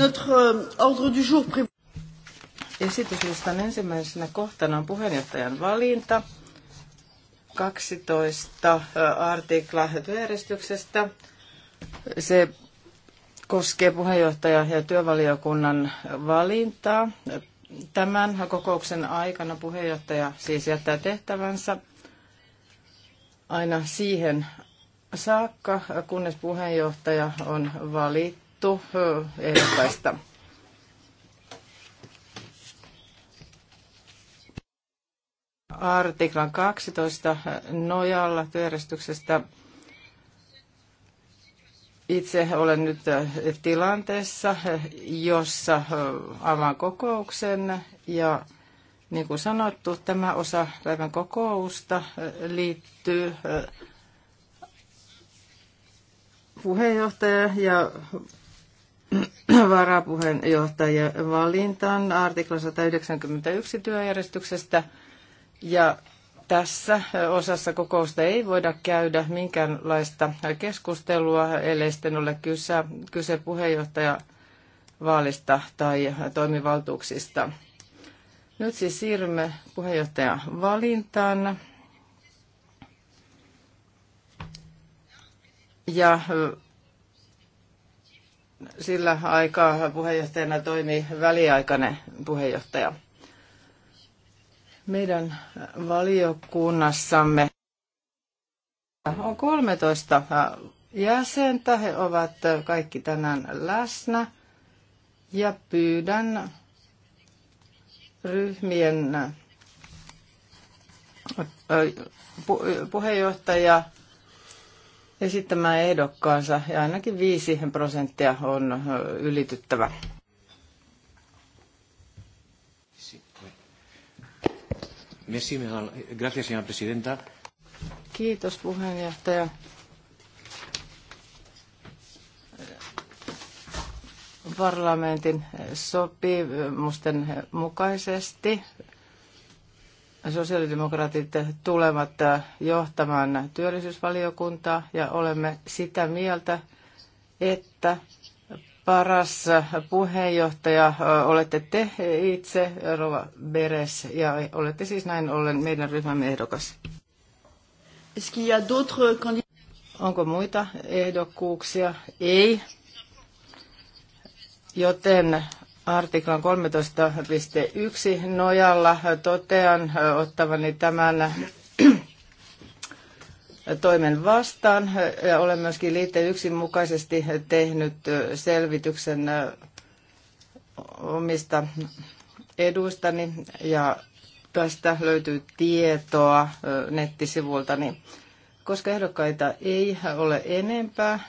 Notre euh, ordre du jour pré... Esityslistan ensimmäisenä kohtana on puheenjohtajan valinta 12 äh, artikla työjärjestyksestä. Se koskee puheenjohtajan ja työvaliokunnan valintaa. Tämän kokouksen aikana puheenjohtaja siis jättää tehtävänsä aina siihen saakka, kunnes puheenjohtaja on valittu valittu ehdokkaista. Artiklan 12 nojalla työjärjestyksestä itse olen nyt tilanteessa, jossa avaan kokouksen ja niin kuin sanottu, tämä osa päivän kokousta liittyy puheenjohtaja ja varapuheenjohtajan valintaan artikla 191 työjärjestyksestä. Ja tässä osassa kokousta ei voida käydä minkäänlaista keskustelua, ellei sitten ole kyse, kyse vaalista tai toimivaltuuksista. Nyt siis siirrymme puheenjohtajan valintaan. Ja sillä aikaa puheenjohtajana toimi väliaikainen puheenjohtaja. Meidän valiokunnassamme on 13 jäsentä. He ovat kaikki tänään läsnä. Ja pyydän ryhmien puheenjohtajaa esittämään ehdokkaansa ja ainakin 5 prosenttia on ylityttävä. Kiitos puheenjohtaja. Parlamentin sopimusten mukaisesti sosiaalidemokraatit tulevat johtamaan työllisyysvaliokuntaa ja olemme sitä mieltä, että paras puheenjohtaja olette te itse, Rova Beres, ja olette siis näin ollen meidän ryhmämme ehdokas. Onko muita ehdokkuuksia? Ei. Joten artiklan 13.1 nojalla totean ottavani tämän toimen vastaan ja olen myöskin liitteen yksin mukaisesti tehnyt selvityksen omista edustani ja tästä löytyy tietoa nettisivultani. Koska ehdokkaita ei ole enempää,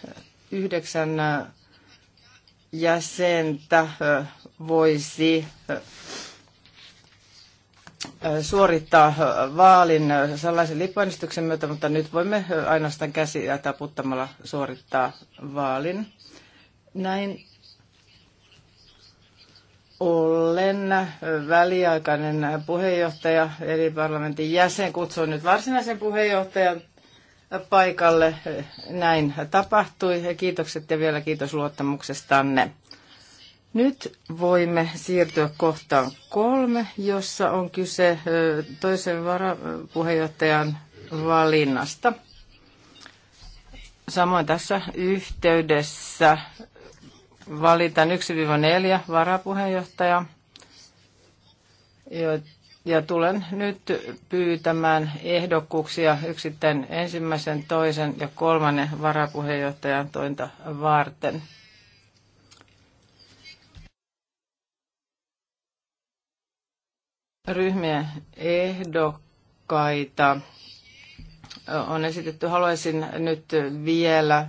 yhdeksän jäsentä voisi suorittaa vaalin sellaisen lippuäänestyksen myötä, mutta nyt voimme ainoastaan käsiä taputtamalla suorittaa vaalin. Näin ollen väliaikainen puheenjohtaja eli parlamentin jäsen kutsuu nyt varsinaisen puheenjohtajan paikalle. Näin tapahtui. Kiitokset ja vielä kiitos luottamuksestanne. Nyt voimme siirtyä kohtaan kolme, jossa on kyse toisen varapuheenjohtajan valinnasta. Samoin tässä yhteydessä valitaan 1-4 varapuheenjohtaja. Ja tulen nyt pyytämään ehdokkuuksia yksittäin ensimmäisen, toisen ja kolmannen varapuheenjohtajan tointa varten. ryhmiä ehdokkaita on esitetty. Haluaisin nyt vielä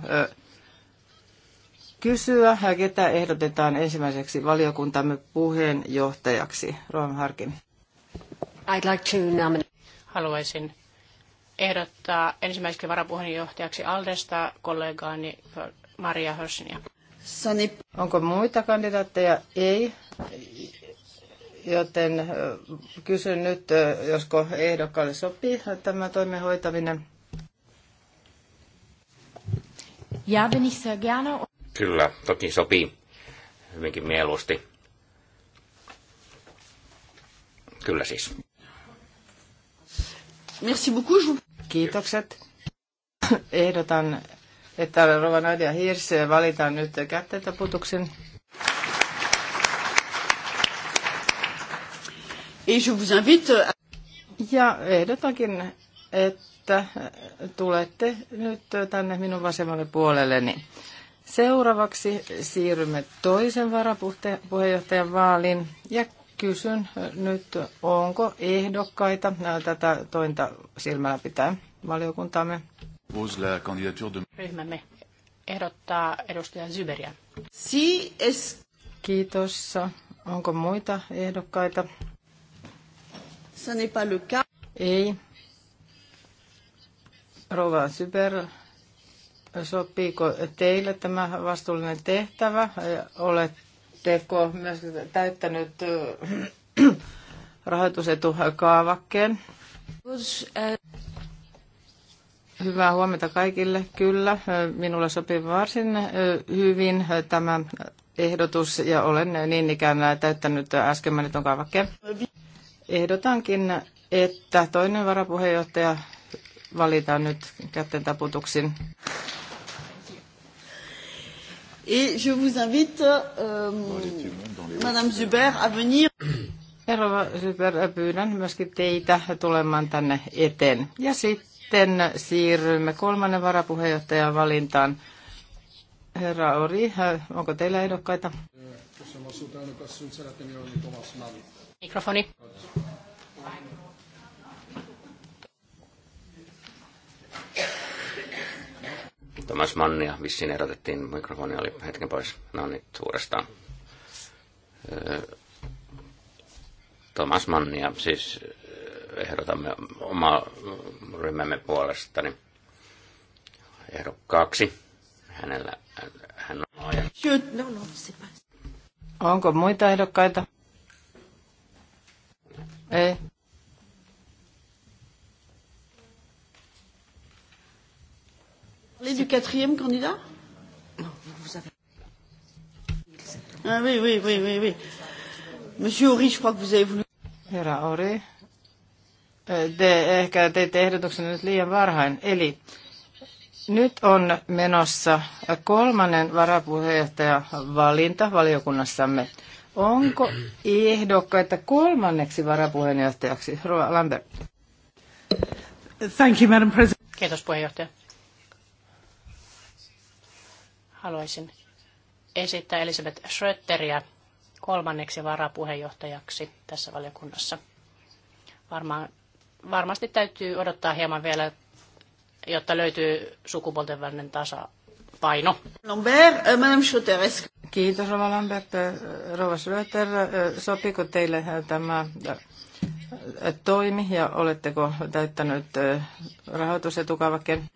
kysyä, ketä ehdotetaan ensimmäiseksi valiokuntamme puheenjohtajaksi. Roam Harkin. I'd like to nominate. Haluaisin ehdottaa ensimmäiseksi varapuheenjohtajaksi Aldesta kollegaani Maria Hössinia. Onko muita kandidaatteja? Ei joten kysyn nyt, josko ehdokkaalle sopii tämä toimen hoitaminen. Ja, bin ich sehr gerne. Kyllä, toki sopii hyvinkin mieluusti. Kyllä siis. Merci beaucoup. Kiitokset. Ehdotan, että Rova Nadia Hirse valitaan nyt kättä taputuksen Et je vous invite euh, à... Ja ehdotankin, että tulette nyt tänne minun vasemmalle puolelleni. Seuraavaksi siirrymme toisen varapuheenjohtajan vaaliin ja kysyn nyt, onko ehdokkaita tätä tointa silmällä pitää valiokuntamme Ryhmämme ehdottaa edustaja Zyberiä. Kiitos. Onko muita ehdokkaita? Ce n'est pas le cas. Ei. Rova Syber, sopiiko teille tämä vastuullinen tehtävä? Oletteko myös täyttänyt äh, rahoitusetukaavakkeen? Hyvää huomenta kaikille. Kyllä, minulle sopii varsin äh, hyvin äh, tämä ehdotus ja olen niin ikään täyttänyt äsken mainitun kaavakkeen. Ehdotankin, että toinen varapuheenjohtaja valitaan nyt kätten taputuksin. Et je vous invite, euh, Zuber, Herra Zuber, pyydän myöskin teitä tulemaan tänne eteen. Ja sitten siirrymme kolmannen varapuheenjohtajan valintaan. Herra Ori, onko teillä ehdokkaita? on niin Mikrofoni. Thomas Mannia vissiin erotettiin, mikrofoni oli hetken pois. No nyt niin, suurestaan. Thomas Mannia siis ehdotamme oma ryhmämme puolestani ehdokkaaksi. Hänellä hän on ajan. No, no, Onko muita ehdokkaita? É. Eh. Parler du quatrième candidat Non, vous avez. Ah oui, oui, oui, oui, oui. Monsieur Horry, je crois que vous avez voulu. Herra Horry, eh, te ehkä teitte ehdotuksen nyt liian varhain. Eli nyt on menossa kolmannen varapuheenjohtajan valinta valiokunnassamme. Onko ehdokkaita kolmanneksi varapuheenjohtajaksi? Rova Lambert. Thank you, Madam President. Kiitos puheenjohtaja. Haluaisin esittää Elisabeth Schrötteriä kolmanneksi varapuheenjohtajaksi tässä valiokunnassa. Varmaan, varmasti täytyy odottaa hieman vielä, jotta löytyy sukupuolten välinen tasa-arvo tasapaino. Lambert, euh, Madame Schoteres. Kiitos Rova Lambert. Äh, Rova Schröter, äh, Sopiko teille äh, tämä toimi ja oletteko täyttänyt rahoitusetukavakkeen?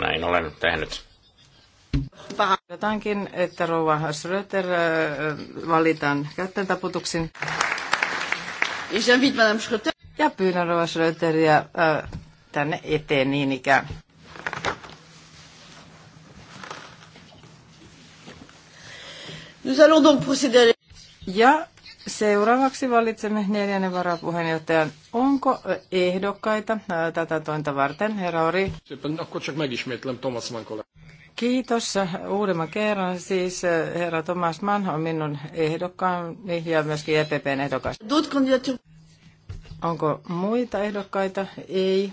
Näin olen tehnyt. Ehdotankin, että Rova Schröter valitaan kätten Ja pyydän Rova Schröteriä tänne eteen niin ikään. Ja seuraavaksi valitsemme neljännen varapuheenjohtajan. Onko ehdokkaita tätä tointa varten, herra Ori? Kiitos uudemman kerran. Siis herra Thomas Mann on minun ehdokkaani ja myöskin EPPn ehdokas. Onko muita ehdokkaita? Ei.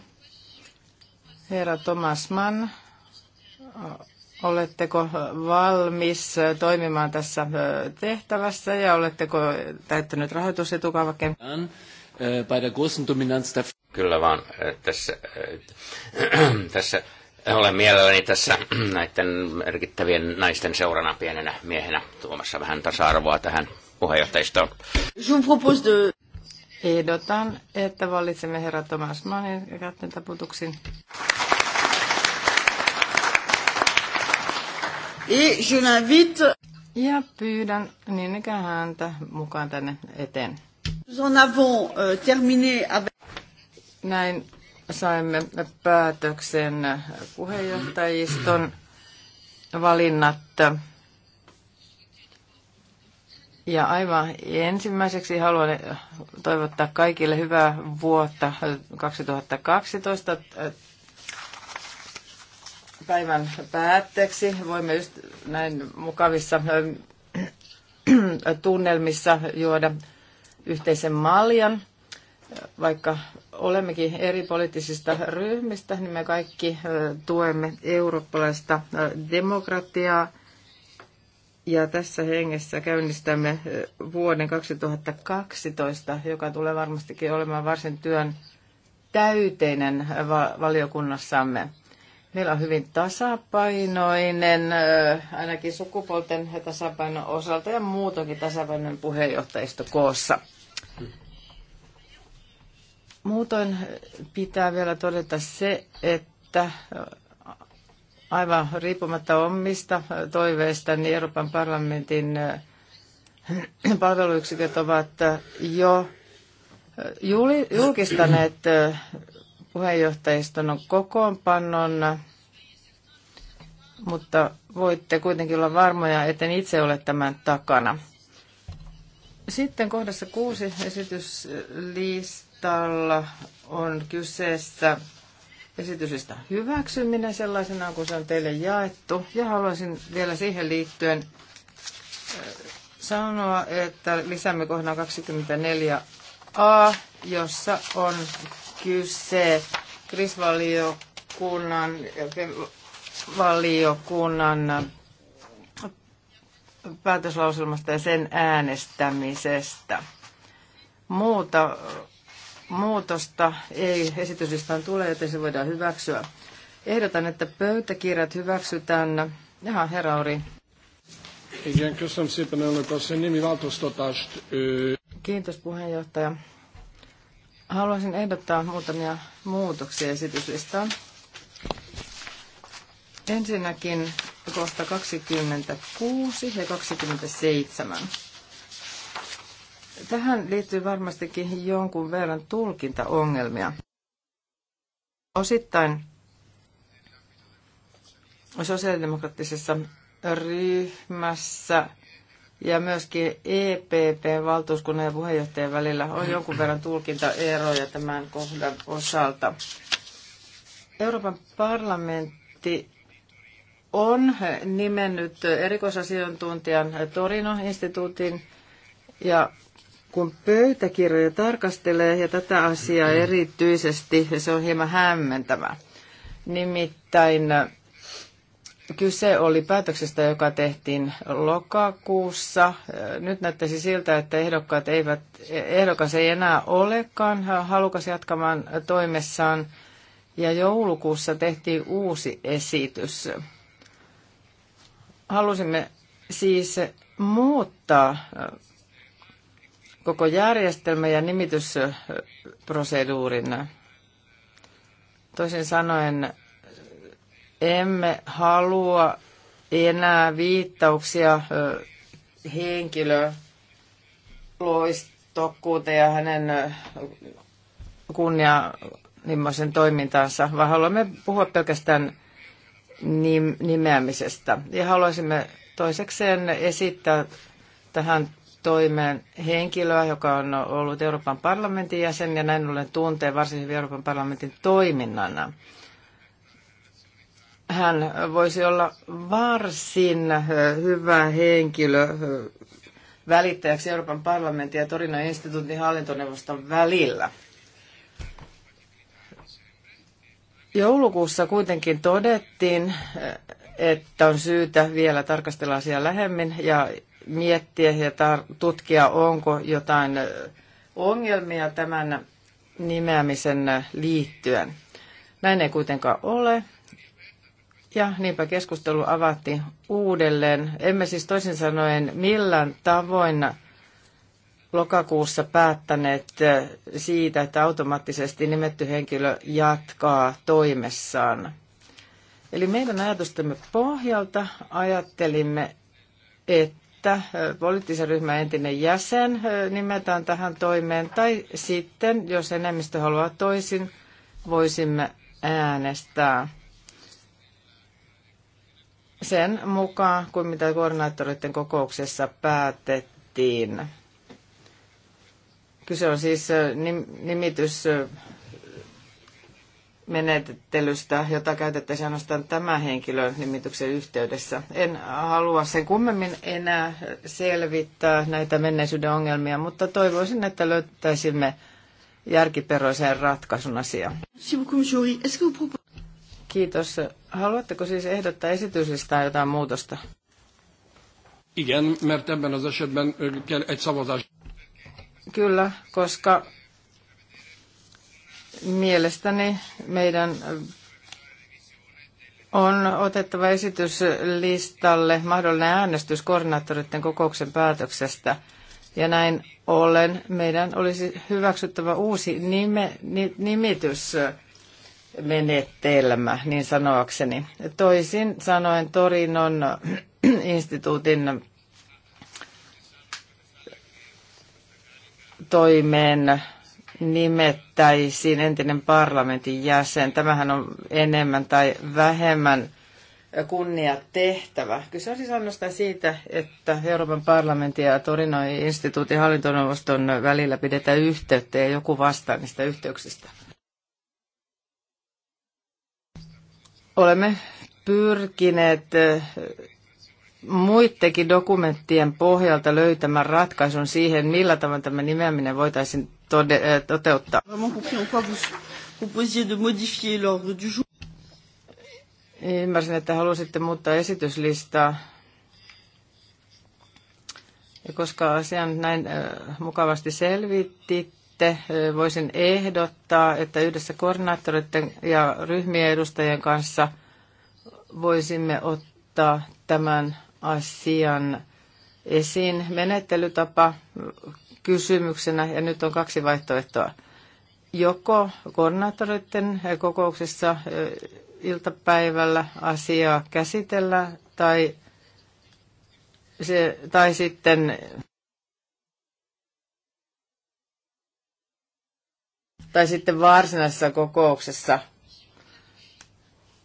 Herra Thomas Mann Oletteko valmis toimimaan tässä tehtävässä ja oletteko täyttänyt rahoitusetukavakkeen? Kyllä vaan tässä, tässä olen mielelläni tässä näiden merkittävien naisten seurana pienenä miehenä tuomassa vähän tasa-arvoa tähän puheenjohtajistoon. Ehdotan, että valitsemme herra Thomas Mannin käyttöön Et je l'invite. Ja pyydän niin ikään häntä mukaan tänne eteen. Nous en avons euh, terminé avec... Näin saimme päätöksen puheenjohtajiston valinnat. Ja aivan ensimmäiseksi haluan toivottaa kaikille hyvää vuotta 2012 päivän päätteeksi voimme just näin mukavissa tunnelmissa juoda yhteisen maljan. Vaikka olemmekin eri poliittisista ryhmistä, niin me kaikki tuemme eurooppalaista demokratiaa. Ja tässä hengessä käynnistämme vuoden 2012, joka tulee varmastikin olemaan varsin työn täyteinen valiokunnassamme. Meillä on hyvin tasapainoinen, ainakin sukupuolten tasapainon osalta ja muutokin tasapainoinen puheenjohtajisto koossa. Muutoin pitää vielä todeta se, että aivan riippumatta omista toiveista, niin Euroopan parlamentin palveluyksiköt ovat jo julkistaneet puheenjohtajiston kokoonpannon, mutta voitte kuitenkin olla varmoja, etten itse ole tämän takana. Sitten kohdassa kuusi esityslistalla on kyseessä esityksestä hyväksyminen sellaisena, kun se on teille jaettu. Ja haluaisin vielä siihen liittyen äh, sanoa, että lisäämme kohdan 24a, jossa on kyse krisvaliokunnan valiokunnan päätöslauselmasta ja sen äänestämisestä. Muuta muutosta ei esityslistaan tule, joten se voidaan hyväksyä. Ehdotan, että pöytäkirjat hyväksytään. Jaha, herra Ori. Igen, köszönöm szépen, Kiitos puheenjohtaja. Haluaisin ehdottaa muutamia muutoksia esityslistaan. Ensinnäkin kohta 26 ja 27. Tähän liittyy varmastikin jonkun verran tulkintaongelmia. Osittain sosiaalidemokraattisessa ryhmässä ja myöskin EPP-valtuuskunnan ja puheenjohtajan välillä on jonkun verran tulkintaeroja tämän kohdan osalta. Euroopan parlamentti on nimennyt erikoisasiantuntijan Torino-instituutin ja kun pöytäkirjoja tarkastelee ja tätä asiaa erityisesti, se on hieman hämmentävä. Nimittäin Kyse oli päätöksestä, joka tehtiin lokakuussa. Nyt näyttäisi siltä, että ehdokkaat eivät, ehdokas ei enää olekaan halukas jatkamaan toimessaan. Ja joulukuussa tehtiin uusi esitys. Halusimme siis muuttaa koko järjestelmä ja nimitysproseduurin. Toisin sanoen emme halua enää viittauksia henkilöloistokkuuteen ja hänen kunnia millaisen toimintaansa, vaan haluamme puhua pelkästään nimeämisestä. Ja haluaisimme toisekseen esittää tähän toimeen henkilöä, joka on ollut Euroopan parlamentin jäsen ja näin ollen tuntee varsin hyvin Euroopan parlamentin toiminnan hän voisi olla varsin äh, hyvä henkilö äh, välittäjäksi Euroopan parlamentin ja Torino instituutin hallintoneuvoston välillä. Joulukuussa kuitenkin todettiin, äh, että on syytä vielä tarkastella asiaa lähemmin ja miettiä ja tutkia, onko jotain ongelmia tämän nimeämisen liittyen. Näin ei kuitenkaan ole. Ja niinpä keskustelu avatti uudelleen. Emme siis toisin sanoen millään tavoin lokakuussa päättäneet siitä, että automaattisesti nimetty henkilö jatkaa toimessaan. Eli meidän ajatustemme pohjalta ajattelimme, että poliittisen ryhmän entinen jäsen nimetään tähän toimeen, tai sitten, jos enemmistö haluaa toisin, voisimme äänestää sen mukaan kuin mitä koordinaattoreiden kokouksessa päätettiin. Kyse on siis nimitys menettelystä, jota käytettäisiin ainoastaan tämän henkilön nimityksen yhteydessä. En halua sen kummemmin enää selvittää näitä menneisyyden ongelmia, mutta toivoisin, että löytäisimme järkiperoisen ratkaisun asiaan. Kiitos. Haluatteko siis ehdottaa esityksestä jotain muutosta? Igen, mert ebben az esetben kell egy szavazás. Kyllä, koska mielestäni meidän on otettava listalle mahdollinen äänestys koordinaattoreiden kokouksen päätöksestä. Ja näin ollen meidän olisi hyväksyttävä uusi nime, nimitys menetelmä, niin sanoakseni. Toisin sanoen Torinon instituutin toimeen nimettäisiin entinen parlamentin jäsen. Tämähän on enemmän tai vähemmän kunnia tehtävä. Kyse on siis ainoastaan siitä, että Euroopan parlamentin ja Torinon instituutin hallintoneuvoston välillä pidetään yhteyttä ja joku vastaa niistä yhteyksistä. Olemme pyrkineet muittekin dokumenttien pohjalta löytämään ratkaisun siihen, millä tavalla tämä nimeäminen voitaisiin tode- toteuttaa. Ymmärsin, että halusitte muuttaa esityslistaa. Ja koska asian näin mukavasti selvittitte, sitten voisin ehdottaa, että yhdessä koordinaattoreiden ja ryhmien edustajien kanssa voisimme ottaa tämän asian esiin menettelytapa kysymyksenä. Ja nyt on kaksi vaihtoehtoa. Joko koordinaattoreiden kokouksessa iltapäivällä asiaa käsitellään tai, se, tai sitten tai sitten varsinaisessa kokouksessa.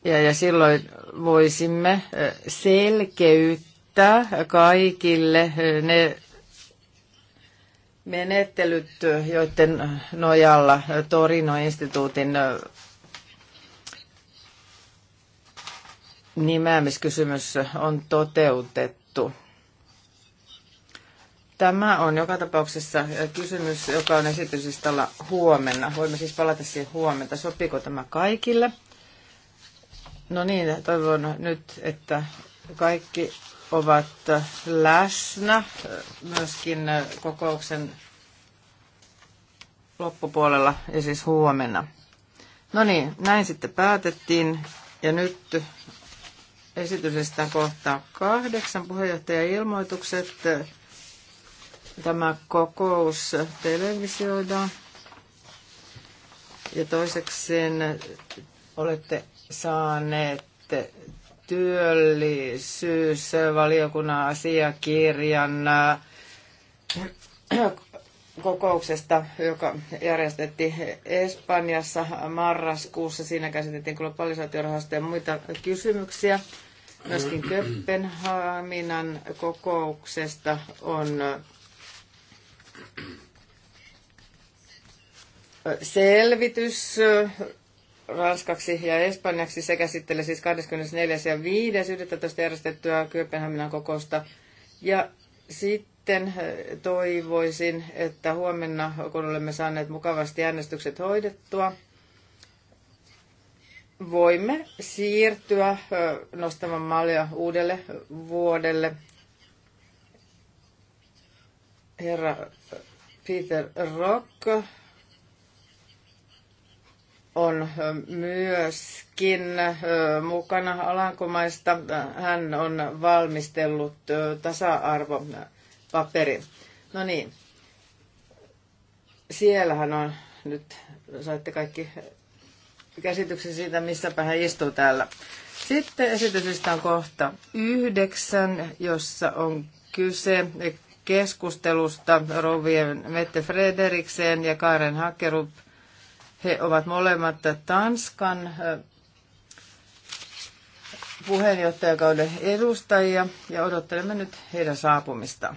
Ja, ja silloin voisimme selkeyttää kaikille ne menettelyt, joiden nojalla Torino-instituutin nimeämiskysymys on toteutettu. Tämä on joka tapauksessa äh, kysymys, joka on esityslistalla huomenna. Voimme siis palata siihen huomenta. Sopiiko tämä kaikille? No niin, toivon nyt, että kaikki ovat äh, läsnä äh, myöskin kokouksen loppupuolella ja siis huomenna. No niin, näin sitten päätettiin ja nyt esityksestä kohtaa kahdeksan puheenjohtajan ilmoitukset. Tämä kokous televisioidaan. Ja toisekseen olette saaneet työllisyysvaliokunnan asiakirjan äh, kokouksesta, joka järjestettiin Espanjassa marraskuussa. Siinä käsiteltiin globalisaatiorahastoja ja muita kysymyksiä. Myöskin Köppenhaminan kokouksesta on selvitys äh, ranskaksi ja espanjaksi sekä sitten siis 24. ja 5.11. järjestettyä Kööpenhaminan kokousta. Ja sitten äh, toivoisin, että huomenna, kun olemme saaneet mukavasti äänestykset hoidettua, voimme siirtyä äh, nostamaan malja uudelle vuodelle – herra Peter Rock on myöskin mukana Alankomaista. Hän on valmistellut tasa-arvopaperin. No niin, siellähän on nyt, saitte kaikki käsityksen siitä, missäpä hän istuu täällä. Sitten on kohta yhdeksän, jossa on kyse keskustelusta Rovien Mette Frederiksen ja Karen Hakerup. He ovat molemmat Tanskan puheenjohtajakauden edustajia ja odottelemme nyt heidän saapumistaan.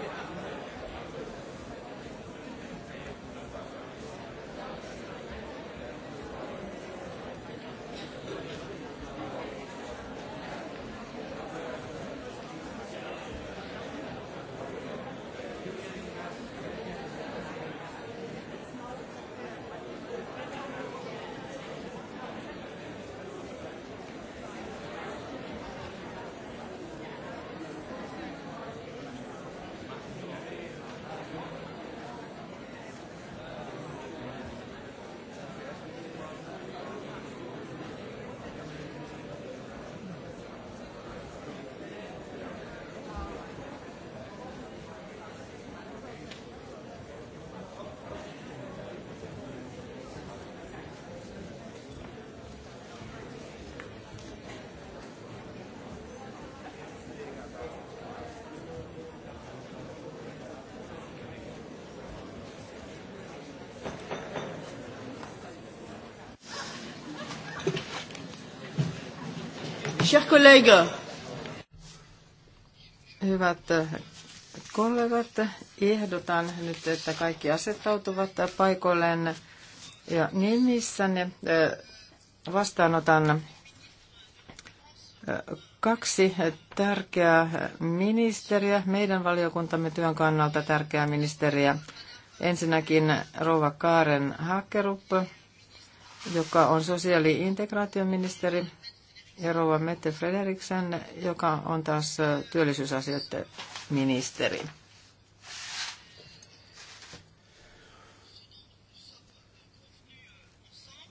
Chers collègues. Hyvät kollegat, ehdotan nyt, että kaikki asettautuvat paikoilleen ja nimissänne vastaanotan kaksi tärkeää ministeriä, meidän valiokuntamme työn kannalta tärkeää ministeriä. Ensinnäkin rouva Kaaren Hakkerup, joka on sosiaali- ja integraatioministeri ja rouva Mette Frederiksen, joka on taas työllisyysasioiden ministeri.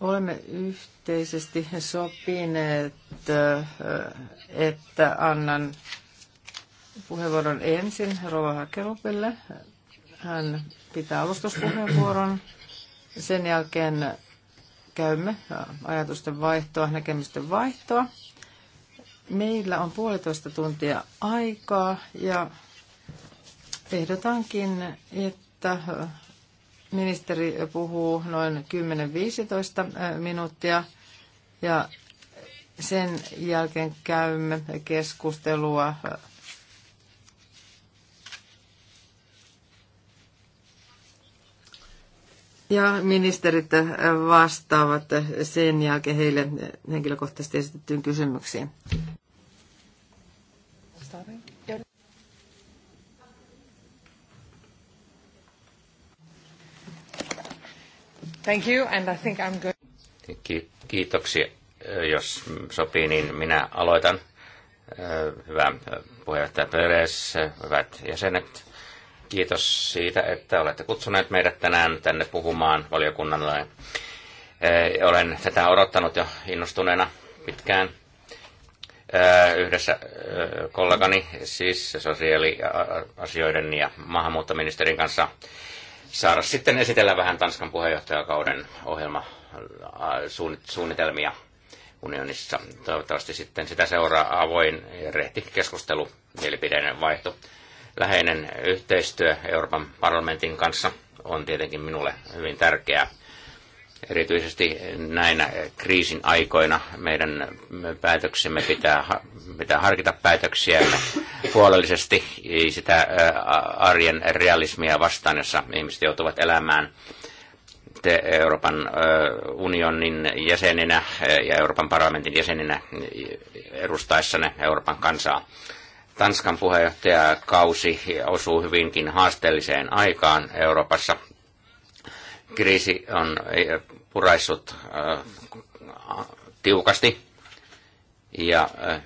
Olemme yhteisesti sopineet, että annan puheenvuoron ensin Rova Hakelupille. Hän pitää alustuspuheenvuoron. Sen jälkeen käymme ajatusten vaihtoa, näkemysten vaihtoa. Meillä on puolitoista tuntia aikaa ja ehdotankin, että ministeri puhuu noin 10-15 minuuttia ja sen jälkeen käymme keskustelua Ja ministerit vastaavat sen jälkeen heille henkilökohtaisesti esitettyyn kysymyksiin. Thank you, and I think I'm good. Kiitoksia. Jos sopii, niin minä aloitan. Hyvä puheenjohtaja Peres, hyvät jäsenet. Kiitos siitä, että olette kutsuneet meidät tänään tänne puhumaan valiokunnalle. Eh, olen tätä odottanut jo innostuneena pitkään eh, yhdessä eh, kollegani, siis sosiaaliasioiden ja maahanmuuttoministerin kanssa saada sitten esitellä vähän Tanskan puheenjohtajakauden ohjelmasuunnitelmia unionissa. Toivottavasti sitten sitä seuraa avoin ja rehti keskustelu, mielipideinen vaihto läheinen yhteistyö Euroopan parlamentin kanssa on tietenkin minulle hyvin tärkeää. Erityisesti näinä kriisin aikoina meidän päätöksemme pitää, pitää harkita päätöksiä huolellisesti sitä arjen realismia vastaan, jossa ihmiset joutuvat elämään te Euroopan unionin jäseninä ja Euroopan parlamentin jäseninä edustaessanne Euroopan kansaa Tanskan puheenjohtajakausi osuu hyvinkin haasteelliseen aikaan Euroopassa. Kriisi on eh, puraissut eh, tiukasti ja eh,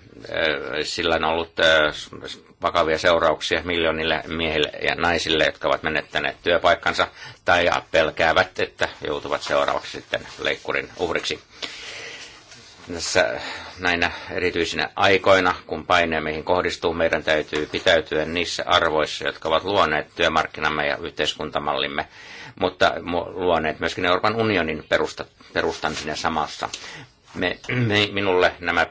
sillä on ollut vakavia seurauksia miljoonille miehille ja naisille, jotka ovat menettäneet työpaikkansa tai pelkäävät, että joutuvat seuraavaksi sitten leikkurin uhriksi tässä näinä erityisinä aikoina, kun paine meihin kohdistuu, meidän täytyy pitäytyä niissä arvoissa, jotka ovat luoneet työmarkkinamme ja yhteiskuntamallimme, mutta luoneet myöskin Euroopan unionin perusta, perustan sinne samassa. Me, me, minulle nämä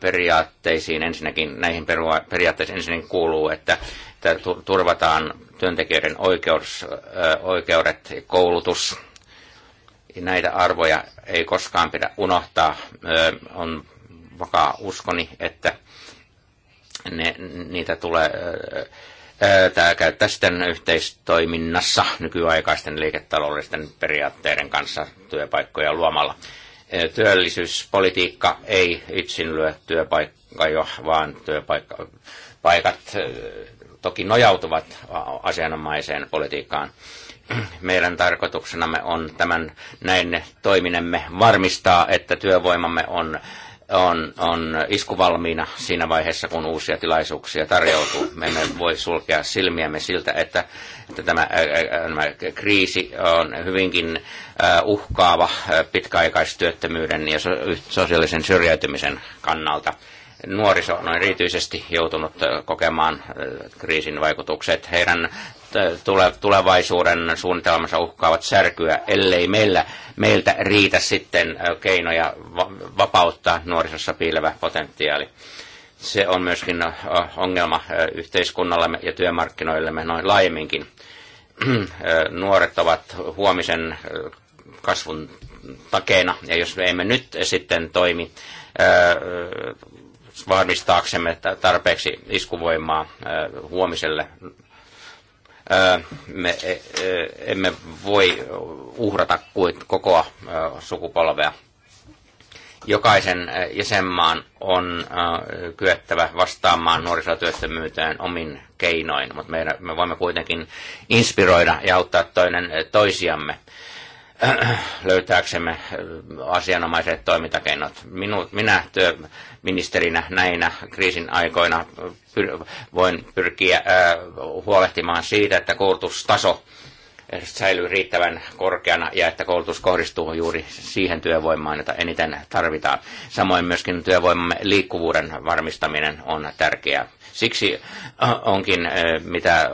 periaatteisiin ensinnäkin, näihin periaatteisiin ensinnäkin kuuluu, että, että turvataan työntekijöiden oikeus, oikeudet, koulutus, Näitä arvoja ei koskaan pidä unohtaa. On vakaa uskoni, että ne, niitä tulee tämä käyttää sitten yhteistoiminnassa nykyaikaisten liiketaloudellisten periaatteiden kanssa työpaikkoja luomalla. Työllisyyspolitiikka ei yksin lyö työpaikka jo, vaan työpaikat toki nojautuvat asianomaiseen politiikkaan meidän tarkoituksenamme on tämän näin toiminemme varmistaa, että työvoimamme on, on, on iskuvalmiina siinä vaiheessa, kun uusia tilaisuuksia tarjoutuu. Me emme voi sulkea silmiämme siltä, että, että tämä, tämä kriisi on hyvinkin uhkaava pitkäaikaistyöttömyyden ja sosiaalisen syrjäytymisen kannalta nuoriso on erityisesti joutunut äh, kokemaan äh, kriisin vaikutukset. Heidän äh, tulevaisuuden suunnitelmansa uhkaavat särkyä, ellei meillä, meiltä riitä sitten keinoja vapauttaa nuorisossa piilevä potentiaali. Se on myöskin ongelma yhteiskunnallemme ja työmarkkinoillemme noin laajemminkin. Nuoret ovat huomisen kasvun takeena, ja jos me emme nyt sitten toimi varmistaaksemme tarpeeksi iskuvoimaa huomiselle. Me e, e, emme voi uhrata koko sukupolvea. Jokaisen jäsenmaan on kyettävä vastaamaan nuorisotyöttömyyteen omin keinoin, mutta me voimme kuitenkin inspiroida ja auttaa toinen toisiamme löytääksemme asianomaiset toimintakeinot. Minu, minä työ, ministerinä näinä kriisin aikoina pyr- voin pyrkiä huolehtimaan siitä, että koulutustaso säilyy riittävän korkeana ja että koulutus kohdistuu juuri siihen työvoimaan, jota eniten tarvitaan. Samoin myöskin työvoimamme liikkuvuuden varmistaminen on tärkeää Siksi äh, onkin äh, mitä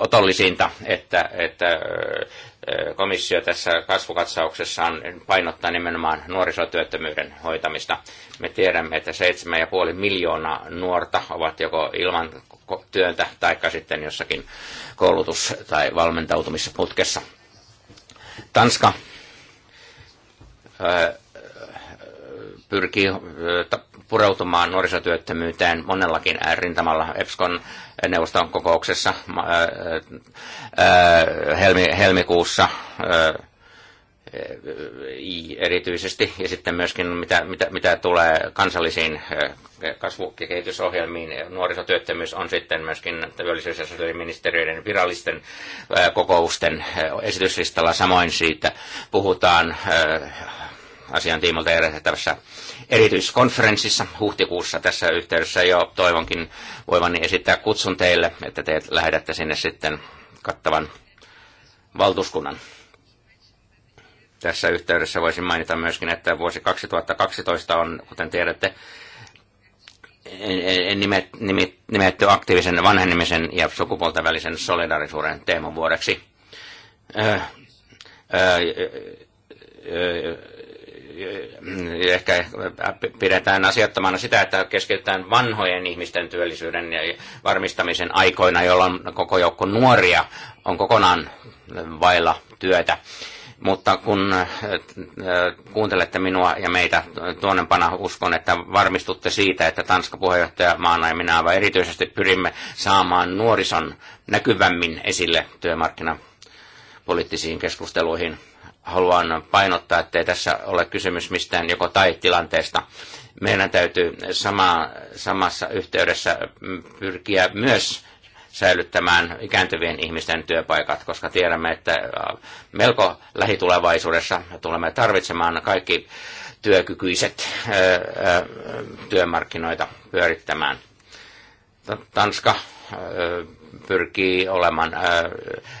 otollisinta, että, että äh, komissio tässä kasvukatsauksessaan painottaa nimenomaan nuorisotyöttömyyden hoitamista. Me tiedämme, että 7,5 miljoonaa nuorta ovat joko ilman työntä tai sitten jossakin koulutus- tai valmentautumisputkessa. Tanska pyrkii pureutumaan nuorisotyöttömyyteen monellakin äh, rintamalla EPSCON neuvoston kokouksessa äh, äh, helmi, helmikuussa erityisesti, ja sitten myöskin mitä, mitä, mitä tulee kansallisiin kasvu- ja kehitysohjelmiin, nuorisotyöttömyys on sitten myöskin työllisyys- ja sosiaaliministeriöiden virallisten kokousten esityslistalla. Samoin siitä puhutaan asian tiimoilta järjestettävässä erityiskonferenssissa huhtikuussa tässä yhteydessä jo toivonkin voivani esittää kutsun teille, että te lähetätte sinne sitten kattavan valtuuskunnan. Tässä yhteydessä voisin mainita myöskin, että vuosi 2012 on, kuten tiedätte, nimetty aktiivisen vanhenemisen ja sukupuolten välisen solidarisuuden teeman vuodeksi ehkä pidetään asiattomana sitä, että keskitytään vanhojen ihmisten työllisyyden ja varmistamisen aikoina, jolloin koko joukko nuoria on kokonaan vailla työtä. Mutta kun äh, kuuntelette minua ja meitä tuonnepana, uskon, että varmistutte siitä, että Tanska maana ja minä aivan erityisesti pyrimme saamaan nuorison näkyvämmin esille työmarkkinapoliittisiin keskusteluihin haluan painottaa, että ei tässä ole kysymys mistään joko tai tilanteesta. Meidän täytyy sama, samassa yhteydessä pyrkiä myös säilyttämään ikääntyvien ihmisten työpaikat, koska tiedämme, että melko lähitulevaisuudessa tulemme tarvitsemaan kaikki työkykyiset työmarkkinoita pyörittämään. Tanska pyrkii olemaan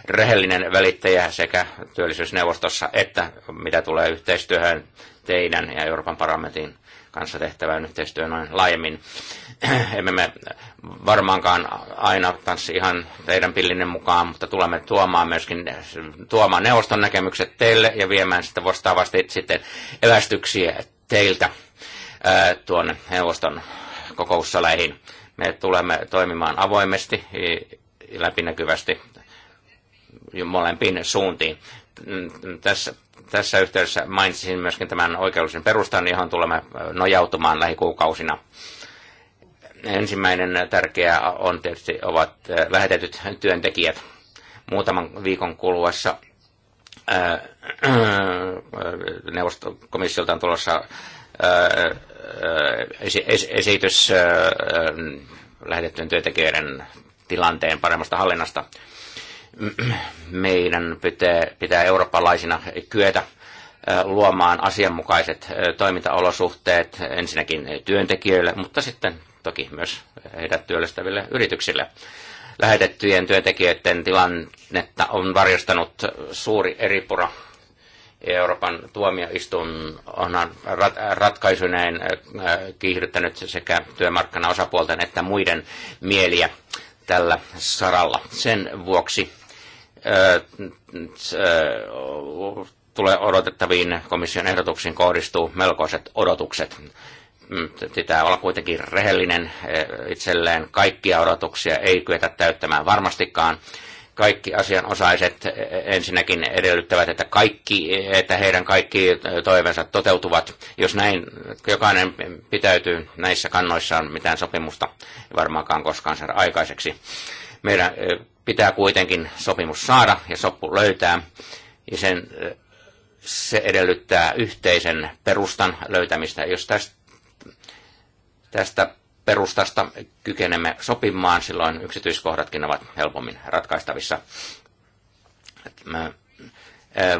rehellinen välittäjä sekä työllisyysneuvostossa että mitä tulee yhteistyöhön teidän ja Euroopan parlamentin kanssa tehtävään yhteistyön noin laajemmin. Emme me varmaankaan aina tanssi ihan teidän pillinne mukaan, mutta tulemme tuomaan myöskin tuomaan neuvoston näkemykset teille ja viemään sitten vastaavasti sitten evästyksiä teiltä tuonne neuvoston kokoussaleihin. Me tulemme toimimaan avoimesti, läpinäkyvästi molempiin suuntiin. Mm, tässä, tässä yhteydessä mainitsin myöskin tämän oikeudellisen perustan, johon tulemme nojautumaan lähikuukausina. Ensimmäinen tärkeä on tietysti ovat lähetetyt työntekijät. Muutaman viikon kuluessa neuvostokomissiolta on tulossa esitys lähetettyjen työntekijöiden tilanteen paremmasta hallinnasta. Meidän pitää, pitää eurooppalaisina kyetä luomaan asianmukaiset toimintaolosuhteet ensinnäkin työntekijöille, mutta sitten toki myös heidät työllistäville yrityksille. Lähetettyjen työntekijöiden tilannetta on varjostanut suuri eripura Euroopan tuomioistuin on rat, ratkaisuineen äh, kiihdyttänyt sekä työmarkkinaosapuolten että muiden mieliä tällä saralla. Sen vuoksi äh, äh, tulee odotettaviin komission ehdotuksiin kohdistuu melkoiset odotukset. Mm, pitää olla kuitenkin rehellinen itselleen. Kaikkia odotuksia ei kyetä täyttämään varmastikaan kaikki asianosaiset e, e, ensinnäkin edellyttävät, että, kaikki, että heidän kaikki toiveensa toteutuvat. Jos näin jokainen pitäytyy näissä kannoissaan, mitään sopimusta ei varmaankaan koskaan saada aikaiseksi. Meidän e, pitää kuitenkin sopimus saada ja soppu löytää, ja sen, se edellyttää yhteisen perustan löytämistä. Jos tästä, tästä perustasta kykenemme sopimaan, silloin yksityiskohdatkin ovat helpommin ratkaistavissa.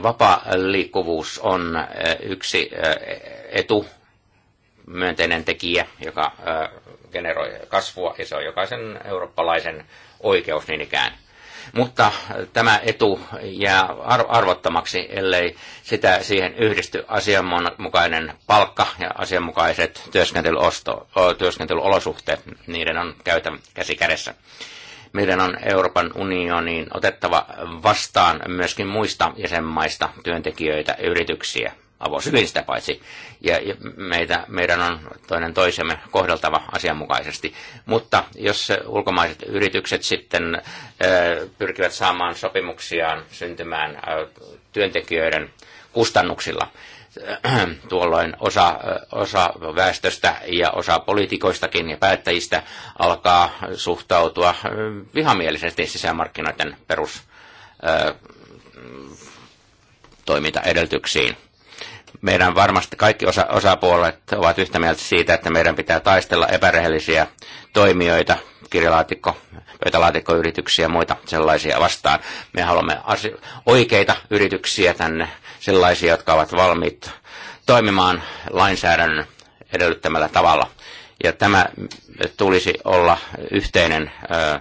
Vapaa liikkuvuus on yksi etu, myönteinen tekijä, joka generoi kasvua, ja se on jokaisen eurooppalaisen oikeus niin ikään – mutta tämä etu jää arvottamaksi, ellei sitä siihen yhdisty asianmukainen palkka ja asianmukaiset työskentelyosto, työskentelyolosuhteet. Niiden on käytä käsi kädessä. Meidän on Euroopan unioniin otettava vastaan myöskin muista jäsenmaista työntekijöitä ja yrityksiä avosyliin sitä paitsi. Ja, ja meitä, meidän on toinen toisemme kohdeltava asianmukaisesti. Mutta jos ulkomaiset yritykset sitten ö, pyrkivät saamaan sopimuksiaan syntymään ö, työntekijöiden kustannuksilla, tuolloin osa, osa väestöstä ja osa poliitikoistakin ja päättäjistä alkaa suhtautua vihamielisesti sisämarkkinoiden perustoimintaedellytyksiin. toimintaedellytyksiin meidän varmasti kaikki osa, osapuolet ovat yhtä mieltä siitä, että meidän pitää taistella epärehellisiä toimijoita, kirjalaatikko, pöytälaatikkoyrityksiä ja muita sellaisia vastaan. Me haluamme oikeita yrityksiä tänne, sellaisia, jotka ovat valmiit toimimaan lainsäädännön edellyttämällä tavalla. Ja tämä tulisi olla yhteinen ö,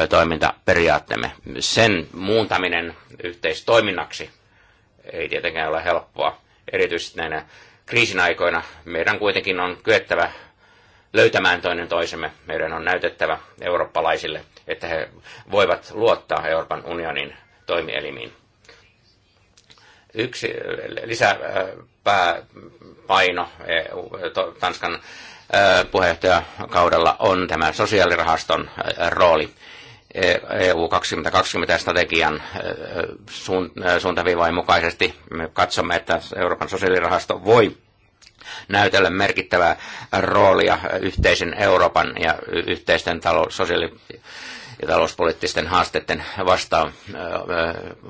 ö, toimintaperiaatteemme. Sen muuntaminen yhteistoiminnaksi ei tietenkään ole helppoa. Erityisesti näinä kriisin aikoina meidän kuitenkin on kyettävä löytämään toinen toisemme. Meidän on näytettävä eurooppalaisille, että he voivat luottaa Euroopan unionin toimielimiin. Yksi äh, lisäpaino äh, Tanskan äh, puheenjohtajakaudella on tämä sosiaalirahaston rooli. EU 2020-strategian suuntaviivain mukaisesti me katsomme, että Euroopan sosiaalirahasto voi näytellä merkittävää roolia yhteisen Euroopan ja yhteisten talous, sosiaali- ja talouspoliittisten haasteiden vasta-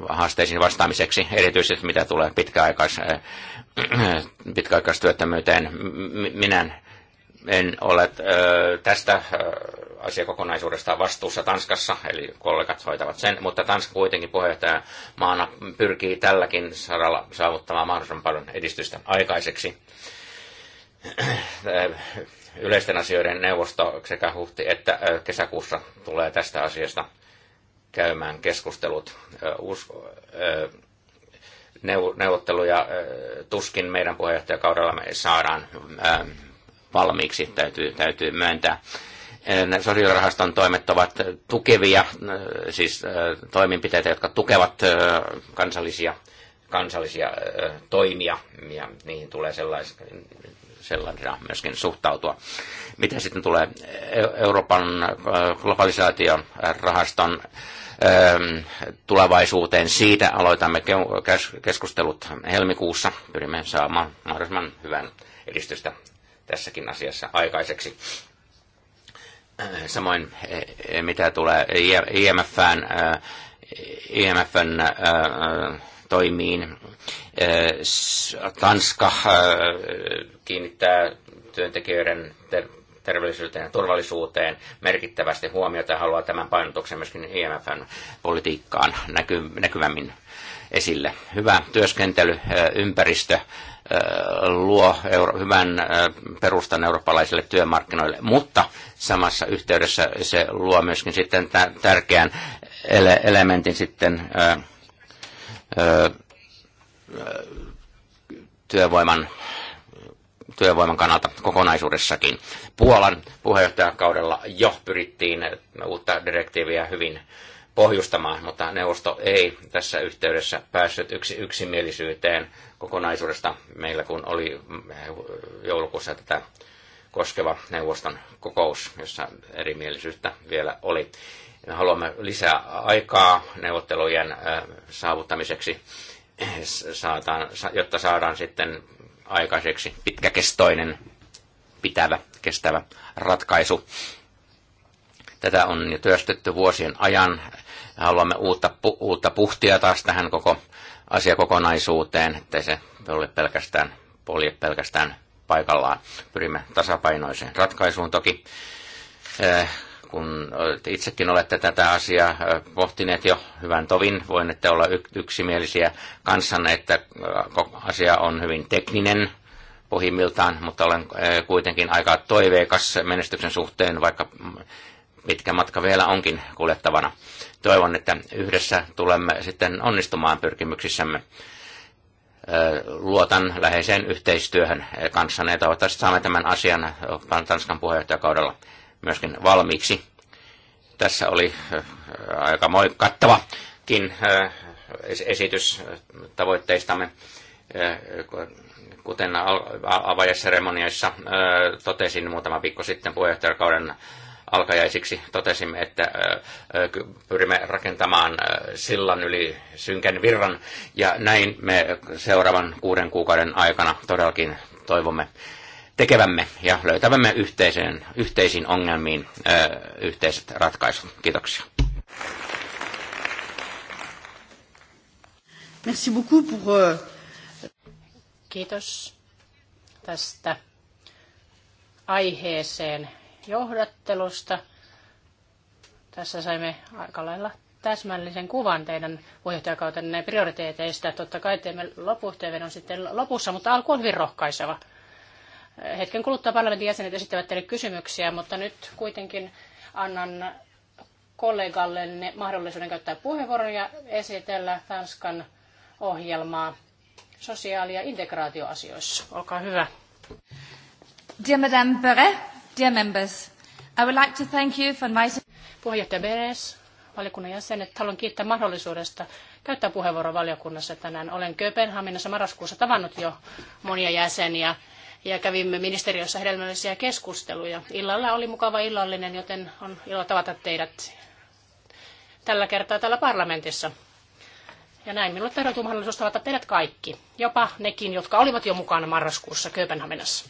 haasteisiin vastaamiseksi, erityisesti mitä tulee pitkäaikais, pitkäaikaistyöttömyyteen. Minä en ole tästä asiakokonaisuudesta vastuussa Tanskassa, eli kollegat hoitavat sen, mutta Tanska kuitenkin puheenjohtaja maana pyrkii tälläkin saralla saavuttamaan mahdollisimman paljon edistystä aikaiseksi. Yleisten asioiden neuvosto sekä huhti että kesäkuussa tulee tästä asiasta käymään keskustelut. neuvotteluja tuskin meidän puheenjohtajakaudella me saadaan valmiiksi, täytyy, täytyy myöntää sosiaalirahaston toimet ovat tukevia, siis toimenpiteitä, jotka tukevat kansallisia, kansallisia toimia, ja niihin tulee sellaisena myöskin suhtautua. Mitä sitten tulee e-, Euroopan globalisaation rahaston tulevaisuuteen. Siitä aloitamme keskustelut helmikuussa. Pyrimme saamaan mahdollisimman hyvän edistystä tässäkin asiassa aikaiseksi. Äh, samoin eh, mitä tulee IMFn, äh, IMFn äh, toimiin, Tanska kiinnittää työntekijöiden terveellisyyteen ja turvallisuuteen merkittävästi huomiota ja haluaa tämän painotuksen myöskin IMFn politiikkaan näkyvämmin esille. Hyvä työskentelyympäristö luo euro, hyvän perustan eurooppalaisille työmarkkinoille, mutta samassa yhteydessä se luo myöskin sitten tärkeän ele- elementin sitten ö, ö, työvoiman, työvoiman kannalta kokonaisuudessakin. Puolan puheenjohtajakaudella jo pyrittiin uutta direktiiviä hyvin pohjustamaan, mutta neuvosto ei tässä yhteydessä päässyt yksi yksimielisyyteen kokonaisuudesta meillä, kun oli mm, joulukuussa tätä koskeva neuvoston kokous, jossa erimielisyyttä vielä oli. Me haluamme lisää aikaa neuvottelujen saavuttamiseksi, jotta saadaan sitten aikaiseksi pitkäkestoinen, pitävä, kestävä ratkaisu Tätä on jo työstetty vuosien ajan. Haluamme uutta, pu, uutta puhtia taas tähän koko asiakokonaisuuteen, ettei se ole pelkästään polje pelkästään paikallaan. Pyrimme tasapainoiseen ratkaisuun toki. Eh, kun itsekin olette tätä asiaa eh, pohtineet jo hyvän tovin, ette olla yksimielisiä kanssanne, että eh, asia on hyvin tekninen pohjimmiltaan, mutta olen kuitenkin aika toiveikas menestyksen suhteen, vaikka mm, pitkä matka vielä onkin kuljettavana. Toivon, että yhdessä tulemme sitten onnistumaan pyrkimyksissämme. Luotan läheiseen yhteistyöhön kanssanne ja toivottavasti saamme tämän asian Tanskan puheenjohtajakaudella myöskin valmiiksi. Tässä oli aika moi kattavakin esitys tavoitteistamme kuten avajaisseremonioissa totesin muutama viikko sitten puheenjohtajakauden alkajaisiksi totesimme, että pyrimme rakentamaan sillan yli synkän virran, ja näin me seuraavan kuuden kuukauden aikana todellakin toivomme tekevämme ja löytävämme yhteiseen, yhteisiin ongelmiin yhteiset ratkaisut. Kiitoksia. Merci beaucoup pour... Euh, Kiitos tästä aiheeseen johdattelusta. Tässä saimme aika lailla täsmällisen kuvan teidän puheenjohtajakautenne prioriteeteista. Totta kai teemme on sitten lopussa, mutta alku on hyvin rohkaiseva. Hetken kuluttua parlamentin jäsenet esittävät teille kysymyksiä, mutta nyt kuitenkin annan kollegallenne mahdollisuuden käyttää puheenvuoron ja esitellä Tanskan ohjelmaa sosiaali- ja integraatioasioissa. Olkaa hyvä. Dear Madame Perret, Dear members, I would like to thank you for inviting... Puheenjohtaja Beres, valiokunnan jäsenet, haluan kiittää mahdollisuudesta käyttää puheenvuoro valiokunnassa tänään. Olen Kööpenhaminassa marraskuussa tavannut jo monia jäseniä ja kävimme ministeriössä hedelmällisiä keskusteluja. Illalla oli mukava illallinen, joten on ilo tavata teidät tällä kertaa täällä parlamentissa. Ja näin minulle tarjoutuu mahdollisuus tavata teidät kaikki, jopa nekin, jotka olivat jo mukana marraskuussa Kööpenhaminassa.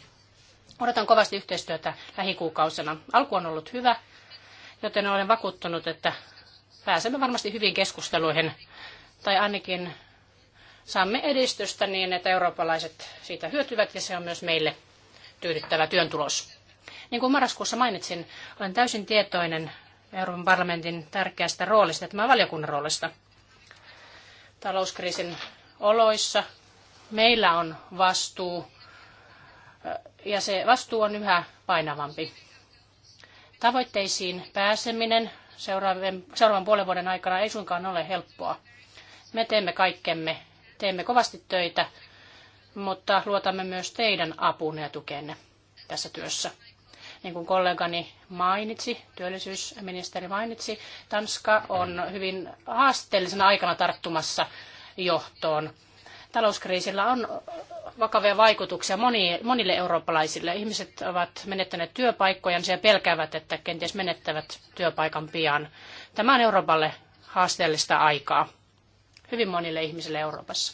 Odotan kovasti yhteistyötä lähikuukausina. Alku on ollut hyvä, joten olen vakuuttunut, että pääsemme varmasti hyvin keskusteluihin, tai ainakin saamme edistystä niin, että eurooppalaiset siitä hyötyvät, ja se on myös meille tyydyttävä työn tulos. Niin kuin marraskuussa mainitsin, olen täysin tietoinen Euroopan parlamentin tärkeästä roolista, tämä valiokunnan roolista. Talouskriisin oloissa meillä on vastuu ja se vastuu on yhä painavampi. Tavoitteisiin pääseminen seuraavan, seuraavan puolen vuoden aikana ei suinkaan ole helppoa. Me teemme kaikkemme, teemme kovasti töitä, mutta luotamme myös teidän apunne ja tukenne tässä työssä. Niin kuin kollegani mainitsi, työllisyysministeri mainitsi, Tanska on hyvin haasteellisena aikana tarttumassa johtoon talouskriisillä on vakavia vaikutuksia monille eurooppalaisille. Ihmiset ovat menettäneet työpaikkojansa ja pelkäävät, että kenties menettävät työpaikan pian. Tämä on Euroopalle haasteellista aikaa hyvin monille ihmisille Euroopassa.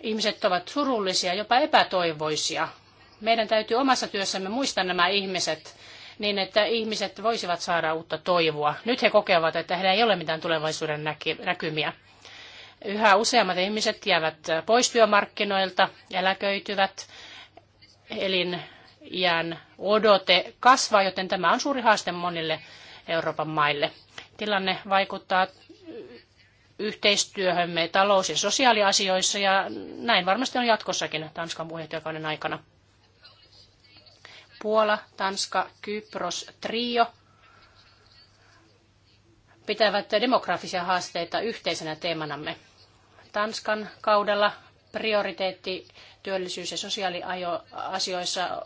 Ihmiset ovat surullisia, jopa epätoivoisia. Meidän täytyy omassa työssämme muistaa nämä ihmiset niin, että ihmiset voisivat saada uutta toivoa. Nyt he kokevat, että heillä ei ole mitään tulevaisuuden näkymiä. Yhä useammat ihmiset jäävät pois työmarkkinoilta, eläköityvät, eliniän odote kasvaa, joten tämä on suuri haaste monille Euroopan maille. Tilanne vaikuttaa yhteistyöhömme talous- ja sosiaaliasioissa ja näin varmasti on jatkossakin Tanskan puheenjohtajakauden aikana. Puola, Tanska, Kypros, Trio pitävät demografisia haasteita yhteisenä teemanamme. Tanskan kaudella prioriteetti työllisyys- ja sosiaaliasioissa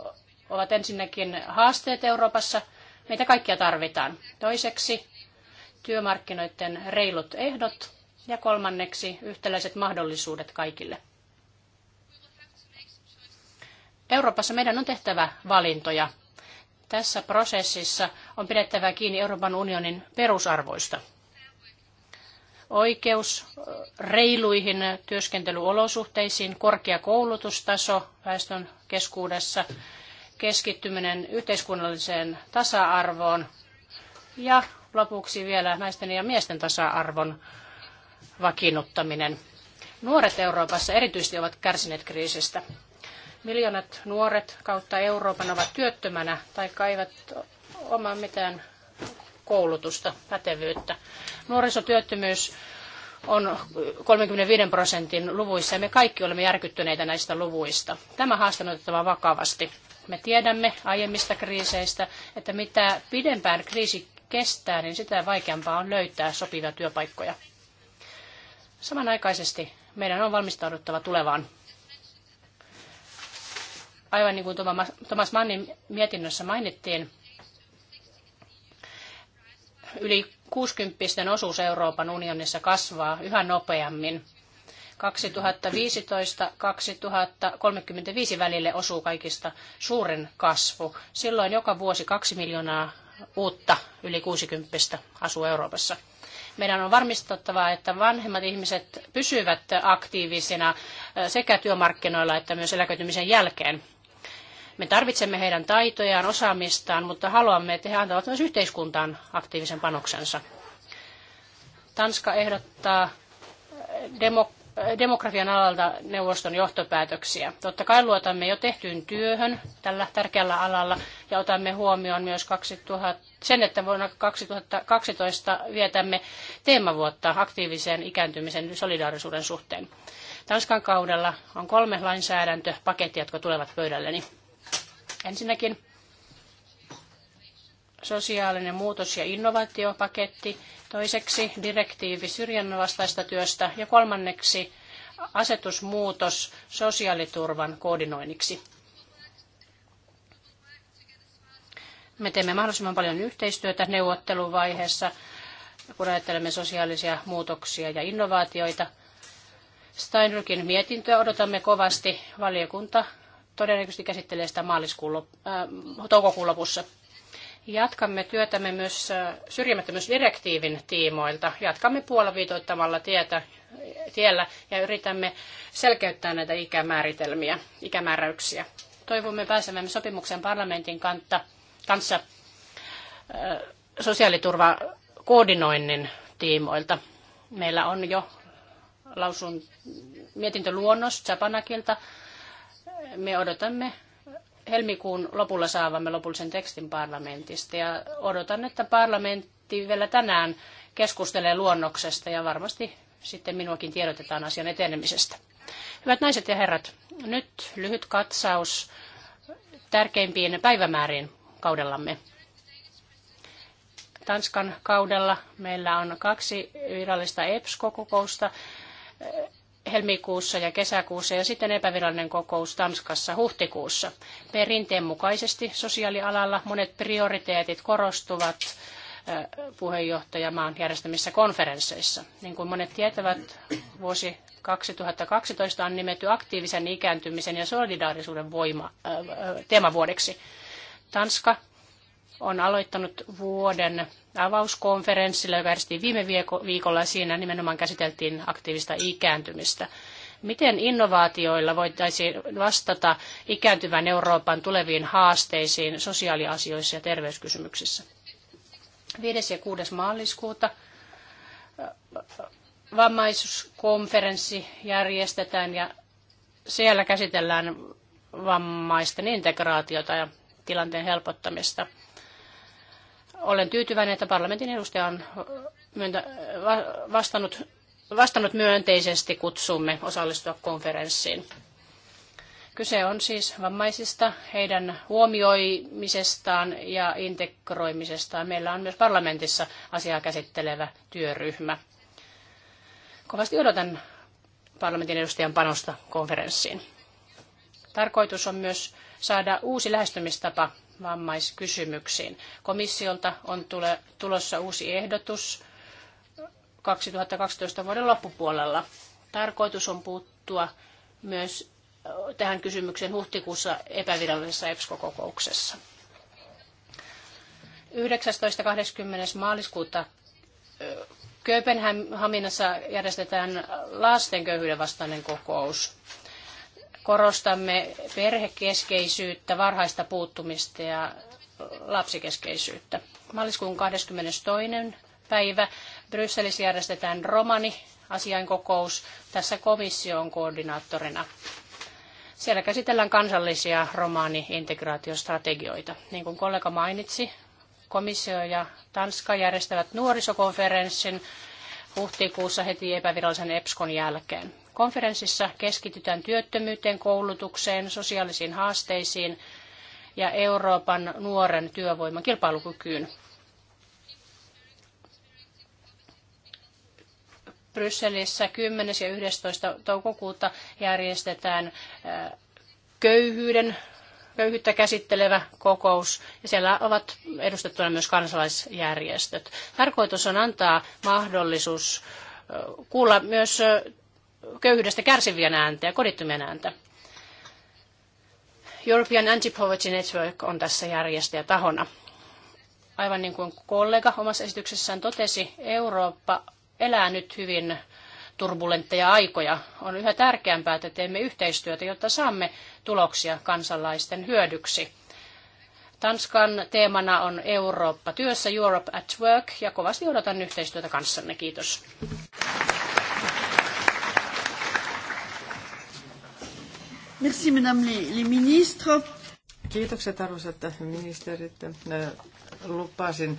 ovat ensinnäkin haasteet Euroopassa. Meitä kaikkia tarvitaan. Toiseksi työmarkkinoiden reilut ehdot ja kolmanneksi yhtäläiset mahdollisuudet kaikille. Euroopassa meidän on tehtävä valintoja. Tässä prosessissa on pidettävä kiinni Euroopan unionin perusarvoista – Oikeus reiluihin työskentelyolosuhteisiin, korkea koulutustaso väestön keskuudessa, keskittyminen yhteiskunnalliseen tasa-arvoon ja lopuksi vielä naisten ja miesten tasa-arvon vakiinnuttaminen. Nuoret Euroopassa erityisesti ovat kärsineet kriisistä. Miljoonat nuoret kautta Euroopan ovat työttömänä tai eivät omaa mitään koulutusta, pätevyyttä. Nuorisotyöttömyys on 35 prosentin luvuissa ja me kaikki olemme järkyttyneitä näistä luvuista. Tämä haaste on otettava vakavasti. Me tiedämme aiemmista kriiseistä, että mitä pidempään kriisi kestää, niin sitä vaikeampaa on löytää sopivia työpaikkoja. Samanaikaisesti meidän on valmistauduttava tulevaan. Aivan niin kuin Thomas Mannin mietinnössä mainittiin, yli 60 osuus Euroopan unionissa kasvaa yhä nopeammin. 2015-2035 välille osuu kaikista suurin kasvu. Silloin joka vuosi kaksi miljoonaa uutta yli 60 asuu Euroopassa. Meidän on varmistettava, että vanhemmat ihmiset pysyvät aktiivisina eh, sekä työmarkkinoilla että myös eläköitymisen jälkeen. Me tarvitsemme heidän taitojaan, osaamistaan, mutta haluamme, että he antavat myös yhteiskuntaan aktiivisen panoksensa. Tanska ehdottaa demo, demografian alalta neuvoston johtopäätöksiä. Totta kai luotamme jo tehtyyn työhön tällä tärkeällä alalla ja otamme huomioon myös 2000, sen, että vuonna 2012 vietämme teemavuotta aktiivisen ikääntymisen solidaarisuuden suhteen. Tanskan kaudella on kolme lainsäädäntöpakettia, jotka tulevat pöydälleni. Ensinnäkin sosiaalinen muutos- ja innovaatiopaketti, toiseksi direktiivi syrjinnän vastaista työstä ja kolmanneksi asetusmuutos sosiaaliturvan koordinoinniksi. Me teemme mahdollisimman paljon yhteistyötä neuvotteluvaiheessa, kun ajattelemme sosiaalisia muutoksia ja innovaatioita. Steinrykin mietintöä odotamme kovasti. Valiokunta todennäköisesti käsittelee sitä maaliskuun lop- äh, toukokuun lopussa. Jatkamme työtämme myös äh, syrjimättömyysdirektiivin tiimoilta. Jatkamme puolaviitoittamalla tietä, tiellä ja yritämme selkeyttää näitä ikämääritelmiä, ikämääräyksiä. Toivomme pääsemme sopimuksen parlamentin kanta, kanssa äh, sosiaaliturvakoordinoinnin tiimoilta. Meillä on jo lausun mietintöluonnos Japanakilta me odotamme helmikuun lopulla saavamme lopullisen tekstin parlamentista ja odotan, että parlamentti vielä tänään keskustelee luonnoksesta ja varmasti sitten minuakin tiedotetaan asian etenemisestä. Hyvät naiset ja herrat, nyt lyhyt katsaus tärkeimpiin päivämääriin kaudellamme. Tanskan kaudella meillä on kaksi virallista EPSCO-kokousta helmikuussa ja kesäkuussa ja sitten epävirallinen kokous Tanskassa huhtikuussa. Perinteen mukaisesti sosiaalialalla monet prioriteetit korostuvat puheenjohtajamaan järjestämissä konferensseissa. Niin kuin monet tietävät, vuosi 2012 on nimetty aktiivisen ikääntymisen ja solidaarisuuden voima, äh, teemavuodeksi. Tanska on aloittanut vuoden avauskonferenssilla, joka järjestettiin viime viikolla. Siinä nimenomaan käsiteltiin aktiivista ikääntymistä. Miten innovaatioilla voitaisiin vastata ikääntyvän Euroopan tuleviin haasteisiin sosiaaliasioissa ja terveyskysymyksissä? 5. ja 6. maaliskuuta äh, vammaiskonferenssi järjestetään ja siellä käsitellään vammaisten integraatiota ja tilanteen helpottamista. Olen tyytyväinen, että parlamentin edustaja on myöntä, vastannut, vastannut myönteisesti kutsumme osallistua konferenssiin. Kyse on siis vammaisista, heidän huomioimisestaan ja integroimisestaan. Meillä on myös parlamentissa asiaa käsittelevä työryhmä. Kovasti odotan parlamentin edustajan panosta konferenssiin. Tarkoitus on myös saada uusi lähestymistapa vammaiskysymyksiin. Komissiolta on tule, tulossa uusi ehdotus 2012 vuoden loppupuolella. Tarkoitus on puuttua myös tähän kysymykseen huhtikuussa epävirallisessa EPSCO-kokouksessa. 19.20. maaliskuuta Kööpenhaminassa järjestetään lasten köyhyyden vastainen kokous korostamme perhekeskeisyyttä, varhaista puuttumista ja lapsikeskeisyyttä. Maaliskuun 22. päivä Brysselissä järjestetään romani asiainkokous. Tässä komissio on koordinaattorina. Siellä käsitellään kansallisia romaani-integraatiostrategioita. Niin kuin kollega mainitsi, komissio ja Tanska järjestävät nuorisokonferenssin huhtikuussa heti epävirallisen EPSKon jälkeen. Konferenssissa keskitytään työttömyyteen, koulutukseen, sosiaalisiin haasteisiin ja Euroopan nuoren työvoiman kilpailukykyyn. Brysselissä 10. ja 11. toukokuuta järjestetään äh, köyhyyden, köyhyyttä käsittelevä kokous, ja siellä ovat edustettuna myös kansalaisjärjestöt. Tarkoitus on antaa mahdollisuus äh, kuulla myös äh, köyhyydestä kärsivien ääntä ja kodittomien ääntä. European Anti-Poverty Network on tässä tahona. Aivan niin kuin kollega omassa esityksessään totesi, Eurooppa elää nyt hyvin turbulentteja aikoja. On yhä tärkeämpää, että teemme yhteistyötä, jotta saamme tuloksia kansalaisten hyödyksi. Tanskan teemana on Eurooppa työssä, Europe at Work, ja kovasti odotan yhteistyötä kanssanne. Kiitos. Merci, madame les ministres. Kiitokset arvoisat ministerit. Lupasin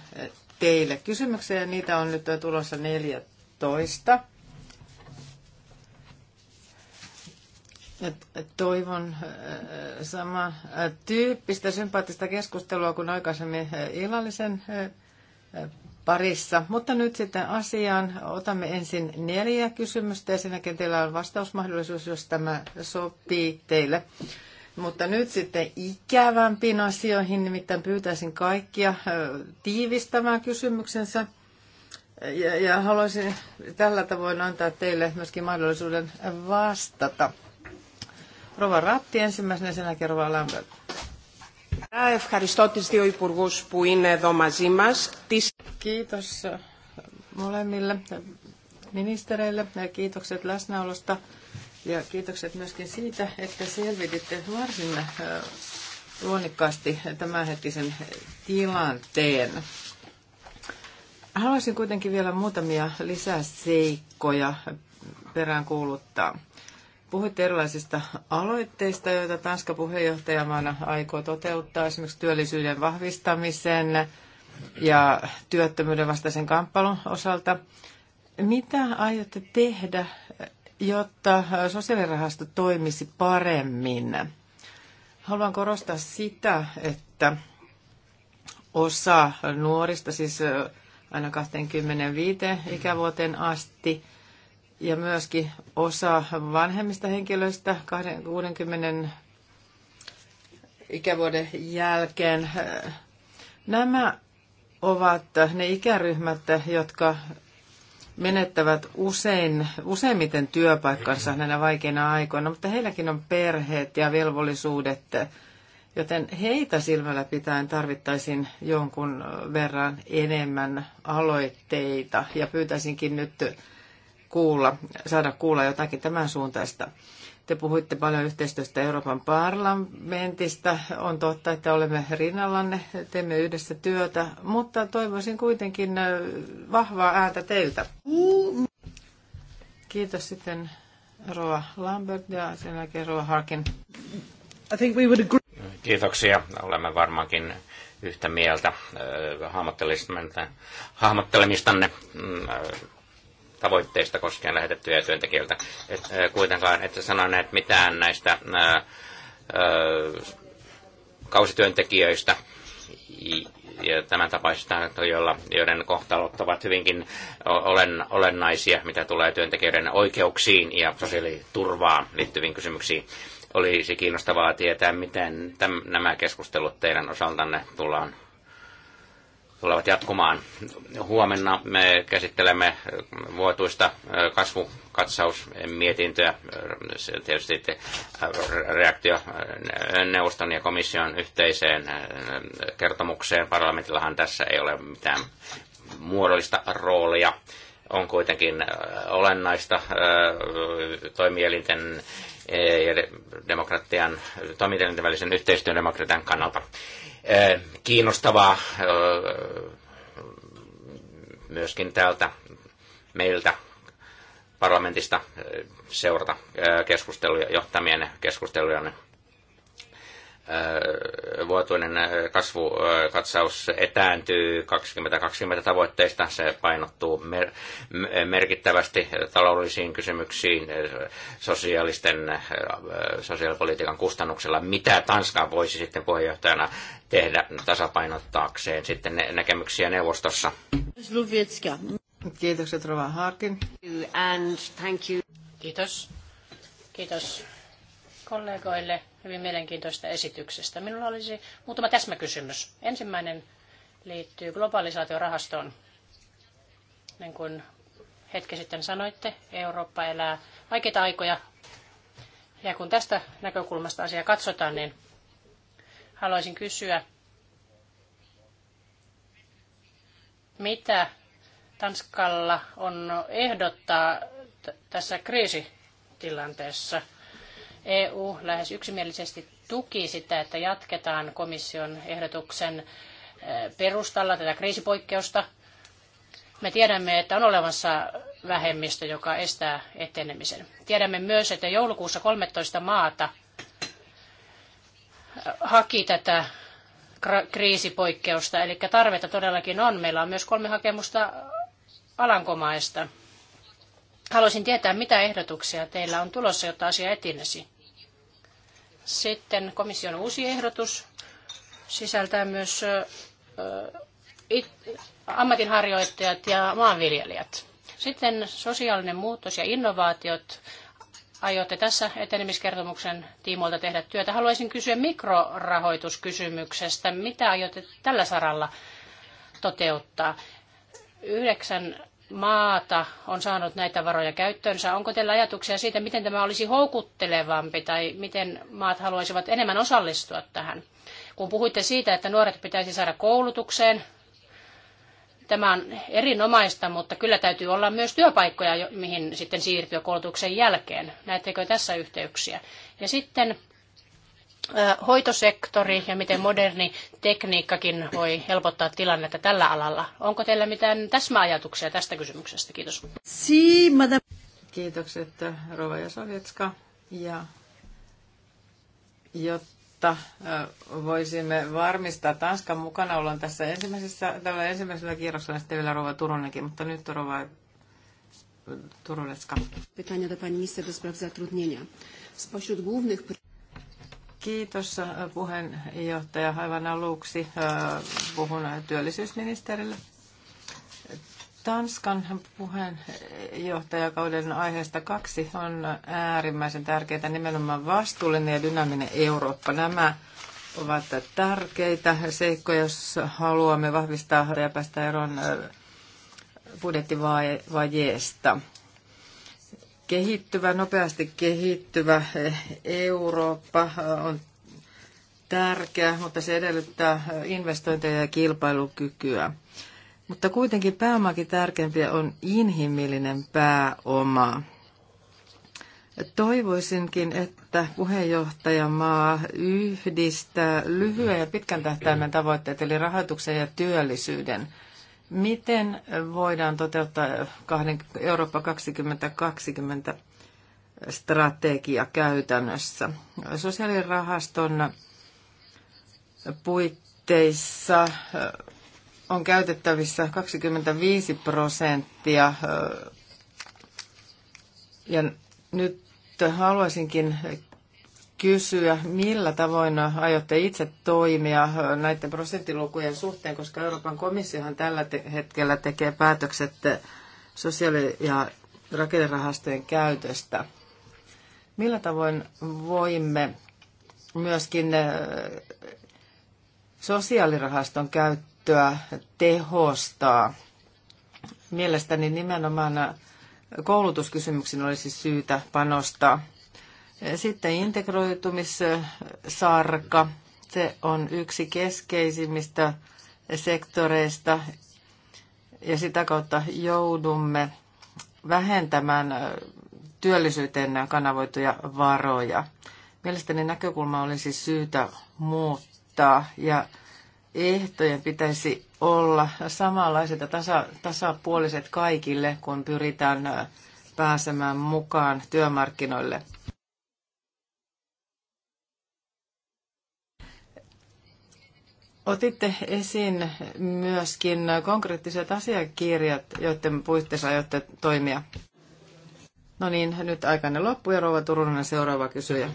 teille kysymyksiä ja niitä on nyt tulossa 14. Toivon eh, sama tyyppistä sympaattista keskustelua kuin aikaisemmin eh, illallisen eh, parissa. Mutta nyt sitten asiaan. Otamme ensin neljä kysymystä ja siinäkin teillä on vastausmahdollisuus, jos tämä sopii teille. Mutta nyt sitten ikävämpiin asioihin, nimittäin pyytäisin kaikkia tiivistämään kysymyksensä. Ja, ja haluaisin tällä tavoin antaa teille myöskin mahdollisuuden vastata. Rova Ratti ensimmäisenä, sen jälkeen Rova Lambert. Ευχαριστώ τις δύο υπουργούς που είναι εδώ μαζί μας. Kiitos molemmille ministereille ja kiitokset läsnäolosta ja kiitokset myöskin siitä, että selvititte varsin luonnikkaasti tämänhetkisen tilanteen. Haluaisin kuitenkin vielä muutamia lisäseikkoja peräänkuuluttaa. Puhuitte erilaisista aloitteista, joita Tanska puheenjohtajamaana aikoo toteuttaa, esimerkiksi työllisyyden vahvistamisen ja työttömyyden vastaisen kamppailun osalta. Mitä aiotte tehdä, jotta sosiaalirahasto toimisi paremmin? Haluan korostaa sitä, että osa nuorista, siis aina 25 ikävuoteen asti, ja myöskin osa vanhemmista henkilöistä 60 ikävuoden jälkeen. Nämä ovat ne ikäryhmät, jotka menettävät usein, useimmiten työpaikkansa näinä vaikeina aikoina, mutta heilläkin on perheet ja velvollisuudet, joten heitä silmällä pitäen tarvittaisiin jonkun verran enemmän aloitteita ja pyytäisinkin nyt kuulla, saada kuulla jotakin tämän suuntaista. Te puhuitte paljon yhteistyöstä Euroopan parlamentista. On totta, että olemme rinnallanne, teemme yhdessä työtä, mutta toivoisin kuitenkin vahvaa ääntä teiltä. Kiitos sitten Roa Lambert ja sen jälkeen Roa Harkin. I think we would agree. Kiitoksia. Olemme varmaankin yhtä mieltä hahmottelemistanne mm, tavoitteista koskien lähetettyjä työntekijöitä. Et, kuitenkaan ette sanoneet mitään näistä äh, äh, kausityöntekijöistä ja tämän tapaisista, joilla, joiden kohtalot ovat hyvinkin olen, olennaisia, mitä tulee työntekijöiden oikeuksiin ja sosiaaliturvaan liittyviin kysymyksiin. Olisi kiinnostavaa tietää, miten täm, nämä keskustelut teidän osaltanne tullaan tulevat jatkumaan. Huomenna me käsittelemme vuotuista kasvukatsausmietintöä, tietysti reaktio neuvoston ja komission yhteiseen kertomukseen. Parlamentillahan tässä ei ole mitään muodollista roolia. On kuitenkin olennaista toimielinten ja demokratian, toimielinten välisen yhteistyön demokratian kannalta. Äh, kiinnostavaa äh, myöskin täältä meiltä parlamentista äh, seurata keskusteluja, johtamien keskusteluja vuotuinen kasvukatsaus etääntyy 2020 tavoitteista. Se painottuu mer- merkittävästi taloudellisiin kysymyksiin sosiaalisten, sosiaalipolitiikan kustannuksella. Mitä Tanska voisi sitten puheenjohtajana tehdä tasapainottaakseen sitten ne- näkemyksiä neuvostossa? Kiitokset Rova Harkin. And thank you. Kiitos. Kiitos kollegoille hyvin mielenkiintoista esityksestä. Minulla olisi muutama täsmäkysymys. Ensimmäinen liittyy globalisaatiorahastoon. Niin kuin hetki sitten sanoitte, Eurooppa elää vaikeita aikoja. Ja kun tästä näkökulmasta asiaa katsotaan, niin haluaisin kysyä, mitä Tanskalla on ehdottaa tässä kriisitilanteessa – EU lähes yksimielisesti tuki sitä, että jatketaan komission ehdotuksen eh, perustalla tätä kriisipoikkeusta. Me tiedämme, että on olemassa vähemmistö, joka estää etenemisen. Tiedämme myös, että joulukuussa 13 maata eh, haki tätä kriisipoikkeusta, eli tarvetta todellakin on. Meillä on myös kolme hakemusta Alankomaista. Haluaisin tietää, mitä ehdotuksia teillä on tulossa, jotta asia etenisi. Sitten komission uusi ehdotus sisältää myös ammatinharjoittajat ja maanviljelijät. Sitten sosiaalinen muutos ja innovaatiot aiotte tässä etenemiskertomuksen tiimoilta tehdä työtä. Haluaisin kysyä mikrorahoituskysymyksestä. Mitä aiotte tällä saralla toteuttaa? Yhdeksän maata on saanut näitä varoja käyttöönsä. Onko teillä ajatuksia siitä, miten tämä olisi houkuttelevampi tai miten maat haluaisivat enemmän osallistua tähän? Kun puhuitte siitä, että nuoret pitäisi saada koulutukseen, tämä on erinomaista, mutta kyllä täytyy olla myös työpaikkoja, mihin sitten siirtyä koulutuksen jälkeen. Näettekö tässä yhteyksiä? Ja sitten hoitosektori ja miten moderni tekniikkakin voi helpottaa tilannetta tällä alalla. Onko teillä mitään täsmäajatuksia tästä kysymyksestä? Kiitos. Kiitokset Rova Ja jotta voisimme varmistaa Tanskan mukanaolon tässä ensimmäisessä, tällä ensimmäisellä kierroksella sitten vielä Rova Turunenkin, mutta nyt Rova Turulecka. Pytania do pani minister do spraw zatrudnienia. Spośród głównych Kiitos äh, puheenjohtaja. Aivan aluksi äh, puhun työllisyysministerille. Tanskan puheenjohtajakauden aiheesta kaksi on äärimmäisen tärkeää nimenomaan vastuullinen ja dynaaminen Eurooppa. Nämä ovat tärkeitä seikkoja, jos haluamme vahvistaa ja päästä eroon äh, budjettivajeesta. Kehittyvä, nopeasti kehittyvä eh, Eurooppa eh, on tärkeä, mutta se edellyttää eh, investointeja ja kilpailukykyä. Mutta kuitenkin pääomakin tärkeämpiä on inhimillinen pääoma. Toivoisinkin, että puheenjohtajamaa yhdistää lyhyen ja pitkän tähtäimen tavoitteet, eli rahoituksen ja työllisyyden – Miten voidaan toteuttaa Eurooppa 2020 strategia käytännössä? Sosiaalirahaston puitteissa eh, on käytettävissä 25 prosenttia eh, ja nyt haluaisinkin kysyä, millä tavoin aiotte itse toimia näiden prosenttilukujen suhteen, koska Euroopan komissiohan tällä te- hetkellä tekee päätökset sosiaali- ja rakennerahastojen käytöstä. Millä tavoin voimme myöskin äh, sosiaalirahaston käyttöä tehostaa? Mielestäni nimenomaan koulutuskysymyksiin olisi syytä panostaa. Sitten integroitumissarka. Se on yksi keskeisimmistä sektoreista ja sitä kautta joudumme vähentämään työllisyyteen kanavoituja varoja. Mielestäni näkökulma olisi syytä muuttaa ja ehtojen pitäisi olla samanlaiset ja tasa, tasapuoliset kaikille, kun pyritään pääsemään mukaan työmarkkinoille – Otitte esiin myöskin konkreettiset asiakirjat, joiden puitteissa aiotte toimia. No niin, nyt aikainen loppu ja Rova Turunen seuraava kysyjä.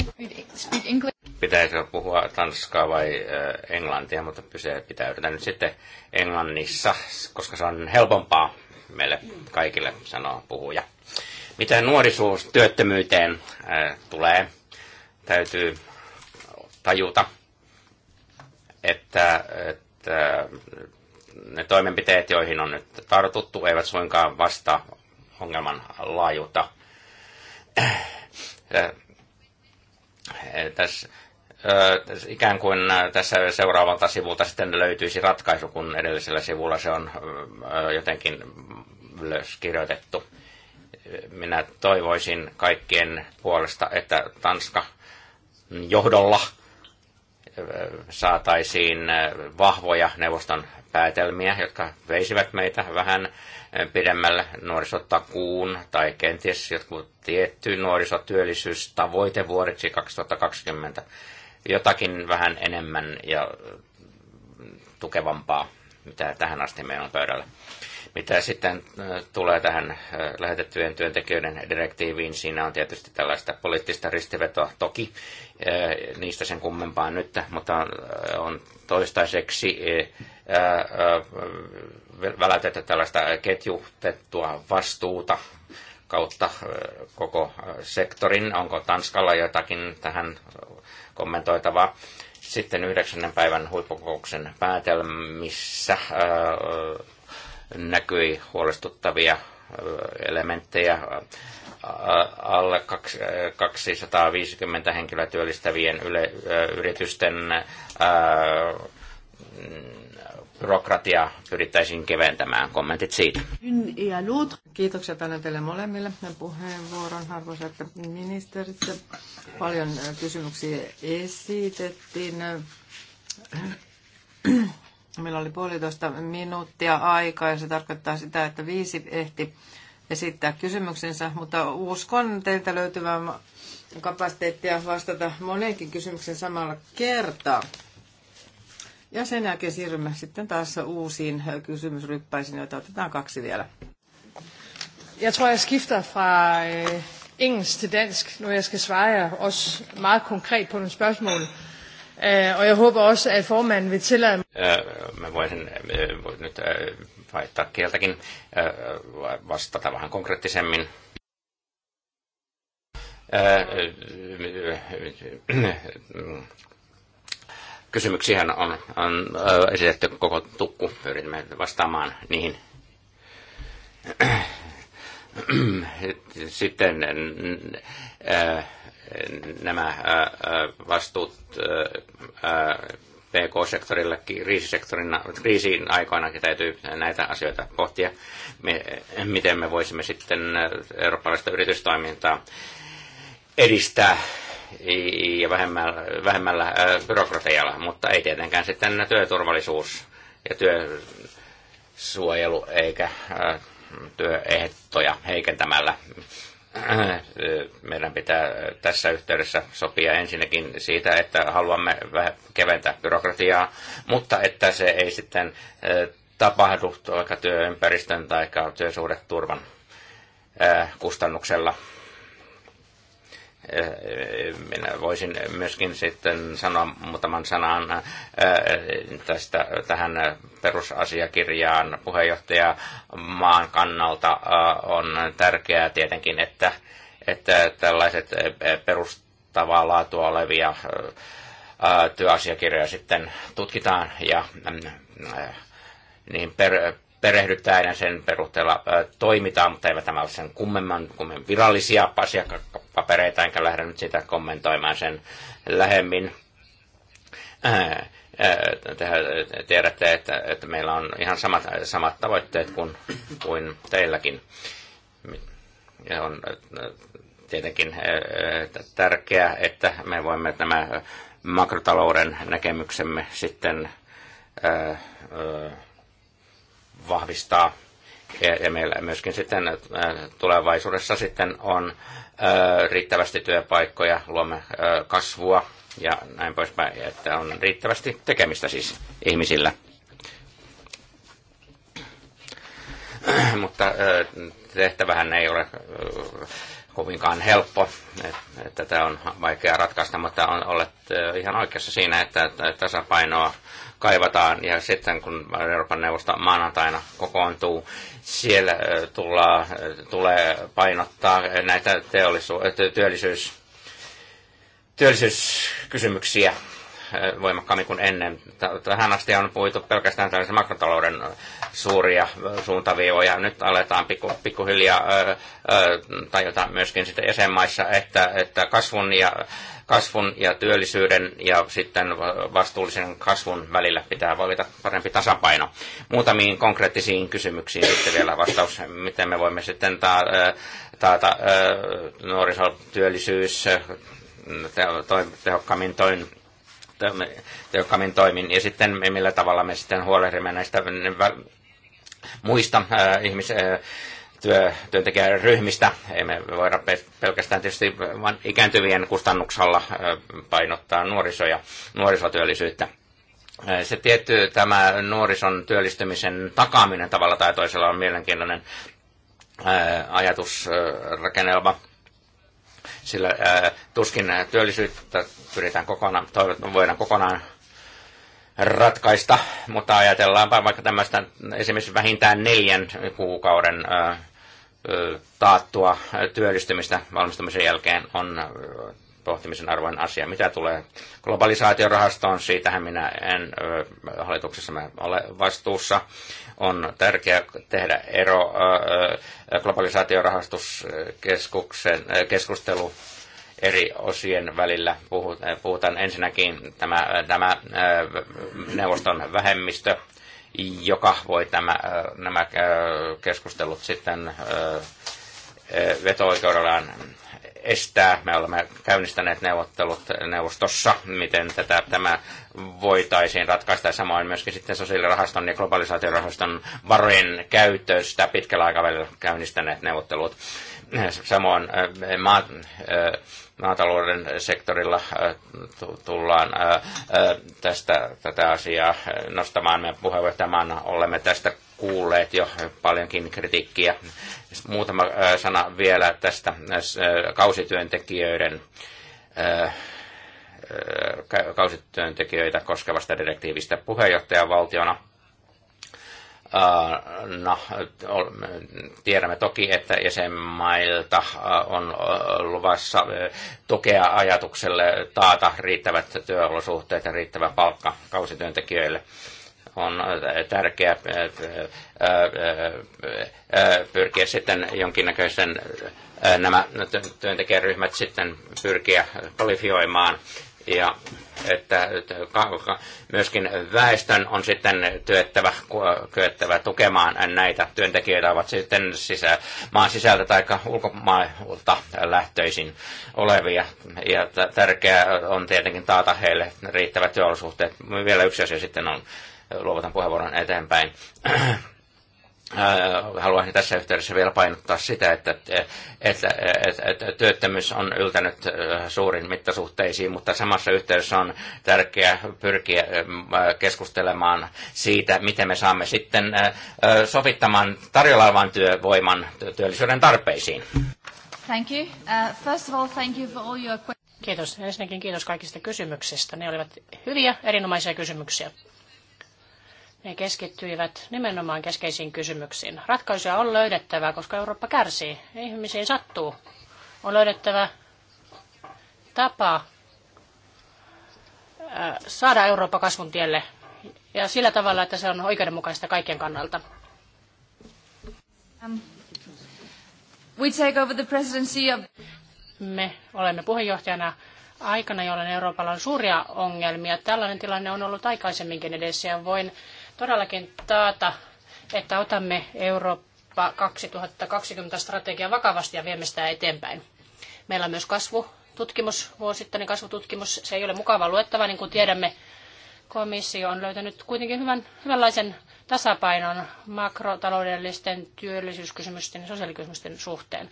Pitäisikö puhua tanskaa vai äh, englantia, mutta pitäydytään nyt sitten englannissa, koska se on helpompaa meille kaikille, sanoa puhuja. Mitä nuorisuus työttömyyteen äh, tulee, täytyy tajuta, että, että ne toimenpiteet, joihin on nyt tartuttu, eivät suinkaan vastaa ongelman laajuutta. Äh, äh, tässä, ikään kuin tässä seuraavalta sivulta sitten löytyisi ratkaisu, kun edellisellä sivulla se on äh, jotenkin ylös kirjoitettu. Minä toivoisin kaikkien puolesta, että Tanska johdolla – saataisiin äh, vahvoja neuvoston päätelmiä, jotka veisivät meitä vähän äh, pidemmälle nuorisotakuun tai kenties jotkut tietty nuorisotyöllisyystavoite vuodeksi 2020 jotakin vähän enemmän ja tukevampaa, mitä tähän asti meillä on pöydällä. Mitä sitten äh, tulee tähän äh, lähetettyjen työntekijöiden direktiiviin, siinä on tietysti tällaista poliittista ristivetoa toki, äh, niistä sen kummempaa nyt, mutta on toistaiseksi välätetty tällaista ketjutettua vastuuta kautta koko sektorin. Onko Tanskalla jotakin tähän kommentoitavaa? Sitten yhdeksännen päivän huippukokouksen päätelmissä näkyi huolestuttavia elementtejä alle 250 henkilöä työllistävien yle, yritysten byrokratia pyrittäisiin keventämään. Kommentit siitä. Kiitokset tänne teille molemmille puheenvuoron, arvoisat ministerit. Paljon kysymyksiä esitettiin Meillä oli puolitoista minuuttia aikaa ja se tarkoittaa sitä, että viisi ehti esittää kysymyksensä, mutta uskon teiltä löytyvän kapasiteettia vastata moneenkin kysymyksen samalla kertaa. Ja sen jälkeen siirrymme sitten taas uusiin kysymysryppäisiin, joita otetaan kaksi vielä. Jeg tror, jag skiftar fra øh, engelsk till dansk, når jag ska svara jer meget konkret på nogle spørgsmål. Øh, og jeg håber også, at formanden vil tillade mig. Øh, mä voisin äh, nyt äh, vaihtaa kieltäkin äh, vastata vähän konkreettisemmin kysymyksiä on, on esitetty koko tukku. Pyrimme vastaamaan niihin. Sitten nämä vastuut PK-sektorilla, kriisisektorina, kriisiin aikoinakin täytyy näitä asioita pohtia, miten me voisimme sitten eurooppalaista yritystoimintaa edistää ja vähemmällä, vähemmällä byrokratialla, mutta ei tietenkään sitten työturvallisuus ja työsuojelu eikä työehtoja heikentämällä meidän pitää tässä yhteydessä sopia ensinnäkin siitä, että haluamme vähän keventää byrokratiaa, mutta että se ei sitten tapahdu vaikka työympäristön tai työsuhdeturvan kustannuksella minä voisin myöskin sitten sanoa muutaman sanan tästä tähän perusasiakirjaan puheenjohtaja maan kannalta on tärkeää tietenkin, että, että tällaiset perustavaa laatua olevia työasiakirjoja sitten tutkitaan ja mm, niin per, perehdyttää ja sen perusteella toimitaan, mutta eivät tämä ole sen kummemman, kummemman virallisia asiakapapereita, enkä lähde nyt sitä kommentoimaan sen lähemmin. Te tiedätte, että, että meillä on ihan samat, samat tavoitteet kuin, kuin teilläkin. Ja on tietenkin tärkeää, että me voimme nämä makrotalouden näkemyksemme sitten vahvistaa. Ja meillä myöskin sitten äh, tulevaisuudessa sitten on äh, riittävästi työpaikkoja, luomme äh, kasvua ja näin poispäin, että on riittävästi tekemistä siis ihmisillä. Mutta tehtävähän ei ole kovinkaan helppo. Tätä on vaikea ratkaista, mutta on, olet ihan oikeassa siinä, että tasapainoa kaivataan. Ja sitten kun Euroopan neuvosto maanantaina kokoontuu, siellä tulla, tulee painottaa näitä teollisu- työllisyys, työllisyyskysymyksiä voimakkaammin kuin ennen. Tähän asti on puhuttu pelkästään tällaisen makrotalouden suuria suuntaviivoja. Nyt aletaan pikku, pikkuhiljaa tajuta myöskin sitten jäsenmaissa, että, että kasvun ja kasvun ja työllisyyden ja sitten vastuullisen kasvun välillä pitää valita parempi tasapaino. Muutamiin konkreettisiin kysymyksiin sitten vielä vastaus, miten me voimme sitten taata, ta- nuorisotyöllisyys tehokkaammin toin tehokkaammin toimin ja sitten millä tavalla me sitten huolehdimme näistä niin muista äh, ihmis, äh, työ, työntekijäryhmistä. Emme voida pelkästään tietysti vain ikääntyvien kustannuksella painottaa nuoriso- ja nuorisotyöllisyyttä. Se tietty tämä nuorison työllistymisen takaaminen tavalla tai toisella on mielenkiintoinen ajatusrakennelma sillä tuskin työllisyyttä pyritään kokonaan, toivottavasti voidaan kokonaan ratkaista, mutta ajatellaanpa vaikka tämmöistä esimerkiksi vähintään neljän kuukauden ää, taattua työllistymistä valmistumisen jälkeen on pohtimisen arvoinen asia. Mitä tulee globalisaatiorahastoon, siitähän minä en hallituksessa ole vastuussa. On tärkeää tehdä ero globalisaatiorahastuskeskuksen keskustelu eri osien välillä. Puhutaan ensinnäkin tämä, tämä neuvoston vähemmistö joka voi tämä, nämä keskustelut sitten veto-oikeudellaan estää. Me olemme käynnistäneet neuvottelut neuvostossa, miten tätä, tämä voitaisiin ratkaista. Ja samoin myöskin sitten sosiaalirahaston ja globalisaatiorahaston varojen käytöstä pitkällä aikavälillä käynnistäneet neuvottelut. Samoin äh, äh, maatalouden sektorilla äh, tullaan tästä, tätä asiaa nostamaan. Me puheenjohtajamaana olemme tästä kuulleet jo paljonkin kritiikkiä. Muutama sana vielä tästä kausityöntekijöiden kausityöntekijöitä koskevasta direktiivistä puheenjohtajavaltiona Äh, no, tiedämme toki, että jäsenmailta äh, on äh, luvassa tukea ajatukselle taata riittävät työolosuhteet ja riittävä palkka kausityöntekijöille. On tärkeää pyrkiä sitten jonkinnäköisen nämä työntekijäryhmät sitten pyrkiä kvalifioimaan ja että, että myöskin väestön on sitten työttävä, kyettävä tukemaan näitä työntekijöitä, ovat sitten sisä, maan sisältä tai ulkomailta lähtöisin olevia. Ja tärkeää on tietenkin taata heille riittävät työolosuhteet. Vielä yksi asia sitten on, luovutan puheenvuoron eteenpäin. Äh, haluaisin tässä yhteydessä vielä painottaa sitä, että, että, että, että työttömyys on yltänyt äh, suurin mittasuhteisiin, mutta samassa yhteydessä on tärkeää pyrkiä äh, keskustelemaan siitä, miten me saamme sitten sovittamaan tarjolla olevan työvoiman työllisyyden tarpeisiin. Thank you. Uh, first of all, thank you for all your... Kiitos. Ensinnäkin kiitos kaikista kysymyksistä. Ne olivat hyviä, erinomaisia kysymyksiä. Ne keskittyivät nimenomaan keskeisiin kysymyksiin. Ratkaisuja on löydettävä, koska Eurooppa kärsii. Ihmisiin sattuu. On löydettävä tapa saada Eurooppa kasvun tielle ja sillä tavalla, että se on oikeudenmukaista kaikkien kannalta. Um, we take over the presidency of... Me olemme puheenjohtajana aikana, jolloin Euroopalla on suuria ongelmia. Tällainen tilanne on ollut aikaisemminkin edessä ja voin todellakin taata, että otamme Eurooppa 2020 strategia vakavasti ja viemme sitä eteenpäin. Meillä on myös kasvututkimus, vuosittainen kasvututkimus. Se ei ole mukava luettava, niin kuin tiedämme. Komissio on löytänyt kuitenkin hyvän, hyvänlaisen tasapainon makrotaloudellisten työllisyyskysymysten ja sosiaalikysymysten suhteen.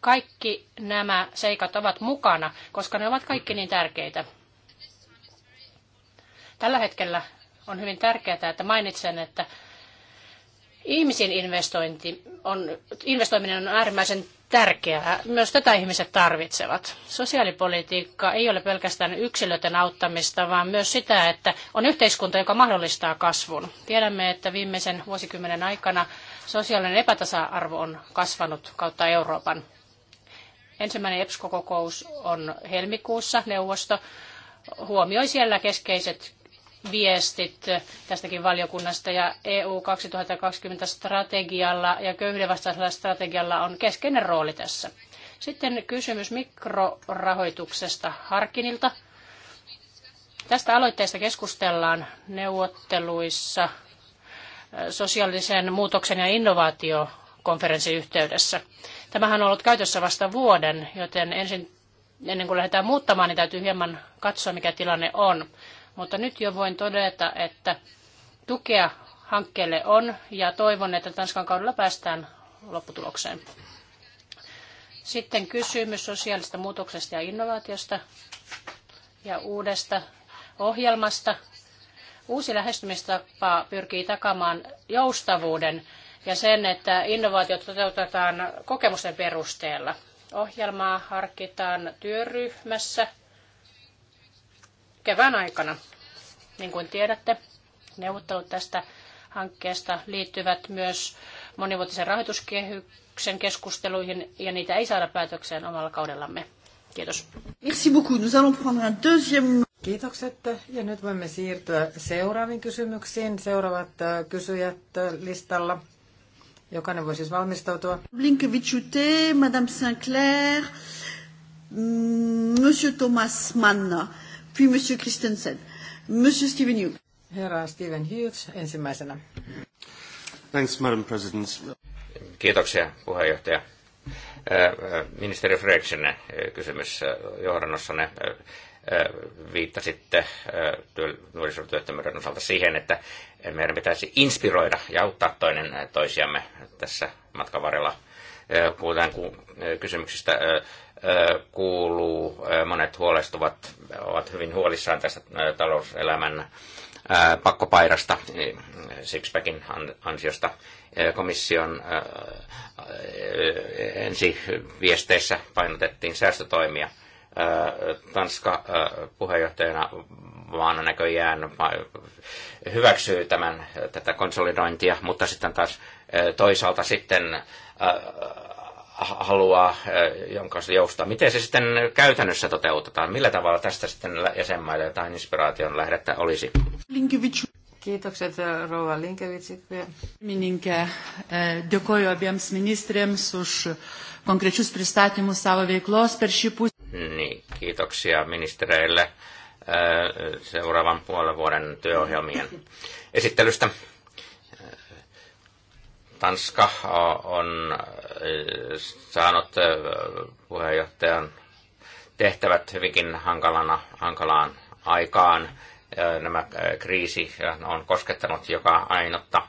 Kaikki nämä seikat ovat mukana, koska ne ovat kaikki niin tärkeitä. Tällä hetkellä on hyvin tärkeää, että mainitsen, että ihmisiin investointi on, investoiminen on äärimmäisen tärkeää. Myös tätä ihmiset tarvitsevat. Sosiaalipolitiikka ei ole pelkästään yksilöiden auttamista, vaan myös sitä, että on yhteiskunta, joka mahdollistaa kasvun. Tiedämme, että viimeisen vuosikymmenen aikana sosiaalinen epätasa-arvo on kasvanut kautta Euroopan. Ensimmäinen EPSCO-kokous on helmikuussa neuvosto. Huomioi siellä keskeiset viestit tästäkin valiokunnasta ja EU 2020 strategialla ja köyhdenvastaisella strategialla on keskeinen rooli tässä. Sitten kysymys mikrorahoituksesta Harkinilta. Tästä aloitteesta keskustellaan neuvotteluissa sosiaalisen muutoksen ja innovaatiokonferenssin yhteydessä. Tämähän on ollut käytössä vasta vuoden, joten ensin, ennen kuin lähdetään muuttamaan, niin täytyy hieman katsoa, mikä tilanne on mutta nyt jo voin todeta, että tukea hankkeelle on ja toivon, että Tanskan kaudella päästään lopputulokseen. Sitten kysymys sosiaalista muutoksesta ja innovaatiosta ja uudesta ohjelmasta. Uusi lähestymistapa pyrkii takamaan joustavuuden ja sen, että innovaatiot toteutetaan kokemusten perusteella. Ohjelmaa harkitaan työryhmässä – kevään aikana. Niin kuin tiedätte, neuvottelut tästä hankkeesta liittyvät myös monivuotisen rahoituskehyksen keskusteluihin ja niitä ei saada päätökseen omalla kaudellamme. Kiitos. Merci beaucoup. Nous allons prendre un deuxième... Kiitokset. Ja nyt voimme siirtyä seuraaviin kysymyksiin. Seuraavat äh, kysyjät äh, listalla. Jokainen voi siis valmistautua. Blinkevichute, Madame Sinclair, mm, Monsieur Thomas Mann puis Monsieur Christensen. Hughes. Herra Stephen Hughes ensimmäisenä. Thanks, Madam President. Kiitoksia, puheenjohtaja. Ministeri Freksen kysymys johdannossanne viittasitte nuorisotyöttömyyden osalta siihen, että meidän pitäisi inspiroida ja auttaa toinen toisiamme tässä matkan varrella. Kuten kysymyksistä kuuluu. Monet huolestuvat, ovat hyvin huolissaan tästä talouselämän pakkopairasta, Sixpackin ansiosta komission ensi viesteissä painotettiin säästötoimia. Tanska puheenjohtajana vaan näköjään hyväksyy tämän, tätä konsolidointia, mutta sitten taas toisaalta sitten haluaa, jonka kanssa joustaa. Miten se sitten käytännössä toteutetaan? Millä tavalla tästä sitten jäsenmaille jotain inspiraation lähdettä olisi? Linkevich. Kiitokset rouva Linkevitsikkuja. Mininkä, dėkoju abiems ministeriams už konkrečius pristatimus savo veiklos per šį Niin, kiitoksia ministereille seuraavan puolen vuoden työohjelmien esittelystä. Tanska on saanut puheenjohtajan tehtävät hyvinkin hankalana, hankalaan aikaan. Nämä kriisi on koskettanut joka ainutta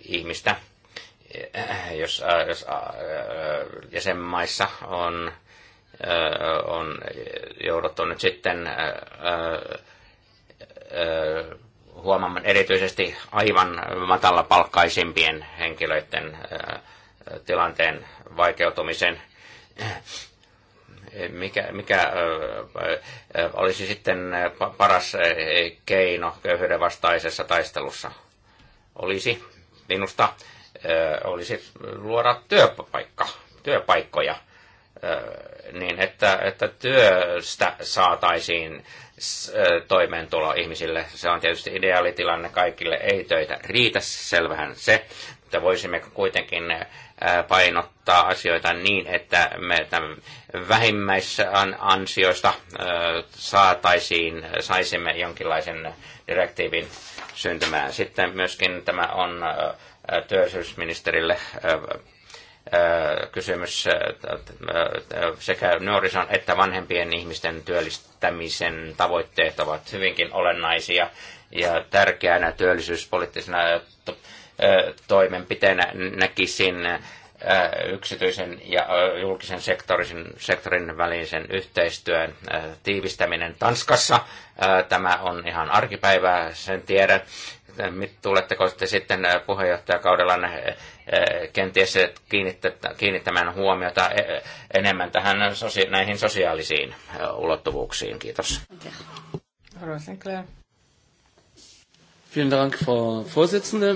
ihmistä. Jos, jos jäsenmaissa on, on jouduttu nyt sitten huomaamaan erityisesti aivan matalapalkkaisimpien henkilöiden tilanteen vaikeutumisen. Mikä, mikä olisi sitten paras keino köyhyyden vastaisessa taistelussa? Olisi minusta olisi luoda työpaikka, työpaikkoja niin että, että työstä saataisiin toimeentulo ihmisille. Se on tietysti ideaalitilanne kaikille, ei töitä riitä, selvähän se, mutta voisimme kuitenkin painottaa asioita niin, että me vähimmäisansioista saataisiin, saisimme jonkinlaisen direktiivin syntymään. Sitten myöskin tämä on työllisyysministerille kysymys sekä nuorison että vanhempien ihmisten työllistämisen tavoitteet ovat hyvinkin olennaisia ja tärkeänä työllisyyspoliittisena toimenpiteenä näkisin yksityisen ja julkisen sektorin, sektorin välisen yhteistyön tiivistäminen Tanskassa. Tämä on ihan arkipäivää, sen tiedän tuletteko sitten, sitten puheenjohtajakaudella kenties kiinnittämään huomiota enemmän tähän näihin sosiaalisiin ulottuvuuksiin? Kiitos. Vielen Dank, Frau Vorsitzende.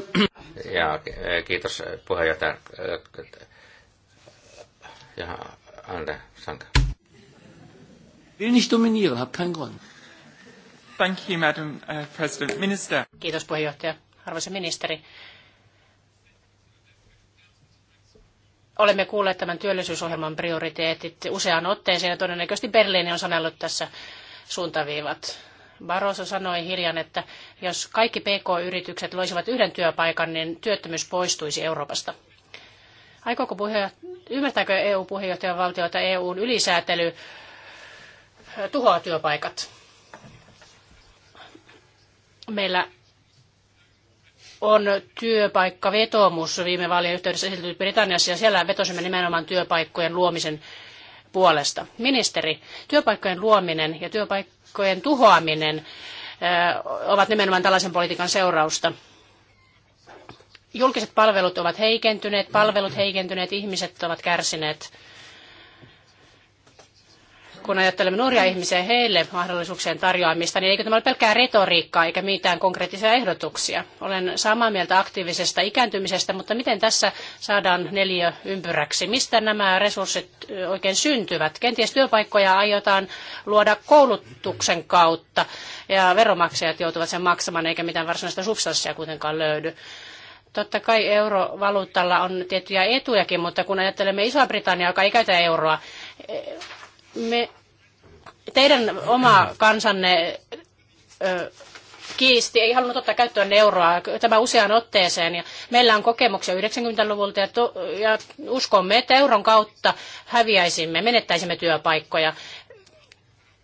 Ja, kiitos puheenjohtaja. Ja, Ander, Sanka. Will nicht dominieren, hab keinen Grund. Thank you, Madam uh, President. Minister. Kiitos puheenjohtaja. Arvoisa ministeri. Olemme kuulleet tämän työllisyysohjelman prioriteetit useaan otteeseen ja todennäköisesti Berliini on sanellut tässä suuntaviivat. Barroso sanoi hiljan, että jos kaikki PK-yritykset loisivat yhden työpaikan, niin työttömyys poistuisi Euroopasta. Aikooko puheenjohtaja, ymmärtääkö EU-puheenjohtajavaltio, että EUn ylisäätely tuhoaa työpaikat? Meillä on työpaikkavetomus viime vaalien yhteydessä esitetty Britanniassa ja siellä vetosimme nimenomaan työpaikkojen luomisen puolesta. Ministeri, työpaikkojen luominen ja työpaikkojen tuhoaminen äh, ovat nimenomaan tällaisen politiikan seurausta. Julkiset palvelut ovat heikentyneet, palvelut heikentyneet, ihmiset ovat kärsineet kun ajattelemme nuoria ihmisiä heille mahdollisuuksien tarjoamista, niin eikö tämä ole pelkkää retoriikkaa eikä mitään konkreettisia ehdotuksia? Olen samaa mieltä aktiivisesta ikääntymisestä, mutta miten tässä saadaan neljä ympyräksi? Mistä nämä resurssit oikein syntyvät? Kenties työpaikkoja aiotaan luoda koulutuksen kautta ja veromaksajat joutuvat sen maksamaan eikä mitään varsinaista substanssia kuitenkaan löydy totta kai eurovaluuttalla on tiettyjä etujakin, mutta kun ajattelemme Isoa-Britanniaa, joka ei käytä euroa, e, me teidän oma kansanne ö, kiisti, ei halunnut ottaa käyttöön euroa, tämä useaan otteeseen. Ja meillä on kokemuksia 90-luvulta ja, to, ja uskomme, että euron kautta häviäisimme, menettäisimme työpaikkoja.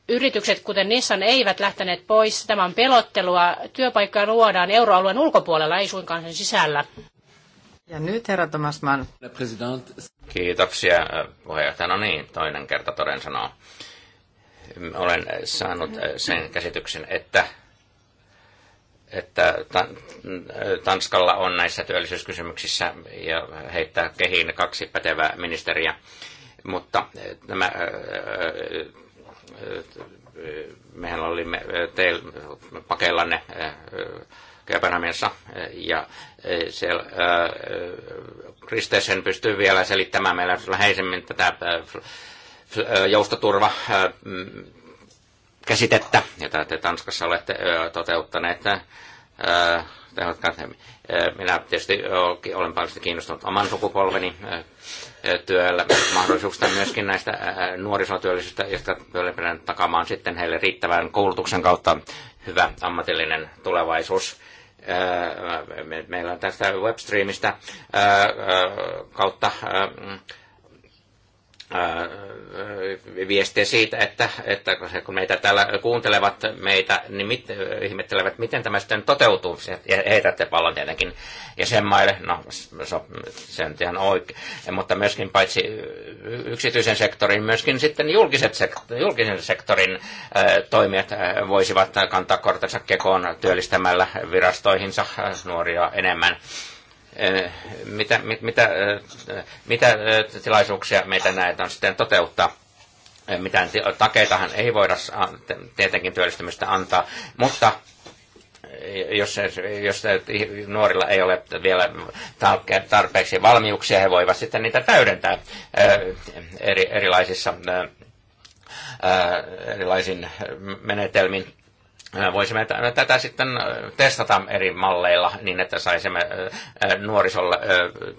Yritykset, kuten Nissan, eivät lähteneet pois. Tämä on pelottelua. Työpaikkoja luodaan euroalueen ulkopuolella, ei suinkaan sen sisällä. Ja nyt herra Thomas Mann. Kiitoksia puheenjohtaja. No niin, toinen kerta toden sanoo olen saanut äh, sen käsityksen, että että Tanskalla on näissä työllisyyskysymyksissä ja heittää kehiin kaksi pätevää ministeriä. Mutta nämä, äh, äh, mehän olimme teillä pakeillanne Kööpenhaminassa ja siellä Kristessen pystyy vielä selittämään meille läheisemmin tätä joustoturva äh, mm, käsitettä, jota te Tanskassa olette äh, toteuttaneet äh, Minä tietysti olen paljon kiinnostunut oman sukupolveni työllä mahdollisuuksista myöskin näistä nuorisotyöllisistä, jotka pyritään takamaan sitten heille riittävän koulutuksen kautta hyvä ammatillinen tulevaisuus. Meillä on tästä webstreamista kautta Äh, viestiä siitä, että, että kun meitä täällä kuuntelevat meitä, niin mit, ihmettelevät, miten tämä sitten toteutuu. Ja heitätte pallon tietenkin jäsenmaille, no se, se on ihan oikein, mutta myöskin paitsi yksityisen sektorin, myöskin sitten julkiset sektor, julkisen sektorin äh, toimijat äh, voisivat kantaa kortensa kekoon työllistämällä virastoihinsa nuoria enemmän Eh, mitä, mit, mitä, eh, mitä eh, tilaisuuksia meitä näitä on sitten toteuttaa. Mitään takeitahan ei voida tietenkin työllistymistä antaa, mutta jos, jos nuorilla ei ole vielä tarpeeksi valmiuksia, he voivat sitten niitä täydentää eri, erilaisissa erilaisin menetelmin Äh, voisimme tätä sitten äh, testata eri malleilla niin, että saisimme äh, nuorisolle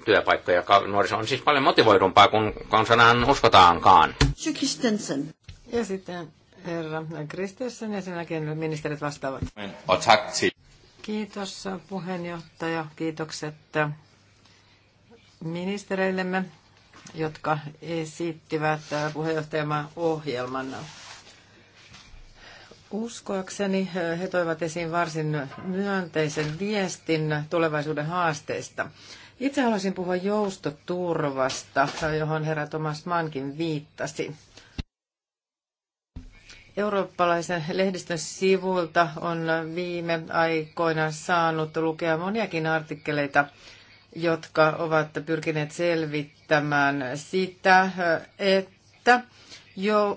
työpaikkoja. Nuoriso on siis paljon motivoidumpaa kuin konsanaan uskotaankaan. Ja sitten herra Kristensen ja sen jälkeen ministerit vastaavat. Kiitos puheenjohtaja. Kiitokset ministereillemme, jotka esittivät puheenjohtajamaan ohjelman. Uskoakseni eh, he toivat esiin varsin myönteisen viestin tulevaisuuden haasteista. Itse haluaisin puhua joustoturvasta, johon herra Thomas Mankin viittasi. Eurooppalaisen lehdistön sivulta on viime aikoina saanut lukea moniakin artikkeleita, jotka ovat pyrkineet selvittämään sitä, eh, että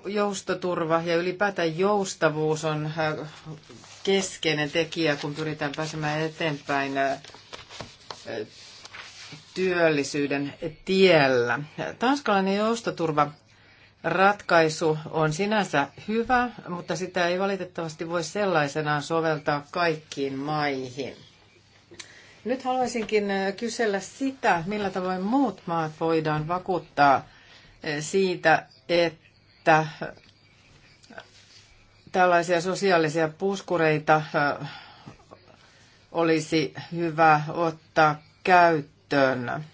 joustoturva ja ylipäätään joustavuus on äh, keskeinen tekijä, kun pyritään pääsemään eteenpäin äh, työllisyyden tiellä. Tanskalainen joustoturva ratkaisu on sinänsä hyvä, mutta sitä ei valitettavasti voi sellaisenaan soveltaa kaikkiin maihin. Nyt haluaisinkin äh, kysellä sitä, millä tavoin muut maat voidaan vakuuttaa siitä, että että tällaisia sosiaalisia puskureita olisi hyvä ottaa käyttöön.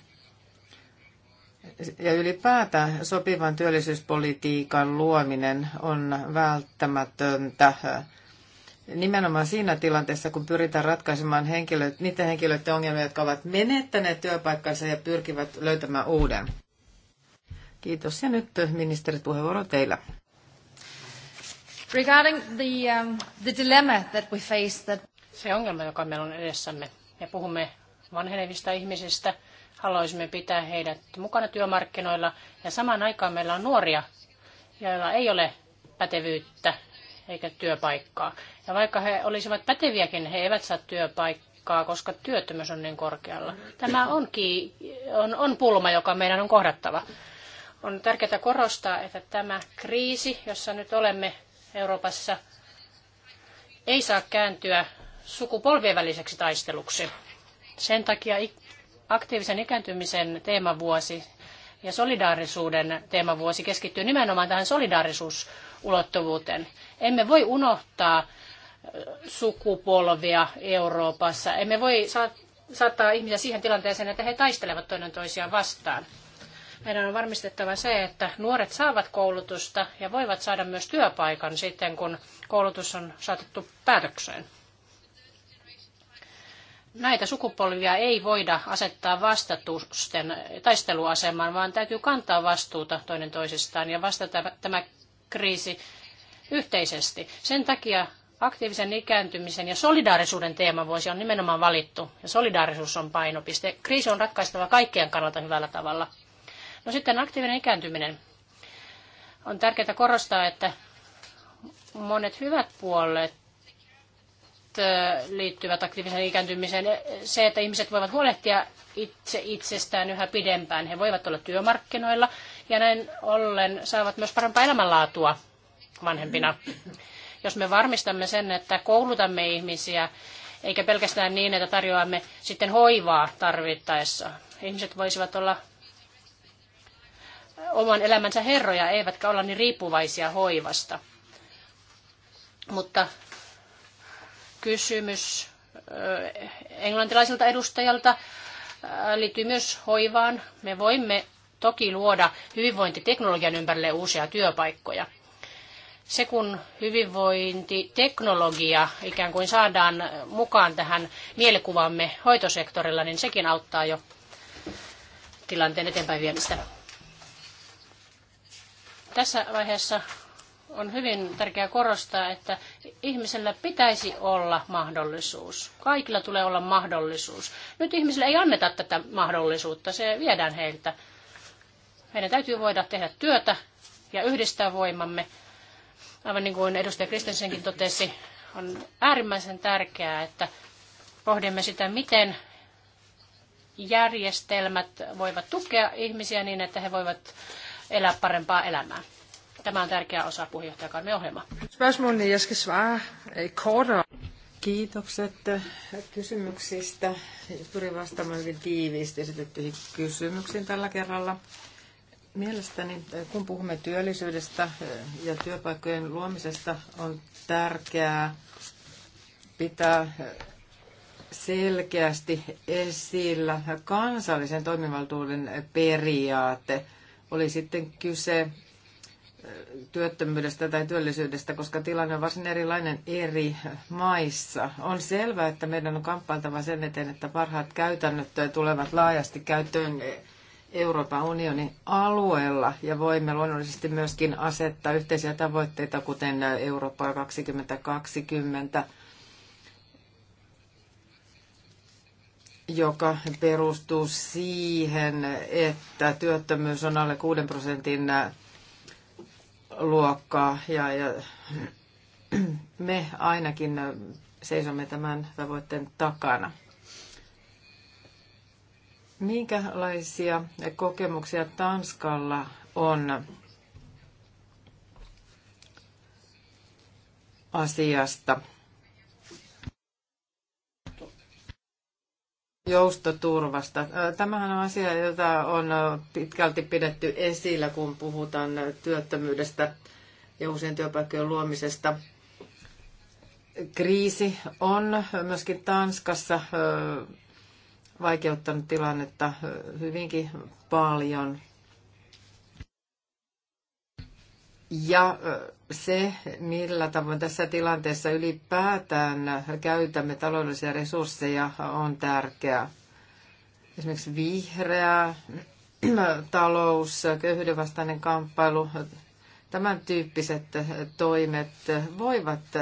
Ja ylipäätään sopivan työllisyyspolitiikan luominen on välttämätöntä nimenomaan siinä tilanteessa, kun pyritään ratkaisemaan henkilöt, niiden henkilöiden ongelmia, jotka ovat menettäneet työpaikkansa ja pyrkivät löytämään uuden. Kiitos. Ja nyt puheenvuoro teillä. Regarding the, um, the dilemma that we face that... Se ongelma, joka meillä on edessämme, ja puhumme vanhenevista ihmisistä, haluaisimme pitää heidät mukana työmarkkinoilla, ja samaan aikaan meillä on nuoria, joilla ei ole pätevyyttä eikä työpaikkaa. Ja vaikka he olisivat päteviäkin, he eivät saa työpaikkaa, koska työttömyys on niin korkealla. Tämä on, on, on pulma, joka meidän on kohdattava. On tärkeää korostaa, että tämä kriisi, jossa nyt olemme Euroopassa, ei saa kääntyä sukupolvien väliseksi taisteluksi. Sen takia aktiivisen ikääntymisen teemavuosi ja solidaarisuuden teemavuosi keskittyy nimenomaan tähän solidaarisuusulottuvuuteen. Emme voi unohtaa sukupolvia Euroopassa. Emme voi saattaa ihmisiä siihen tilanteeseen, että he taistelevat toinen toisiaan vastaan. Meidän on varmistettava se, että nuoret saavat koulutusta ja voivat saada myös työpaikan sitten, kun koulutus on saatettu päätökseen. Näitä sukupolvia ei voida asettaa vastatusten taisteluasemaan, vaan täytyy kantaa vastuuta toinen toisistaan ja vastata tämä kriisi yhteisesti. Sen takia aktiivisen ikääntymisen ja solidaarisuuden teemavuosi on nimenomaan valittu, ja solidaarisuus on painopiste. Kriisi on ratkaistava kaikkien kannalta hyvällä tavalla. No sitten aktiivinen ikääntyminen. On tärkeää korostaa, että monet hyvät puolet liittyvät aktiiviseen ikääntymiseen. Se, että ihmiset voivat huolehtia itse itsestään yhä pidempään. He voivat olla työmarkkinoilla ja näin ollen saavat myös parempaa elämänlaatua vanhempina. Jos me varmistamme sen, että koulutamme ihmisiä, eikä pelkästään niin, että tarjoamme sitten hoivaa tarvittaessa. Ihmiset voisivat olla oman elämänsä herroja, eivätkä olla niin riippuvaisia hoivasta. Mutta kysymys englantilaiselta edustajalta liittyy myös hoivaan. Me voimme toki luoda hyvinvointiteknologian ympärille uusia työpaikkoja. Se, kun hyvinvointiteknologia ikään kuin saadaan mukaan tähän mielikuvamme hoitosektorilla, niin sekin auttaa jo tilanteen eteenpäin viemistä. Tässä vaiheessa on hyvin tärkeää korostaa, että ihmisellä pitäisi olla mahdollisuus. Kaikilla tulee olla mahdollisuus. Nyt ihmisille ei anneta tätä mahdollisuutta, se viedään heiltä. Meidän täytyy voida tehdä työtä ja yhdistää voimamme. Aivan niin kuin edustaja Kristensenkin totesi, on äärimmäisen tärkeää, että pohdimme sitä, miten järjestelmät voivat tukea ihmisiä niin, että he voivat elää parempaa elämää. Tämä on tärkeä osa puheenjohtajakauden ohjelmaa. Er Kiitokset kysymyksistä. Pyrin vastaamaan hyvin tiiviisti esitettyihin kysymyksiin tällä kerralla. Mielestäni, eh, kun puhumme työllisyydestä eh, ja työpaikkojen luomisesta, on tärkeää pitää eh, selkeästi esillä kansallisen toimivaltuuden periaate – oli sitten kyse työttömyydestä tai työllisyydestä, koska tilanne on varsin erilainen eri maissa. On selvää, että meidän on kamppailtava sen eteen, että parhaat käytännöt tulevat laajasti käyttöön Euroopan unionin alueella ja voimme luonnollisesti myöskin asettaa yhteisiä tavoitteita, kuten Eurooppa 2020 joka perustuu siihen, että työttömyys on alle 6 prosentin luokkaa. Ja, ja me ainakin seisomme tämän tavoitteen takana. Minkälaisia kokemuksia Tanskalla on asiasta? joustoturvasta. Tämähän on asia, jota on pitkälti pidetty esillä, kun puhutaan työttömyydestä ja uusien työpaikkojen luomisesta. Kriisi on myöskin Tanskassa vaikeuttanut tilannetta hyvinkin paljon. ja se, millä tavoin tässä tilanteessa ylipäätään käytämme taloudellisia resursseja, on tärkeää. Esimerkiksi vihreä talous, köyhyydenvastainen kamppailu, tämän tyyppiset toimet voivat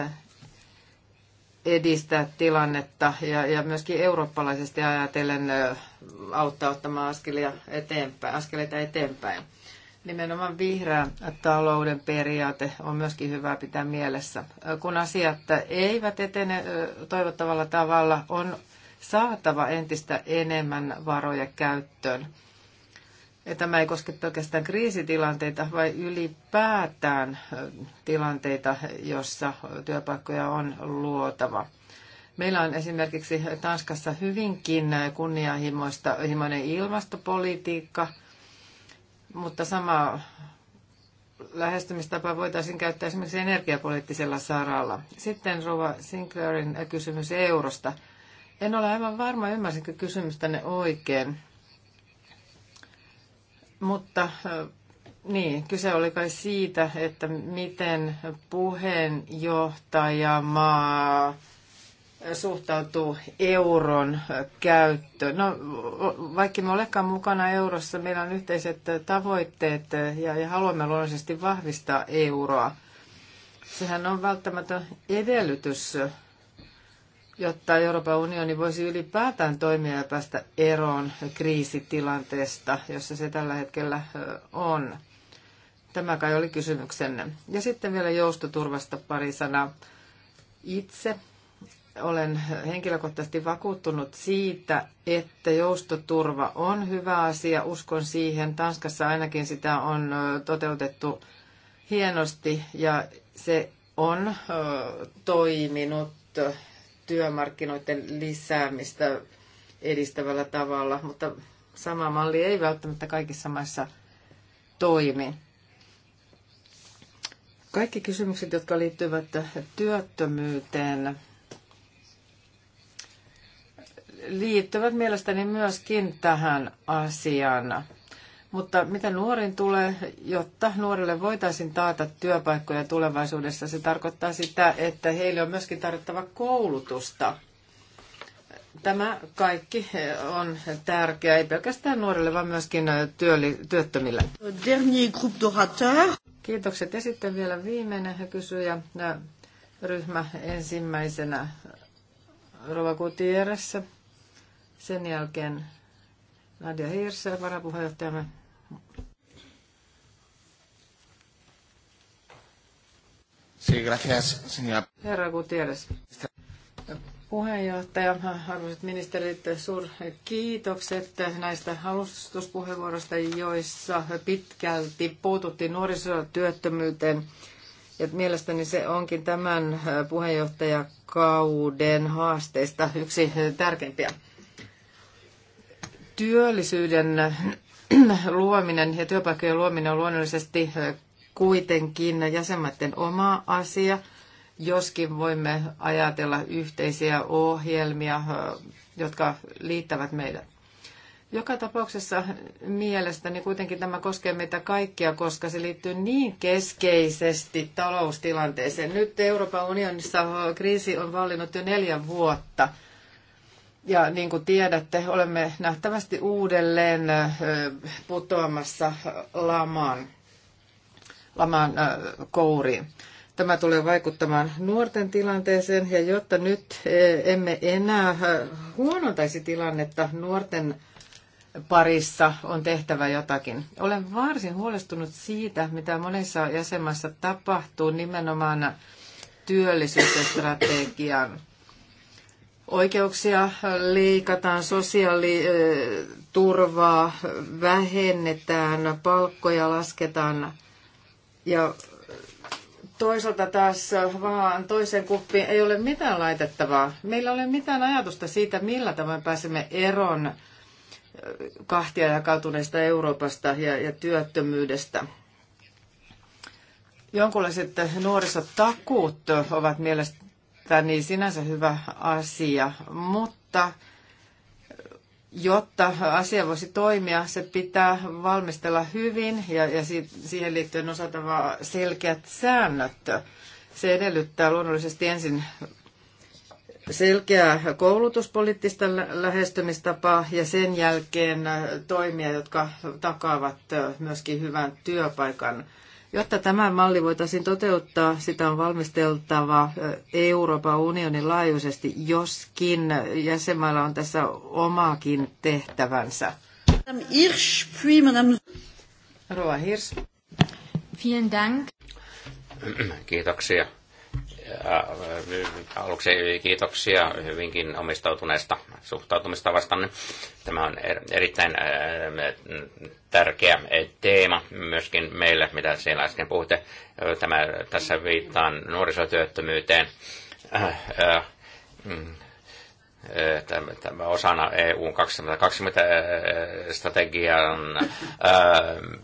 edistää tilannetta ja, ja myöskin eurooppalaisesti ajatellen auttaa ottamaan askelia eteenpäin, askeleita eteenpäin. Nimenomaan vihreä talouden periaate on myöskin hyvä pitää mielessä. Kun asiat eivät etene toivottavalla tavalla, on saatava entistä enemmän varoja käyttöön. Ja tämä ei koske oikeastaan kriisitilanteita, vai ylipäätään tilanteita, jossa työpaikkoja on luotava. Meillä on esimerkiksi Tanskassa hyvinkin kunnianhimoista ilmastopolitiikka – mutta sama lähestymistapa voitaisiin käyttää esimerkiksi energiapoliittisella saralla. Sitten Rova Sinclairin kysymys eurosta. En ole aivan varma, ymmärsinkö kysymystänne oikein. Mutta niin, kyse oli kai siitä, että miten puheenjohtajamaa suhtautuu euron käyttöön. No, vaikka me olekaan mukana eurossa, meillä on yhteiset tavoitteet ja, ja haluamme luonnollisesti vahvistaa euroa. Sehän on välttämätön edellytys, jotta Euroopan unioni voisi ylipäätään toimia ja päästä eroon kriisitilanteesta, jossa se tällä hetkellä on. Tämä kai oli kysymyksenne. Ja sitten vielä joustoturvasta pari sanaa. Itse olen henkilökohtaisesti vakuuttunut siitä, että joustoturva on hyvä asia. Uskon siihen. Tanskassa ainakin sitä on toteutettu hienosti ja se on toiminut työmarkkinoiden lisäämistä edistävällä tavalla, mutta sama malli ei välttämättä kaikissa maissa toimi. Kaikki kysymykset, jotka liittyvät työttömyyteen, liittyvät mielestäni myöskin tähän asiaan. Mutta mitä nuoriin tulee, jotta nuorille voitaisiin taata työpaikkoja tulevaisuudessa, se tarkoittaa sitä, että heille on myöskin tarjottava koulutusta. Tämä kaikki on tärkeää, ei pelkästään nuorille, vaan myöskin työli, työttömille. Dernier groupe d'orateurs. Kiitokset. Ja sitten vielä viimeinen kysyjä ryhmä ensimmäisenä Rova Gutierrez. Sen jälkeen Nadia Hirsä, varapuheenjohtajamme. Sí, gracias, señora. Herra Gutierrez. Puheenjohtaja, arvoisat ministerit, suur kiitokset näistä alustuspuheenvuoroista, joissa pitkälti puututtiin nuorisotyöttömyyteen. Ja mielestäni se onkin tämän puheenjohtajakauden haasteista yksi tärkeimpiä. Työllisyyden luominen ja työpaikkojen luominen on luonnollisesti kuitenkin jäsenmaiden oma asia, joskin voimme ajatella yhteisiä ohjelmia, jotka liittävät meidät. Joka tapauksessa mielestäni kuitenkin tämä koskee meitä kaikkia, koska se liittyy niin keskeisesti taloustilanteeseen. Nyt Euroopan unionissa kriisi on vallinnut jo neljä vuotta – ja niin kuin tiedätte, olemme nähtävästi uudelleen putoamassa lamaan, lamaan kouriin. Tämä tulee vaikuttamaan nuorten tilanteeseen ja jotta nyt emme enää huonontaisi tilannetta nuorten parissa on tehtävä jotakin. Olen varsin huolestunut siitä, mitä monessa jäsenmaissa tapahtuu nimenomaan työllisyysstrategian Oikeuksia liikataan, sosiaaliturvaa vähennetään, palkkoja lasketaan ja toisaalta taas vaan toisen kuppiin ei ole mitään laitettavaa. Meillä ei ole mitään ajatusta siitä, millä tavoin pääsemme eroon kahtia jakautuneesta Euroopasta ja, ja työttömyydestä. Jonkunlaiset nuorisotakuut ovat mielestäni niin sinänsä hyvä asia, mutta jotta asia voisi toimia, se pitää valmistella hyvin ja, ja siihen liittyen osatava selkeät säännöt. Se edellyttää luonnollisesti ensin selkeää koulutuspoliittista lähestymistapaa ja sen jälkeen toimia, jotka takaavat myöskin hyvän työpaikan Jotta tämä malli voitaisiin toteuttaa, sitä on valmisteltava Euroopan unionin laajuisesti, joskin jäsenmailla on tässä omaakin tehtävänsä. Hirsch, puis Madame... Rova Hirsch. Vielen Dank. Kiitoksia aluksi kiitoksia hyvinkin omistautuneesta suhtautumista vastanne. Tämä on er, erittäin tärkeä teema myöskin meille, mitä siellä äsken puhutte. Tämä, tässä viittaan nuorisotyöttömyyteen mm, tämä osana EU 2020 strategian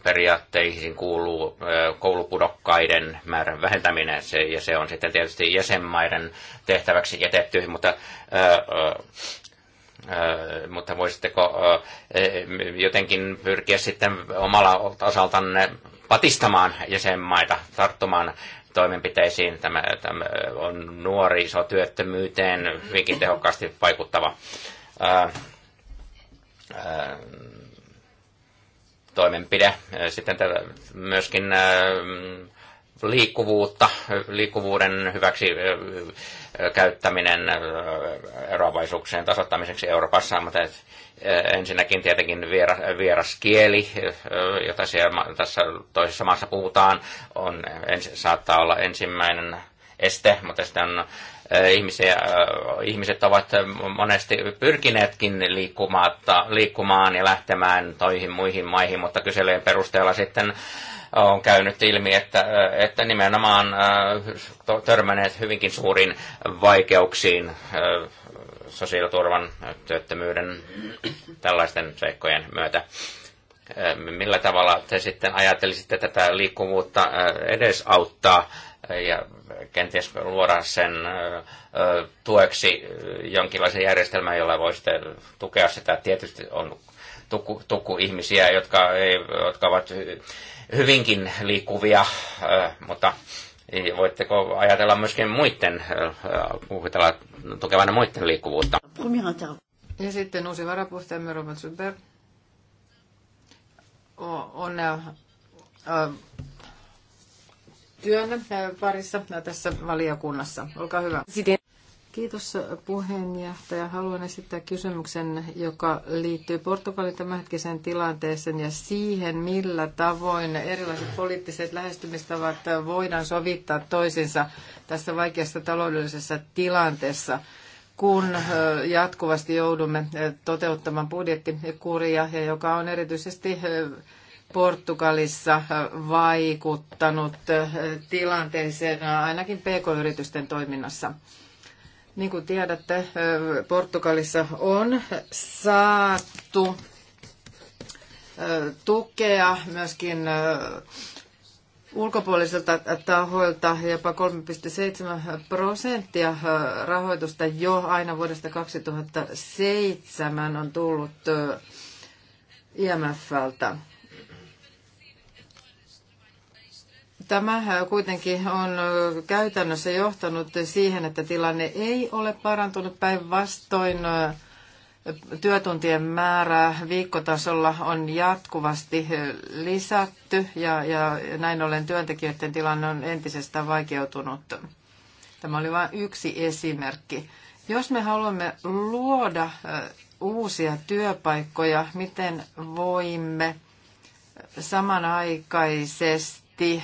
periaatteisiin kuuluu koulupudokkaiden määrän vähentäminen, ja se on sitten tietysti jäsenmaiden tehtäväksi jätetty, mutta mutta voisitteko jotenkin pyrkiä sitten omalla osaltanne patistamaan jäsenmaita tarttumaan toimenpiteisiin. Tämä, tämä on nuori iso työttömyyteen hyvinkin tehokkaasti vaikuttava ää, ää, toimenpide. Sitten myöskin ää, liikkuvuutta, liikkuvuuden hyväksi käyttäminen eroavaisuuksien tasoittamiseksi Euroopassa, mutta ensinnäkin tietenkin vieras, vieras kieli, jota siellä, tässä toisessa maassa puhutaan, on, saattaa olla ensimmäinen este, mutta sitten on, ihmisiä, ihmiset ovat monesti pyrkineetkin liikkumaan ja lähtemään toihin muihin maihin, mutta kyselyjen perusteella sitten on käynyt ilmi, että, että nimenomaan törmänneet hyvinkin suurin vaikeuksiin sosiaaliturvan, äh, työttömyyden, tällaisten seikkojen myötä. Äh, millä tavalla te sitten ajattelisitte tätä liikkuvuutta äh, edesauttaa ja kenties luoda sen tueksi jonkinlaisen järjestelmän, jolla voisitte tukea sitä. Tietysti on tuku, tuku ihmisiä, jotka, jotka ovat hyvinkin liikkuvia, mutta voitteko ajatella myöskin muiden, kuvitella tukevana muiden liikkuvuutta? Ja sitten uusi varapuhtajamme Robert Super on työn parissa tässä valiokunnassa. Olkaa hyvä. Sitten Kiitos puheenjohtaja. Haluan esittää kysymyksen, joka liittyy Portugalin tämänhetkiseen tilanteeseen ja siihen, millä tavoin erilaiset poliittiset lähestymistavat voidaan sovittaa toisinsa tässä vaikeassa taloudellisessa tilanteessa, kun jatkuvasti joudumme toteuttamaan budjettikuria, ja joka on erityisesti Portugalissa vaikuttanut tilanteeseen ainakin pk-yritysten toiminnassa. Niin kuin tiedätte, Portugalissa on saatu tukea myöskin ulkopuolisilta tahoilta jopa 3,7 prosenttia rahoitusta jo aina vuodesta 2007 on tullut IMFltä. Tämä kuitenkin on käytännössä johtanut siihen, että tilanne ei ole parantunut päinvastoin. Työtuntien määrää viikkotasolla on jatkuvasti lisätty ja, ja näin ollen työntekijöiden tilanne on entisestään vaikeutunut. Tämä oli vain yksi esimerkki. Jos me haluamme luoda uusia työpaikkoja, miten voimme samanaikaisesti piti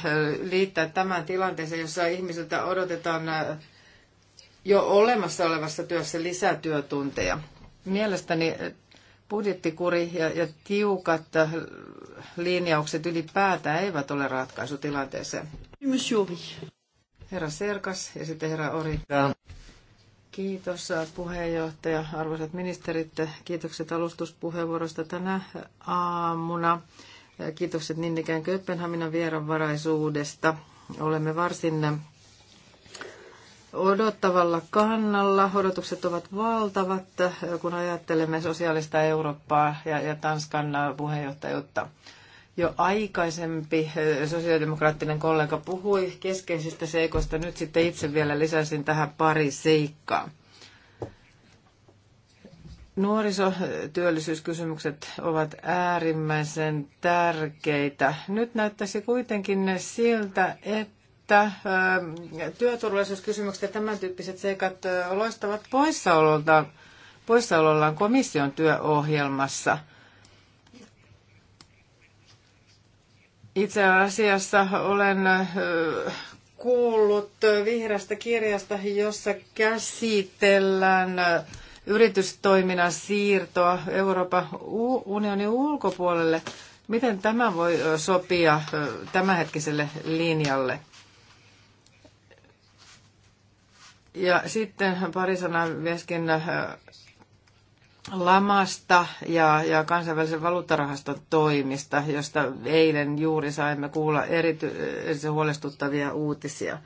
liittää tämän tilanteeseen, jossa ihmisiltä odotetaan jo olemassa olevassa työssä lisää työtunteja. Mielestäni budjettikuri ja, ja tiukat linjaukset ylipäätään eivät ole ratkaisu tilanteeseen. Herra Serkas ja sitten herra Ori. Kiitos puheenjohtaja, arvoisat ministerit. Kiitokset alustuspuheenvuorosta tänä aamuna. Kiitokset niin ikään Kööpenhaminan vieranvaraisuudesta. Olemme varsin odottavalla kannalla. Odotukset ovat valtavat, kun ajattelemme sosiaalista Eurooppaa ja, ja Tanskan puheenjohtajuutta. Jo aikaisempi sosiaalidemokraattinen kollega puhui keskeisistä seikoista. Nyt sitten itse vielä lisäsin tähän pari seikkaa. Nuorisotyöllisyyskysymykset ovat äärimmäisen tärkeitä. Nyt näyttäisi kuitenkin siltä, että ähm, työturvallisuuskysymykset ja tämän tyyppiset seikat äh, loistavat poissaololta, poissaolollaan komission työohjelmassa. Itse asiassa olen äh, kuullut vihreästä kirjasta, jossa käsitellään äh, yritystoiminnan siirtoa Euroopan unionin ulkopuolelle. Miten tämä voi sopia tämänhetkiselle linjalle? Ja sitten pari sanaa myöskin lamasta ja, ja kansainvälisen valuuttarahaston toimista, josta eilen juuri saimme kuulla erityisen huolestuttavia uutisia –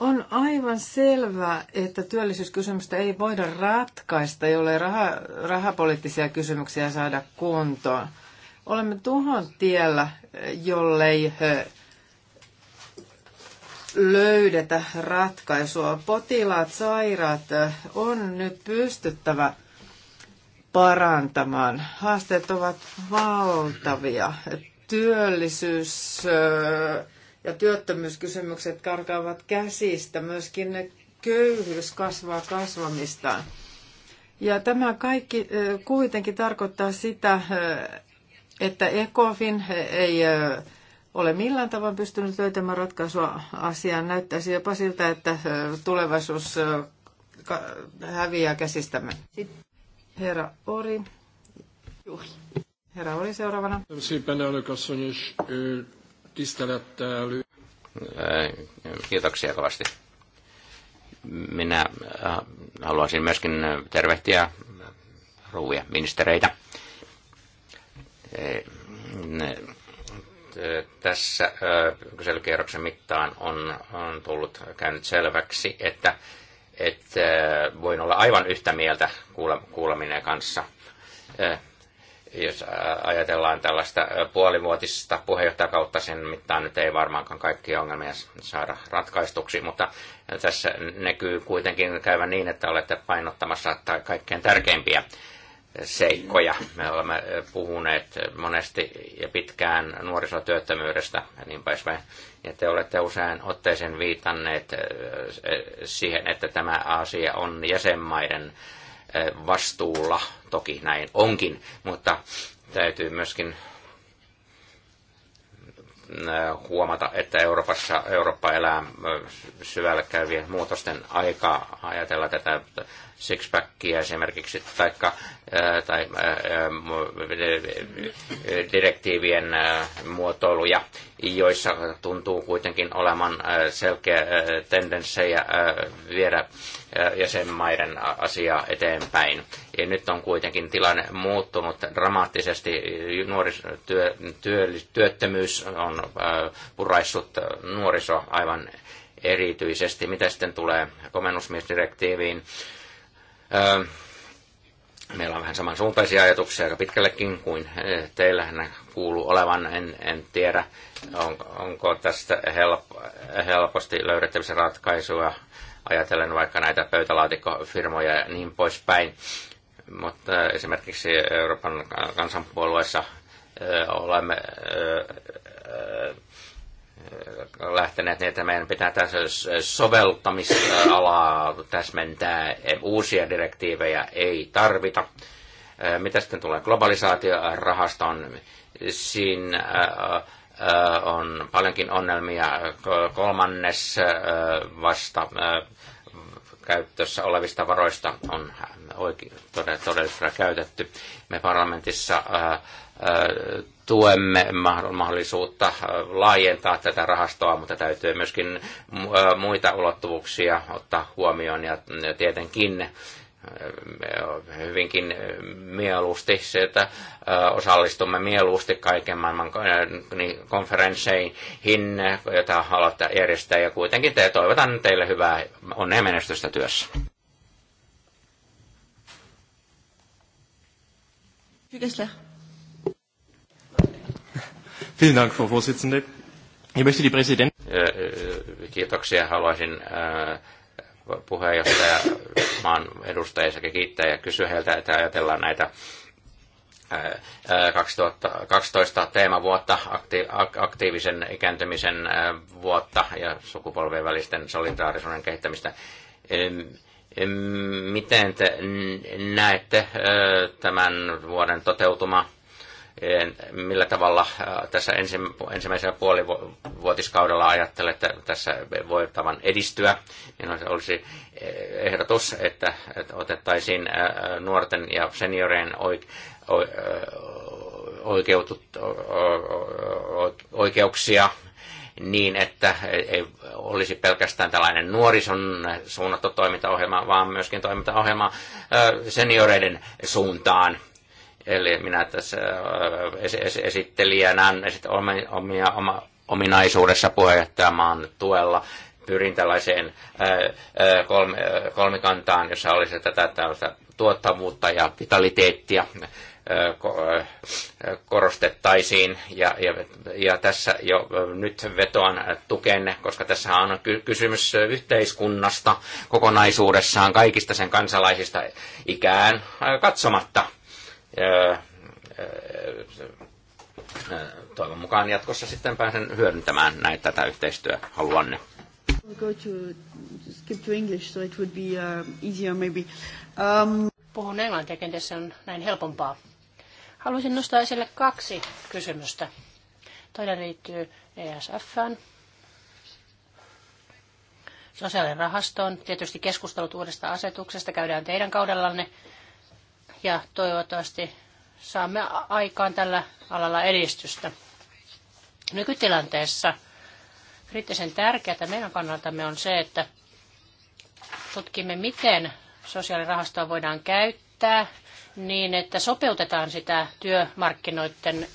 on aivan selvää, että työllisyyskysymystä ei voida ratkaista, jollei raha, rahapoliittisia kysymyksiä saada kuntoon. Olemme tuhon tiellä, jollei löydetä ratkaisua. Potilaat, sairaat on nyt pystyttävä parantamaan. Haasteet ovat valtavia. Työllisyys, ja työttömyyskysymykset karkaavat käsistä, myöskin köyhyys kasvaa kasvamistaan. Ja tämä kaikki kuitenkin tarkoittaa sitä, että ECOFIN ei ole millään tavoin pystynyt löytämään ratkaisua asiaan. Näyttäisi jopa siltä, että tulevaisuus häviää käsistämme. Herra Ori. Herra Ori seuraavana. Tistelättäily. Äh, kiitoksia kovasti. Minä äh, haluaisin myöskin tervehtiä ruuvia ministereitä. Äh, tässä kyselykierroksen mittaan on, on tullut käynyt selväksi, että, että voin olla aivan yhtä mieltä kuuleminen kanssa – jos ajatellaan tällaista puolivuotista puheenjohtajakautta, sen mittaan nyt ei varmaankaan kaikkia ongelmia saada ratkaistuksi, mutta tässä näkyy kuitenkin käyvän niin, että olette painottamassa kaikkein tärkeimpiä seikkoja. Me olemme puhuneet monesti ja pitkään nuorisotyöttömyydestä ja niin päin. Ja te olette usein otteeseen viitanneet siihen, että tämä asia on jäsenmaiden vastuulla. Toki näin onkin, mutta täytyy myöskin huomata, että Euroopassa Eurooppa elää syvälle käyvien muutosten aikaa. Ajatella tätä sixpackia esimerkiksi, taikka, tai direktiivien muotoiluja, joissa tuntuu kuitenkin olevan selkeä tendenssejä viedä jäsenmaiden asiaa eteenpäin. Ja nyt on kuitenkin tilanne muuttunut dramaattisesti. Nuorisotyö, työttömyys on puraissut nuoriso aivan erityisesti. Mitä sitten tulee komennusmiesdirektiiviin? Meillä on vähän samansuuntaisia ajatuksia aika pitkällekin kuin teillä kuuluu olevan. En, en tiedä, on, onko tästä help, helposti löydettävissä ratkaisuja ajatellen vaikka näitä pöytälaatikkofirmoja ja niin poispäin. Mutta esimerkiksi Euroopan kansanpuolueessa olemme lähteneet niin, että meidän pitää tässä soveltamisalaa täsmentää. Uusia direktiivejä ei tarvita. Mitä sitten tulee globalisaatiorahastoon? Siinä äh, äh, on paljonkin ongelmia. Kolmannes äh, vasta käytössä olevista varoista on oikein todellisuudessa käytetty. Me parlamentissa tuemme mahdollisuutta äh, laajentaa tätä rahastoa, mutta täytyy myöskin äh, muita ulottuvuuksia ottaa huomioon ja tietenkin äh, hyvinkin mieluusti se, että osallistumme mieluusti kaiken maailman niin konferensseihin, joita haluatte järjestää. Ja kuitenkin te toivotan teille hyvää onnea menestystä työssä. Hyvä. Vielen Dank, Frau Vorsitzende. Ich möchte die Kiitoksia. Haluaisin puheenjohtaja maan edustajia kiittää ja kysyä heiltä, että ajatellaan näitä 2012 teemavuotta, aktiivisen ikääntymisen vuotta ja sukupolvien välisten solidaarisuuden kehittämistä. Miten te näette tämän vuoden toteutuma? millä tavalla äh, tässä ensimmäisellä puolivuotiskaudella ajattelen, että tässä voi tavan edistyä, niin olisi eh, ehdotus, että otettaisiin äh, nuorten ja seniorien äh, oikeutut, oikeuksia niin, että ei olisi pelkästään tällainen nuorison suunnattu toimintaohjelma, vaan myöskin toimintaohjelma senioreiden suuntaan – Eli minä tässä äh, esittelijänä omia, oma, ominaisuudessa puheenjohtajamaan tuella pyrin tällaiseen äh, äh, kolmikantaan, jossa olisi tätä tällaista tuottavuutta ja vitaliteettia korostettaisiin. Ja, ja, ja tässä jo nyt vetoan tukenne, koska tässä on kysymys yhteiskunnasta kokonaisuudessaan, kaikista sen kansalaisista ikään katsomatta – Äh, äh, toivon mukaan jatkossa sitten pääsen hyödyntämään näitä tätä yhteistyöhaluanne. Go to, skip to English, so it would be uh, easier maybe. Um... Puhun englantia, kenties se on näin helpompaa. Haluaisin nostaa esille kaksi kysymystä. Toinen liittyy ESFään, sosiaalirahastoon. Tietysti keskustelut uudesta asetuksesta käydään teidän kaudellanne ja toivottavasti saamme aikaan tällä alalla edistystä. Nykytilanteessa kriittisen tärkeää meidän kannaltamme on se, että tutkimme, miten sosiaalirahastoa voidaan käyttää niin, että sopeutetaan sitä työmarkkinoiden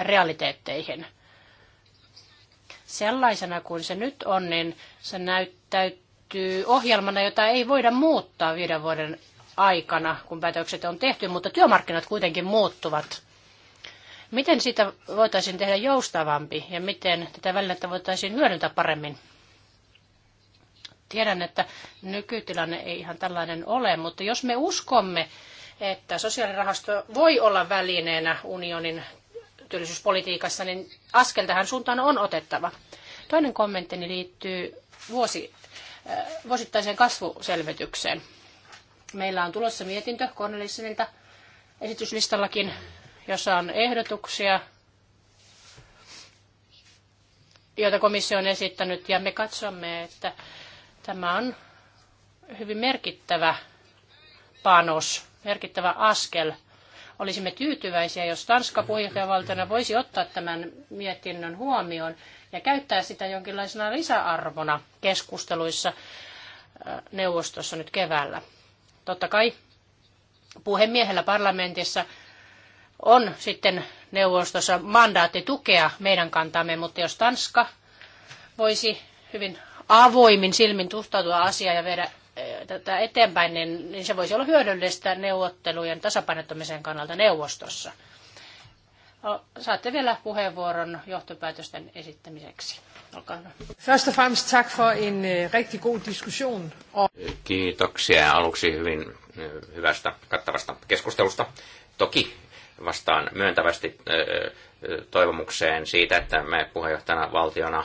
realiteetteihin. Sellaisena kuin se nyt on, niin se näyttäytyy ohjelmana, jota ei voida muuttaa viiden vuoden aikana, kun päätökset on tehty, mutta työmarkkinat kuitenkin muuttuvat. Miten siitä voitaisiin tehdä joustavampi ja miten tätä välinettä voitaisiin hyödyntää paremmin? Tiedän, että nykytilanne ei ihan tällainen ole, mutta jos me uskomme, että sosiaalirahasto voi olla välineenä unionin työllisyyspolitiikassa, niin askel tähän suuntaan on otettava. Toinen kommenttini liittyy vuosi, äh, vuosittaiseen kasvuselvitykseen. Meillä on tulossa mietintö Cornelissenilta esityslistallakin, jossa on ehdotuksia, joita komissio on esittänyt, ja me katsomme, että tämä on hyvin merkittävä panos, merkittävä askel. Olisimme tyytyväisiä, jos Tanska puheenjohtajavaltiona voisi ottaa tämän mietinnön huomioon ja käyttää sitä jonkinlaisena lisäarvona keskusteluissa äh, neuvostossa nyt keväällä. Totta kai puhemiehellä parlamentissa on sitten neuvostossa mandaatti tukea meidän kantaamme, mutta jos Tanska voisi hyvin avoimin silmin tuhtautua asiaan ja viedä eh, tätä eteenpäin, niin, niin se voisi olla hyödyllistä neuvottelujen tasapainottamisen kannalta neuvostossa. Saatte vielä puheenvuoron johtopäätösten esittämiseksi. Olkaa hyvä. First of for en øh, rigtig god diskussion. Kiitoksia aluksi hyvin äh, hyvästä kattavasta keskustelusta. Toki vastaan myöntävästi äh, äh, toivomukseen siitä, että me puheenjohtajana valtiona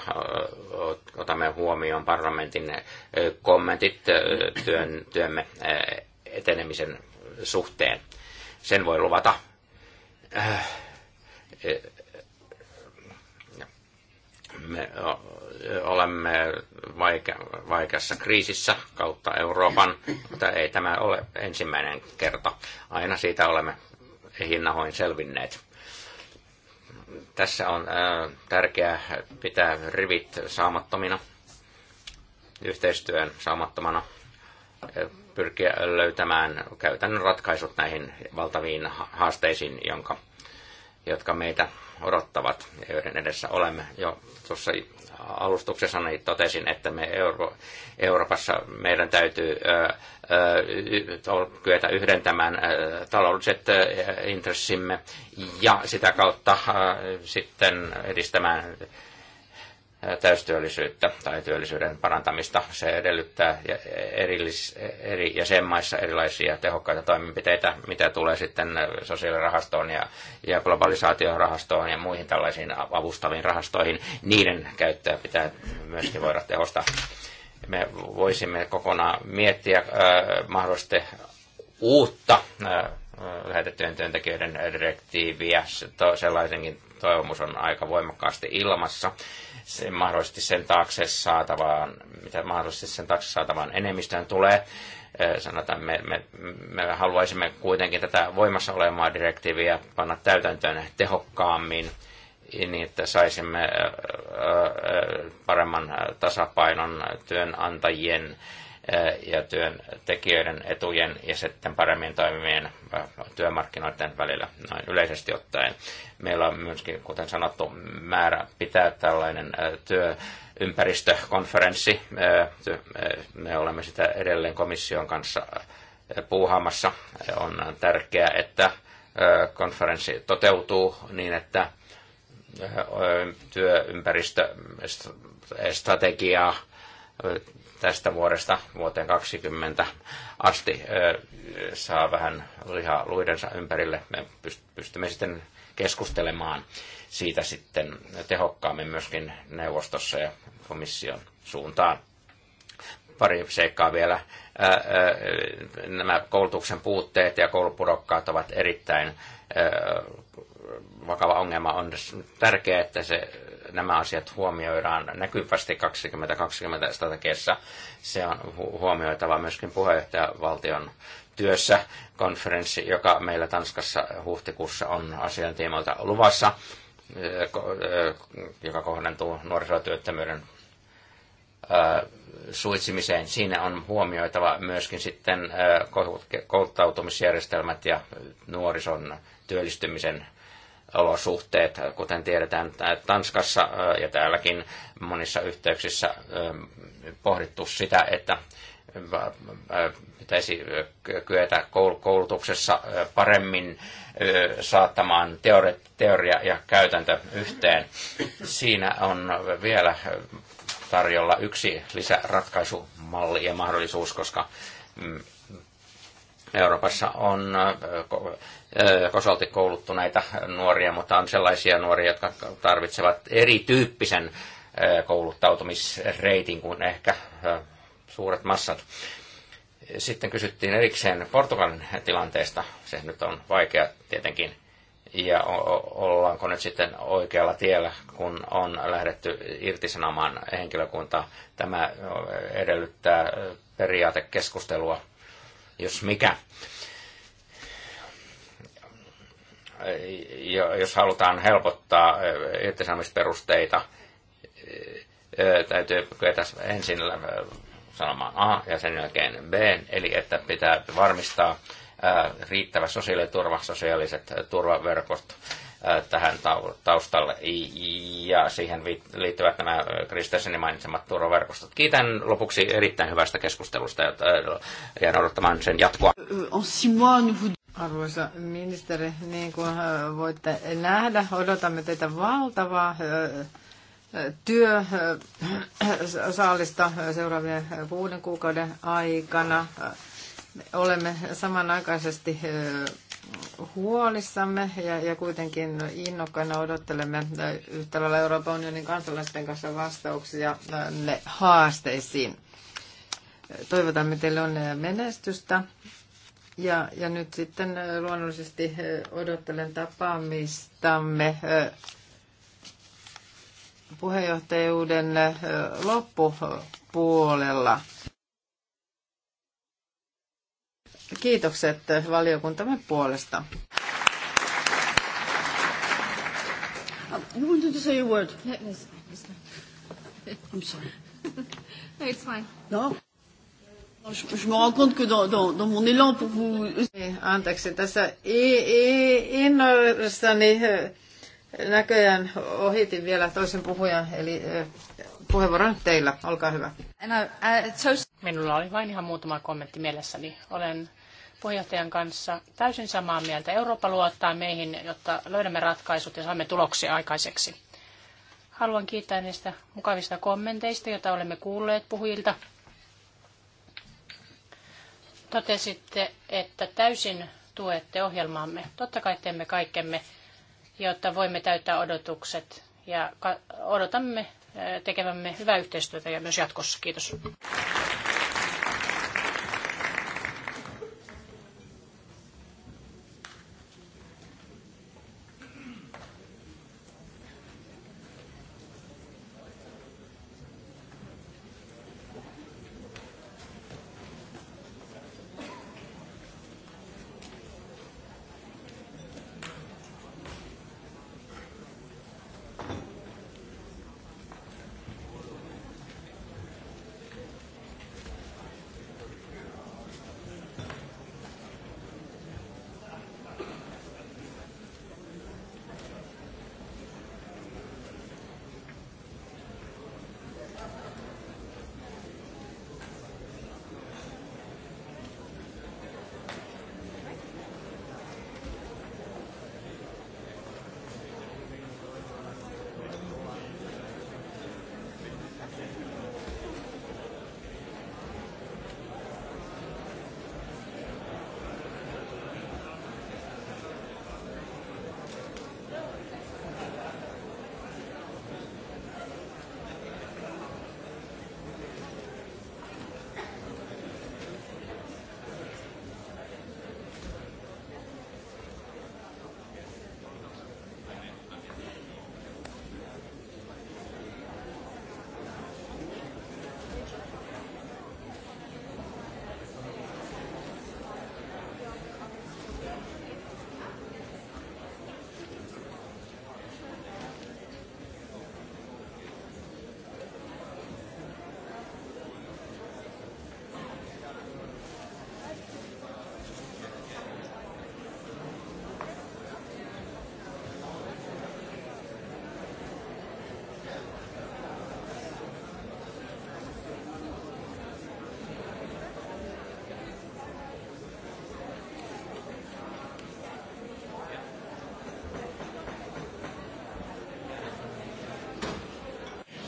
otamme huomioon parlamentin kommentit työn, työmme etenemisen suhteen. Sen voi luvata me olemme vaike- vaikeassa kriisissä kautta Euroopan, mutta ei tämä ole ensimmäinen kerta. Aina siitä olemme hinnahoin selvinneet. Tässä on tärkeää pitää rivit saamattomina, yhteistyön saamattomana, pyrkiä löytämään käytännön ratkaisut näihin valtaviin haasteisiin, jonka, jotka meitä odottavat, joiden edessä olemme. Jo tuossa alustuksessa niin totesin, että me Euro- Euroopassa meidän täytyy ö, ö, kyetä yhdentämään ö, taloudelliset ö, intressimme ja sitä kautta ö, sitten edistämään täystyöllisyyttä tai työllisyyden parantamista. Se edellyttää erillis, eri jäsenmaissa erilaisia tehokkaita toimenpiteitä, mitä tulee sitten sosiaalirahastoon ja, ja globalisaatiorahastoon ja muihin tällaisiin avustaviin rahastoihin. Niiden käyttöä pitää myöskin voida tehostaa. Me voisimme kokonaan miettiä äh, mahdollisesti uutta äh, lähetettyjen työntekijöiden direktiiviä. Sellaisenkin toivomus on aika voimakkaasti ilmassa se mahdollisesti sen taakse saatavaan, mitä mahdollisesti sen taakse saatavaan enemmistöön tulee. Sanotaan, me, me, me haluaisimme kuitenkin tätä voimassa olevaa direktiiviä panna täytäntöön tehokkaammin niin, että saisimme paremman tasapainon työnantajien ja työntekijöiden etujen ja sitten paremmin toimivien työmarkkinoiden välillä noin yleisesti ottaen. Meillä on myöskin, kuten sanottu, määrä pitää tällainen työympäristökonferenssi. Me olemme sitä edelleen komission kanssa puuhaamassa. On tärkeää, että konferenssi toteutuu niin, että työympäristöstrategiaa tästä vuodesta vuoteen 20 asti saa vähän lihaa luidensa ympärille. Me pystymme sitten keskustelemaan siitä sitten tehokkaammin myöskin neuvostossa ja komission suuntaan. Pari seikkaa vielä. Nämä koulutuksen puutteet ja koulupudokkaat ovat erittäin vakava ongelma. On tärkeää, että se nämä asiat huomioidaan näkyvästi 2020 strategiassa. Se on huomioitava myöskin puheenjohtajavaltion työssä konferenssi, joka meillä Tanskassa huhtikuussa on asian tiimoilta luvassa, joka kohdentuu nuorisotyöttömyyden suitsimiseen. Siinä on huomioitava myöskin sitten kouluttautumisjärjestelmät ja nuorison työllistymisen olosuhteet, kuten tiedetään Tanskassa ja täälläkin monissa yhteyksissä pohdittu sitä, että pitäisi kyetä koulutuksessa paremmin saattamaan teoria ja käytäntö yhteen. Siinä on vielä tarjolla yksi lisäratkaisumalli ja mahdollisuus, koska mm, Euroopassa on osalti kouluttuneita nuoria, mutta on sellaisia nuoria, jotka tarvitsevat erityyppisen kouluttautumisreitin kuin ehkä suuret massat. Sitten kysyttiin erikseen Portugalin tilanteesta. Se nyt on vaikea tietenkin. Ja ollaanko nyt sitten oikealla tiellä, kun on lähdetty irtisanomaan henkilökuntaa. Tämä edellyttää periaatekeskustelua, jos mikä jos halutaan helpottaa irtisanomisperusteita, täytyy kyetä ensin sanomaan A ja sen jälkeen B, eli että pitää varmistaa riittävä sosiaaliturva, sosiaaliset turvaverkot tähän taustalle ja siihen liittyvät nämä Kristensenin mainitsemat turvaverkostot. Kiitän lopuksi erittäin hyvästä keskustelusta ja jään odottamaan sen jatkoa. Arvoisa ministeri, niin kuin äh, voitte nähdä, odotamme teitä valtavaa äh, työsaalista äh, seuraavien kuuden kuukauden aikana. Olemme samanaikaisesti huolissamme ja, ja kuitenkin innokkaina odottelemme yhtä lailla Euroopan unionin kansalaisten kanssa vastauksia haasteisiin. Toivotamme teille onnea ja menestystä ja, ja nyt sitten äh, luonnollisesti äh, odottelen tapaamistamme äh, puheenjohtajuuden loppupuolella. Kiitokset valiokuntamme puolesta. Um, you wanted to say a word? No, I'm sorry. no, it's fine. No? Je me rends compte que dans, dans, dans mon élan pour vous... Et eh, äh, niin, äh, näköjään ohitin vielä toisen puhujan, eli äh, puheenvuoro teillä, olkaa hyvä. Minulla oli vain ihan muutama kommentti mielessäni. Olen puheenjohtajan kanssa täysin samaa mieltä. Eurooppa luottaa meihin, jotta löydämme ratkaisut ja saamme tuloksia aikaiseksi. Haluan kiittää niistä mukavista kommenteista, joita olemme kuulleet puhujilta. Totesitte, että täysin tuette ohjelmaamme. Totta kai teemme kaikkemme, jotta voimme täyttää odotukset ja odotamme tekevämme hyvää yhteistyötä ja myös jatkossa. Kiitos.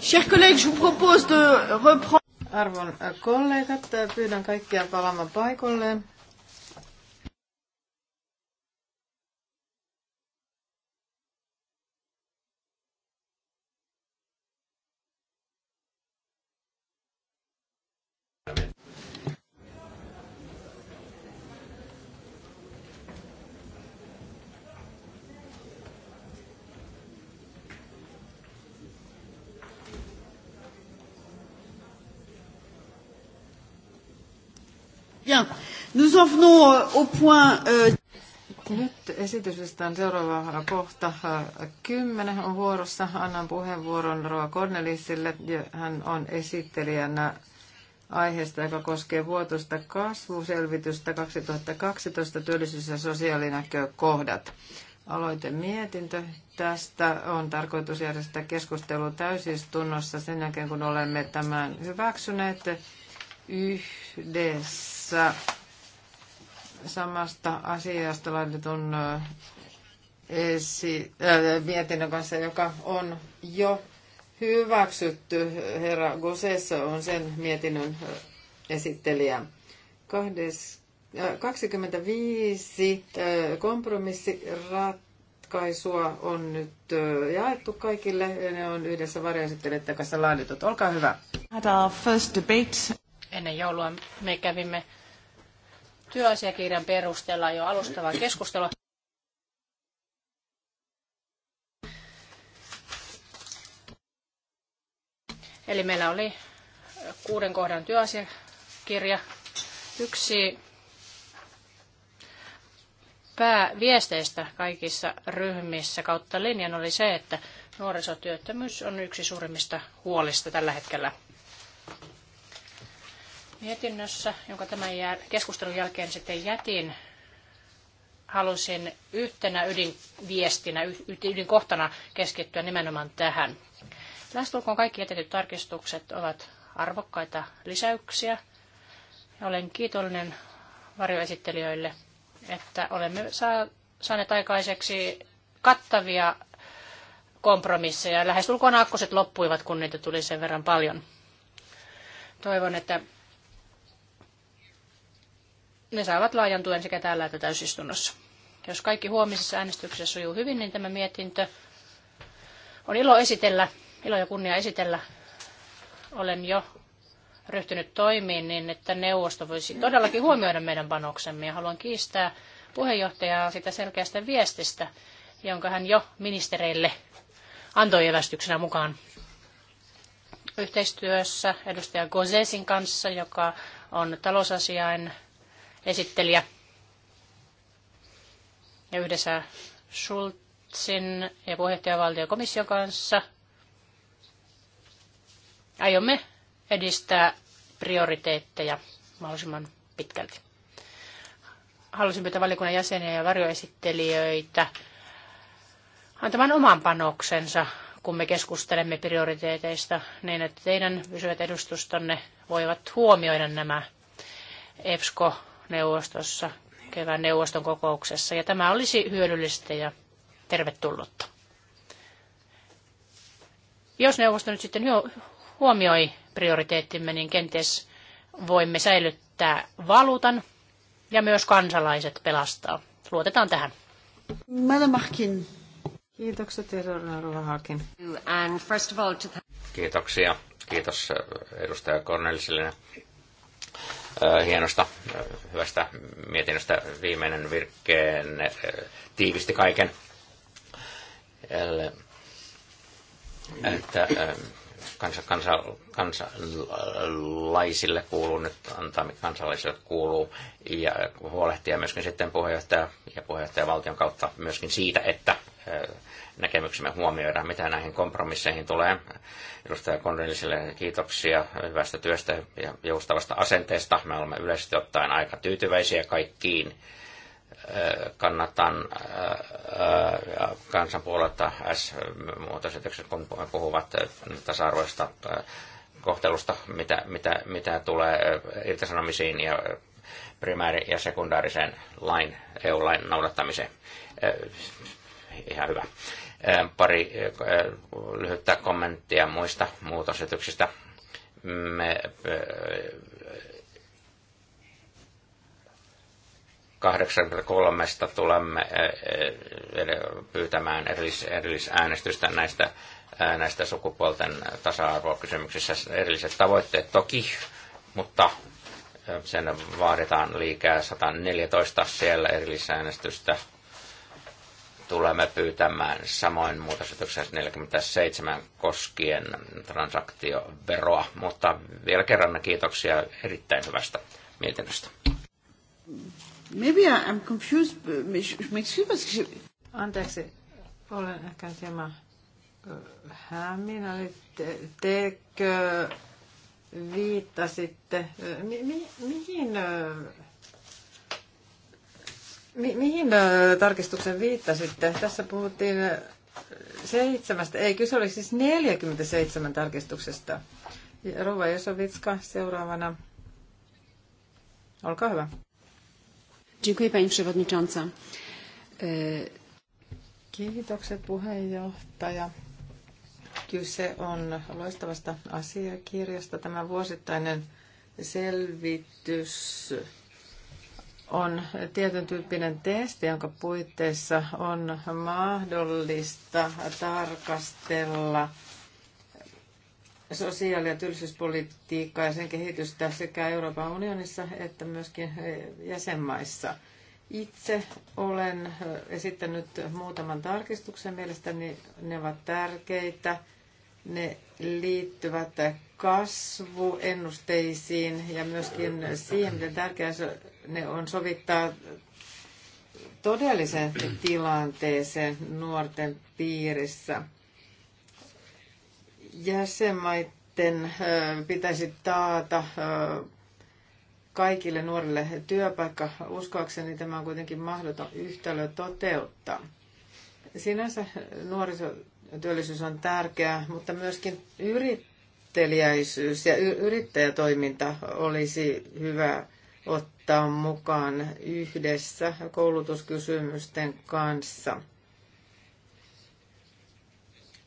Chers collègues, je vous propose de reprendre... Arvon äh, kollegat, äh, pyydän kaikkia palaamaan paikalleen. venons au point... Euh, Nyt esityslistan seuraava kohta kymmenen on vuorossa. Annan puheenvuoron Roa Cornelisille. Hän on esittelijänä aiheesta, joka koskee vuotuista kasvuselvitystä 2012 työllisyys- ja sosiaalinäkökohdat. Aloite mietintö tästä on tarkoitus järjestää keskustelu täysistunnossa sen jälkeen, kun olemme tämän hyväksyneet yhdessä samasta asiasta laitetun esi- äh, mietinnön kanssa, joka on jo hyväksytty. Herra Gosessa on sen mietinnön esittelijä. 25 kompromissiratkaisua on nyt jaettu kaikille. Ne on yhdessä varjoesittelijöiden kanssa laaditut. Olkaa hyvä. our first debate. Ennen joulua me kävimme työasiakirjan perusteella jo alustavaa keskustelua. Eli meillä oli kuuden kohdan työasiakirja. Yksi pääviesteistä kaikissa ryhmissä kautta linjan oli se, että nuorisotyöttömyys on yksi suurimmista huolista tällä hetkellä – Mietinnössä, jonka tämän keskustelun jälkeen sitten jätin, halusin yhtenä ydinviestinä, ydinkohtana keskittyä nimenomaan tähän. Lähestulkoon kaikki jätetyt tarkistukset ovat arvokkaita lisäyksiä. Olen kiitollinen varjoesittelijöille, että olemme saaneet aikaiseksi kattavia kompromisseja. Lähestulkoon aakkoset loppuivat, kun niitä tuli sen verran paljon. Toivon, että ne saavat laajan tuen sekä täällä että täysistunnossa. Jos kaikki huomisessa äänestyksessä sujuu hyvin, niin tämä mietintö on ilo esitellä, ilo ja kunnia esitellä. Olen jo ryhtynyt toimiin niin, että neuvosto voisi todellakin huomioida meidän panoksemme. Ja haluan kiistää puheenjohtajaa sitä selkeästä viestistä, jonka hän jo ministereille antoi evästyksenä mukaan yhteistyössä edustaja Gozesin kanssa, joka on talousasiain esittelijä. Ja yhdessä Schulzin ja puheenjohtajavaltiokomission kanssa aiomme edistää prioriteetteja mahdollisimman pitkälti. Halusin pyytää valiokunnan jäseniä ja varjoesittelijöitä antamaan oman panoksensa, kun me keskustelemme prioriteeteista, niin että teidän pysyvät edustustanne voivat huomioida nämä EFSCO neuvostossa, kevään neuvoston kokouksessa, ja tämä olisi hyödyllistä ja tervetullutta. Jos neuvosto nyt sitten huomioi prioriteettimme, niin kenties voimme säilyttää valuutan ja myös kansalaiset pelastaa. Luotetaan tähän. Madame Kiitokset, And first of all, Kiitoksia. Kiitos edustaja Cornelisille hienosta, hyvästä mietinnöstä. Viimeinen virkkeen tiivisti kaiken. Että kansa, kansa, kansalaisille kuuluu nyt antaa, kansalaisille kuuluu, ja huolehtia myöskin sitten puheenjohtaja ja puheenjohtajavaltion kautta myöskin siitä, että näkemyksemme huomioida, mitä näihin kompromisseihin tulee. Edustaja Konrilliselle kiitoksia hyvästä työstä ja joustavasta asenteesta. Me olemme yleisesti ottaen aika tyytyväisiä kaikkiin. Kannatan kansanpuolelta s muutosetykset kun puhuvat tasa-arvoista kohtelusta, mitä, mitä, mitä tulee irtisanomisiin ja primääri- ja sekundaariseen lain, EU-lain noudattamiseen. Ihan hyvä. Pari lyhyttä kommenttia muista muutosetyksistä. Me kolmesta tulemme pyytämään erillis, erillisäänestystä näistä, näistä sukupuolten tasa-arvokysymyksissä erilliset tavoitteet toki, mutta sen vaaditaan liikää 114 siellä erillisäänestystä tulemme pyytämään samoin muutosesityksessä 47 koskien transaktioveroa, mutta vielä kerran kiitoksia erittäin hyvästä mietinnöstä. Maybe I'm confused, but Anteeksi, olen ehkä hieman hämmin, eli te, tekö viittasitte, mi, mi, mihin Mi- mihin tarkistuksen viittasitte? Tässä puhuttiin seitsemästä, ei kyse oli siis 47 tarkistuksesta. Rova Josovitska seuraavana. Olkaa hyvä. Dziękuję Pani Przewodnicząca. E, Kiitokset puheenjohtaja. Kyse on loistavasta asiakirjasta. Tämä vuosittainen selvitys on tietyn tyyppinen testi, jonka puitteissa on mahdollista tarkastella sosiaali- ja työllisyyspolitiikkaa ja sen kehitystä sekä Euroopan unionissa että myöskin jäsenmaissa. Itse olen esittänyt muutaman tarkistuksen. Mielestäni ne ovat tärkeitä. Ne liittyvät kasvuennusteisiin ja myöskin siihen, miten tärkeää ne on sovittaa todelliseen tilanteeseen nuorten piirissä. Jäsenmaiden pitäisi taata kaikille nuorille työpaikka. Uskoakseni tämä on kuitenkin mahdoton yhtälö toteuttaa. Sinänsä nuorisotyöllisyys on tärkeää, mutta myöskin yrittäjyys ja yrittäjätoiminta olisi hyvä ottaa mukaan yhdessä koulutuskysymysten kanssa.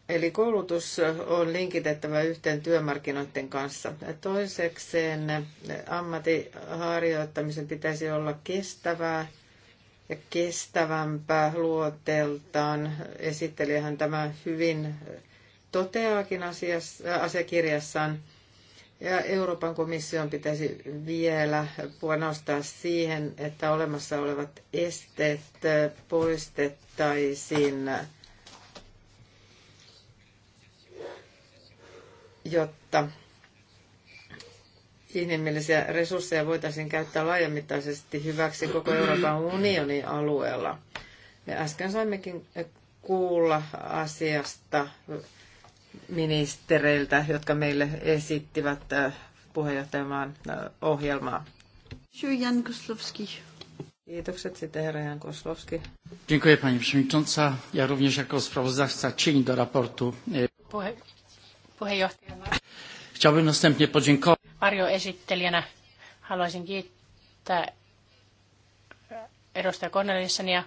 Eli koulutus on linkitettävä yhteen työmarkkinoiden kanssa. Toisekseen ammattiharjoittamisen pitäisi olla kestävää ja kestävämpää luoteltaan. Esittelijähän tämä hyvin toteaakin asiassa, asiakirjassaan. Ja Euroopan komission pitäisi vielä panostaa siihen, että olemassa olevat esteet poistettaisiin, jotta inhimillisiä resursseja voitaisiin käyttää laajamittaisesti hyväksi koko Euroopan unionin alueella. Me äsken saimmekin kuulla asiasta ministereiltä, jotka meille esittivät äh, puheenjohtajamaan äh, ohjelmaa. Kiitokset sitten herra Jan Koslowski. Dziękuję pani przewodnicząca. Ja również jako sprawozdawca cień do raportu. E, Puhe, puheenjohtaja. Chciałbym następnie podziękować. Arjo esittelijänä haluaisin kiittää e, edustaja Cornelissania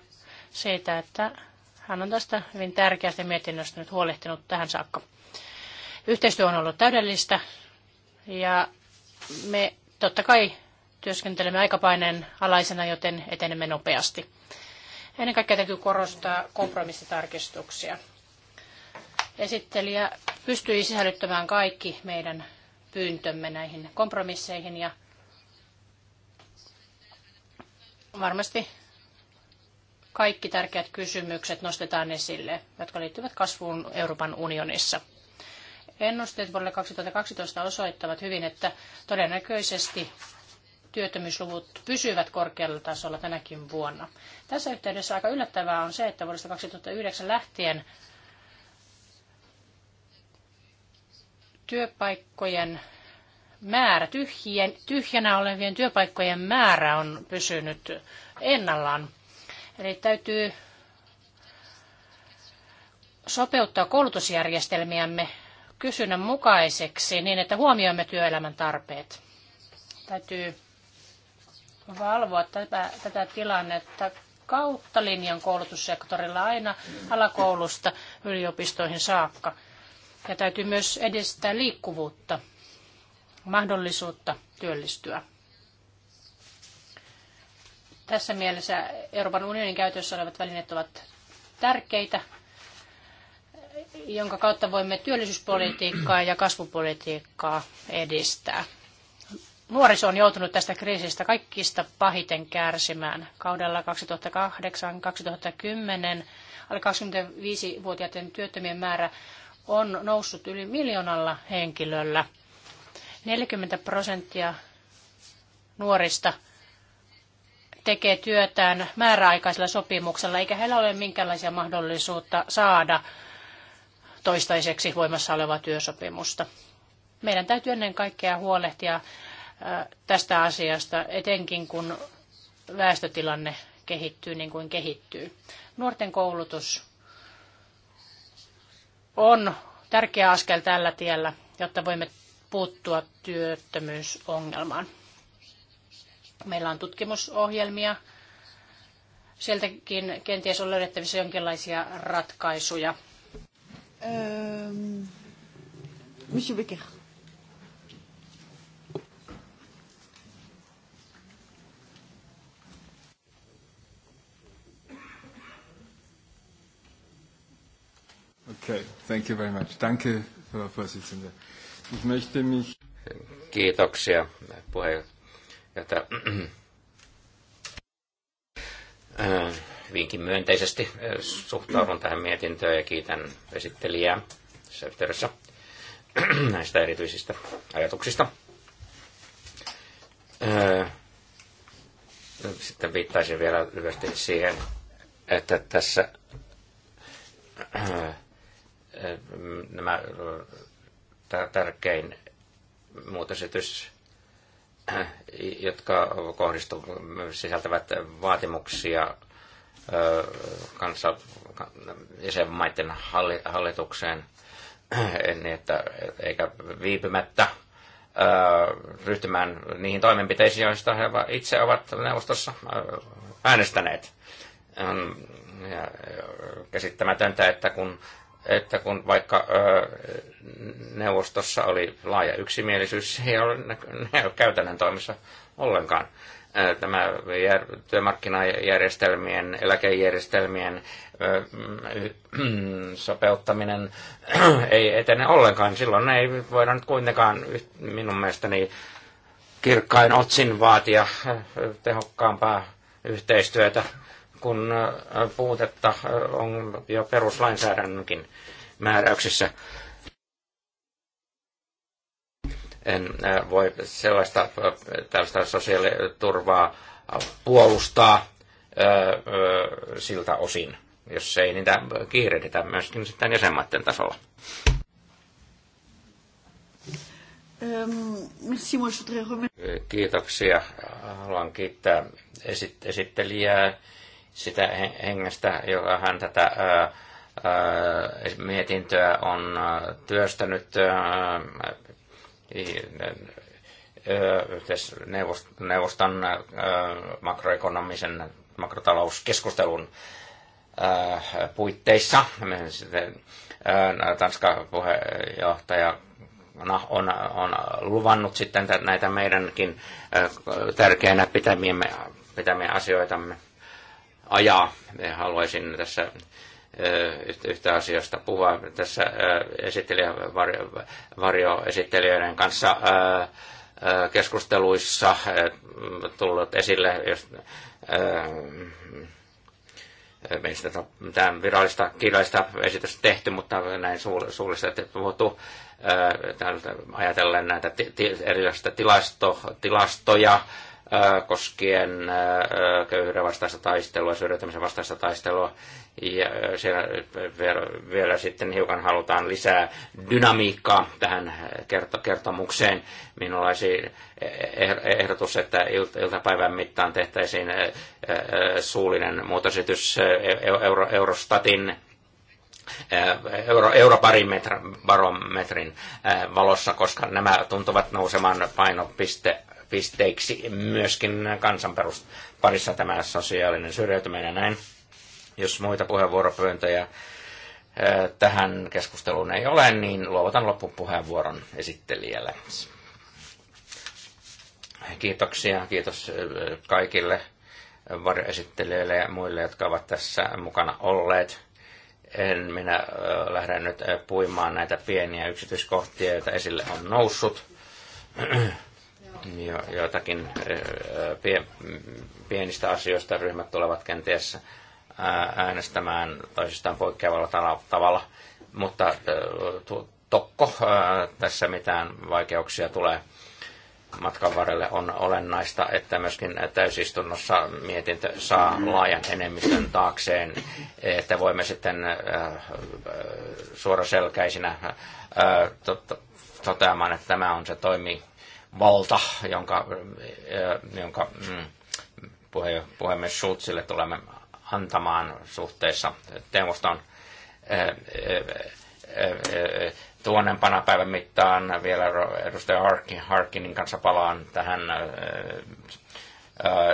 siitä, että hän on tästä hyvin tärkeästä mietinnöstä nyt huolehtinut tähän saakka. Yhteistyö on ollut täydellistä ja me totta kai työskentelemme aikapaineen alaisena, joten etenemme nopeasti. Ennen kaikkea täytyy korostaa kompromissitarkistuksia. Esittelijä pystyi sisällyttämään kaikki meidän pyyntömme näihin kompromisseihin ja varmasti kaikki tärkeät kysymykset nostetaan esille, jotka liittyvät kasvuun Euroopan unionissa. Ennusteet vuodelle 2012 osoittavat hyvin, että todennäköisesti työttömyysluvut pysyvät korkealla tasolla tänäkin vuonna. Tässä yhteydessä aika yllättävää on se, että vuodesta 2009 lähtien työpaikkojen määrä, tyhjien, tyhjänä olevien työpaikkojen määrä on pysynyt ennallaan. Eli täytyy sopeuttaa koulutusjärjestelmiämme kysynnän mukaiseksi niin, että huomioimme työelämän tarpeet. Täytyy valvoa tätä, tätä tilannetta kautta linjan koulutussektorilla aina alakoulusta yliopistoihin saakka. Ja täytyy myös edistää liikkuvuutta, mahdollisuutta työllistyä. Tässä mielessä Euroopan unionin käytössä olevat välineet ovat tärkeitä jonka kautta voimme työllisyyspolitiikkaa ja kasvupolitiikkaa edistää. Nuoriso on joutunut tästä kriisistä kaikista pahiten kärsimään. Kaudella 2008-2010 alle 25-vuotiaiden työttömien määrä on noussut yli miljoonalla henkilöllä. 40 prosenttia nuorista tekee työtään määräaikaisella sopimuksella, eikä heillä ole minkäänlaisia mahdollisuutta saada toistaiseksi voimassa olevaa työsopimusta. Meidän täytyy ennen kaikkea huolehtia tästä asiasta, etenkin kun väestötilanne kehittyy niin kuin kehittyy. Nuorten koulutus on tärkeä askel tällä tiellä, jotta voimme puuttua työttömyysongelmaan. Meillä on tutkimusohjelmia. Sieltäkin kenties on löydettävissä jonkinlaisia ratkaisuja. Euh, Monsieur Becker. Okay, thank you very much. Danke, Frau Vorsitzende. Ich möchte mich... Kiitoksia, puheenjohtaja. Äh, hyvinkin myönteisesti suhtaudun tähän mietintöön ja kiitän esittelijää tässä yhteydessä näistä erityisistä ajatuksista. Sitten viittaisin vielä lyhyesti siihen, että tässä nämä tärkein muutosesitys, jotka kohdistuvat, sisältävät vaatimuksia kanssa, jäsenmaiden hallitukseen, niin että, eikä viipymättä ryhtymään niihin toimenpiteisiin, joista he itse ovat neuvostossa äänestäneet. Ja käsittämätöntä, että kun, että kun vaikka neuvostossa oli laaja yksimielisyys, se ei ole käytännön toimissa ollenkaan tämä työmarkkinajärjestelmien, eläkejärjestelmien mm, sopeuttaminen ei etene ollenkaan. Silloin ei voida nyt kuitenkaan minun mielestäni kirkkain otsin vaatia tehokkaampaa yhteistyötä, kun puutetta on jo peruslainsäädännönkin määräyksissä en äh, voi sellaista äh, tällaista sosiaaliturvaa puolustaa äh, siltä osin, jos ei niitä kiirehditä myöskin sitten jäsenmaiden tasolla. Ähm, Kiitoksia. Haluan kiittää esittelijää sitä hengestä, joka hän tätä mietintöä on työstänyt niin, neuvoston makroekonomisen makrotalouskeskustelun puitteissa. Tanska puheenjohtaja on, on luvannut sitten näitä meidänkin tärkeänä pitämiemme, pitämiä asioitamme ajaa. Haluaisin tässä yhtä asiasta puhua. Tässä esittelijä, varjo, esittelijöiden kanssa keskusteluissa tullut esille, jos meistä mitään virallista kirjallista esitystä tehty, mutta näin suullisesti puhuttu ajatellen näitä erilaisista tilasto, tilastoja, koskien köyhyyden vastaista taistelua, syrjäytymisen vastaista taistelua. Ja siellä vielä sitten hiukan halutaan lisää dynamiikkaa tähän kertomukseen. Minulla olisi e-, e-, ehdotus, että iltapäivän mittaan tehtäisiin suullinen muutosesitys Eurostatin euro, valossa, koska nämä tuntuvat nousemaan painopiste pisteiksi myöskin kansanperust parissa tämä sosiaalinen syrjäytyminen näin. Jos muita puheenvuoropyyntöjä äh, tähän keskusteluun ei ole, niin luovutan loppupuheenvuoron esittelijälle. Kiitoksia, kiitos äh, kaikille varjoesittelijöille ja muille, jotka ovat tässä mukana olleet. En minä äh, lähde nyt puimaan näitä pieniä yksityiskohtia, joita esille on noussut jo, joitakin pie, pienistä asioista ryhmät tulevat kenties äänestämään toisistaan poikkeavalla tavalla, mutta tokko tässä mitään vaikeuksia tulee matkan varrelle on olennaista, että myöskin täysistunnossa mietintö saa laajan enemmistön taakseen, että voimme sitten suoraselkäisinä toteamaan, että tämä on se toimi, valta, jonka, eh, jonka mm, puhemies Schulzille tulemme antamaan suhteessa neuvoston eh, eh, tuonnempana päivän mittaan vielä edustaja Harkinin kanssa palaan tähän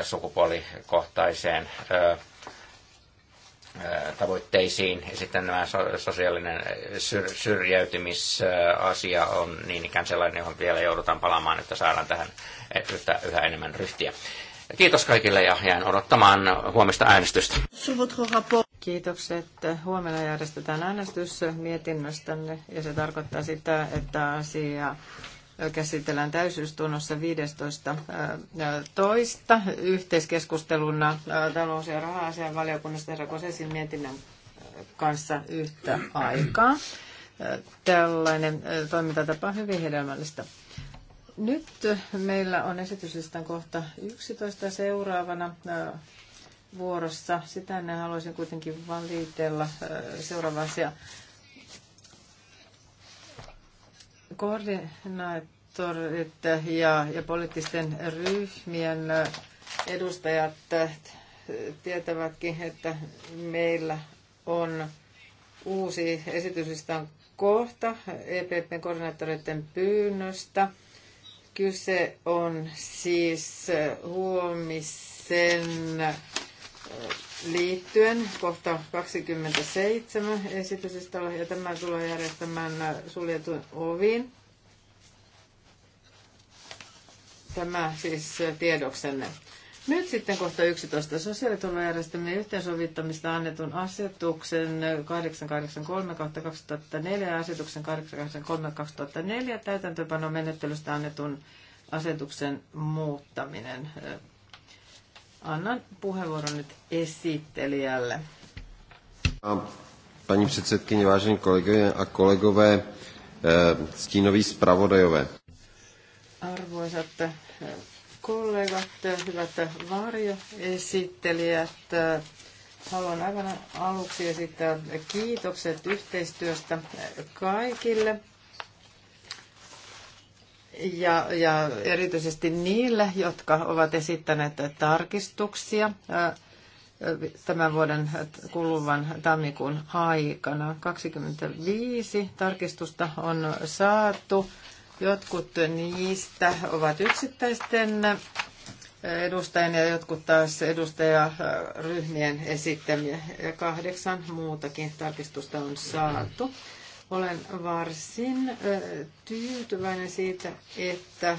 sukupuolikohtaiseen tavoitteisiin. Ja sitten nämä sosiaalinen syr- syrjäytymisasia on niin ikään sellainen, johon vielä joudutaan palaamaan, että saadaan tähän että yhä enemmän ryhtiä. Kiitos kaikille ja jään odottamaan huomista äänestystä. Kiitokset. Huomenna järjestetään äänestys mietinnöstänne ja se tarkoittaa sitä, että asia käsitellään täysistunnossa 15. toista yhteiskeskusteluna talous- ja raha-asian valiokunnasta Rakosesin mietinnän kanssa yhtä aikaa. Tällainen toimintatapa on hyvin hedelmällistä. Nyt meillä on esityslistan kohta 11 seuraavana vuorossa. Sitä ennen haluaisin kuitenkin valitella seuraava asia. koordinaattorit ja, ja poliittisten ryhmien edustajat tietävätkin, että meillä on uusi esityslistan kohta EPPn koordinaattoreiden pyynnöstä. Kyse on siis huomisen liittyen kohta 27 esityksestä ja tämä tulee järjestämään suljetun oviin. Tämä siis tiedoksenne. Nyt sitten kohta 11. Sosiaaliturvajärjestelmien yhteensovittamista annetun asetuksen 883-2004 ja asetuksen 883-2004 täytäntöpanomenettelystä annetun asetuksen muuttaminen. Annan puheenvuoron nyt esittelijälle. Pani předsedkyně, vážení kolegové a kolegové, e, stínoví spravodajové. Arvoisat e, kollegat, hyvät varjoesittelijät, e, haluan aivan aluksi esittää kiitokset yhteistyöstä kaikille ja, ja erityisesti niille, jotka ovat esittäneet tarkistuksia tämän vuoden kuluvan tammikuun aikana. 25 tarkistusta on saatu. Jotkut niistä ovat yksittäisten edustajien ja jotkut taas edustajaryhmien esittämiä. Ja kahdeksan muutakin tarkistusta on saatu. Mm. Olen varsin tyytyväinen siitä, että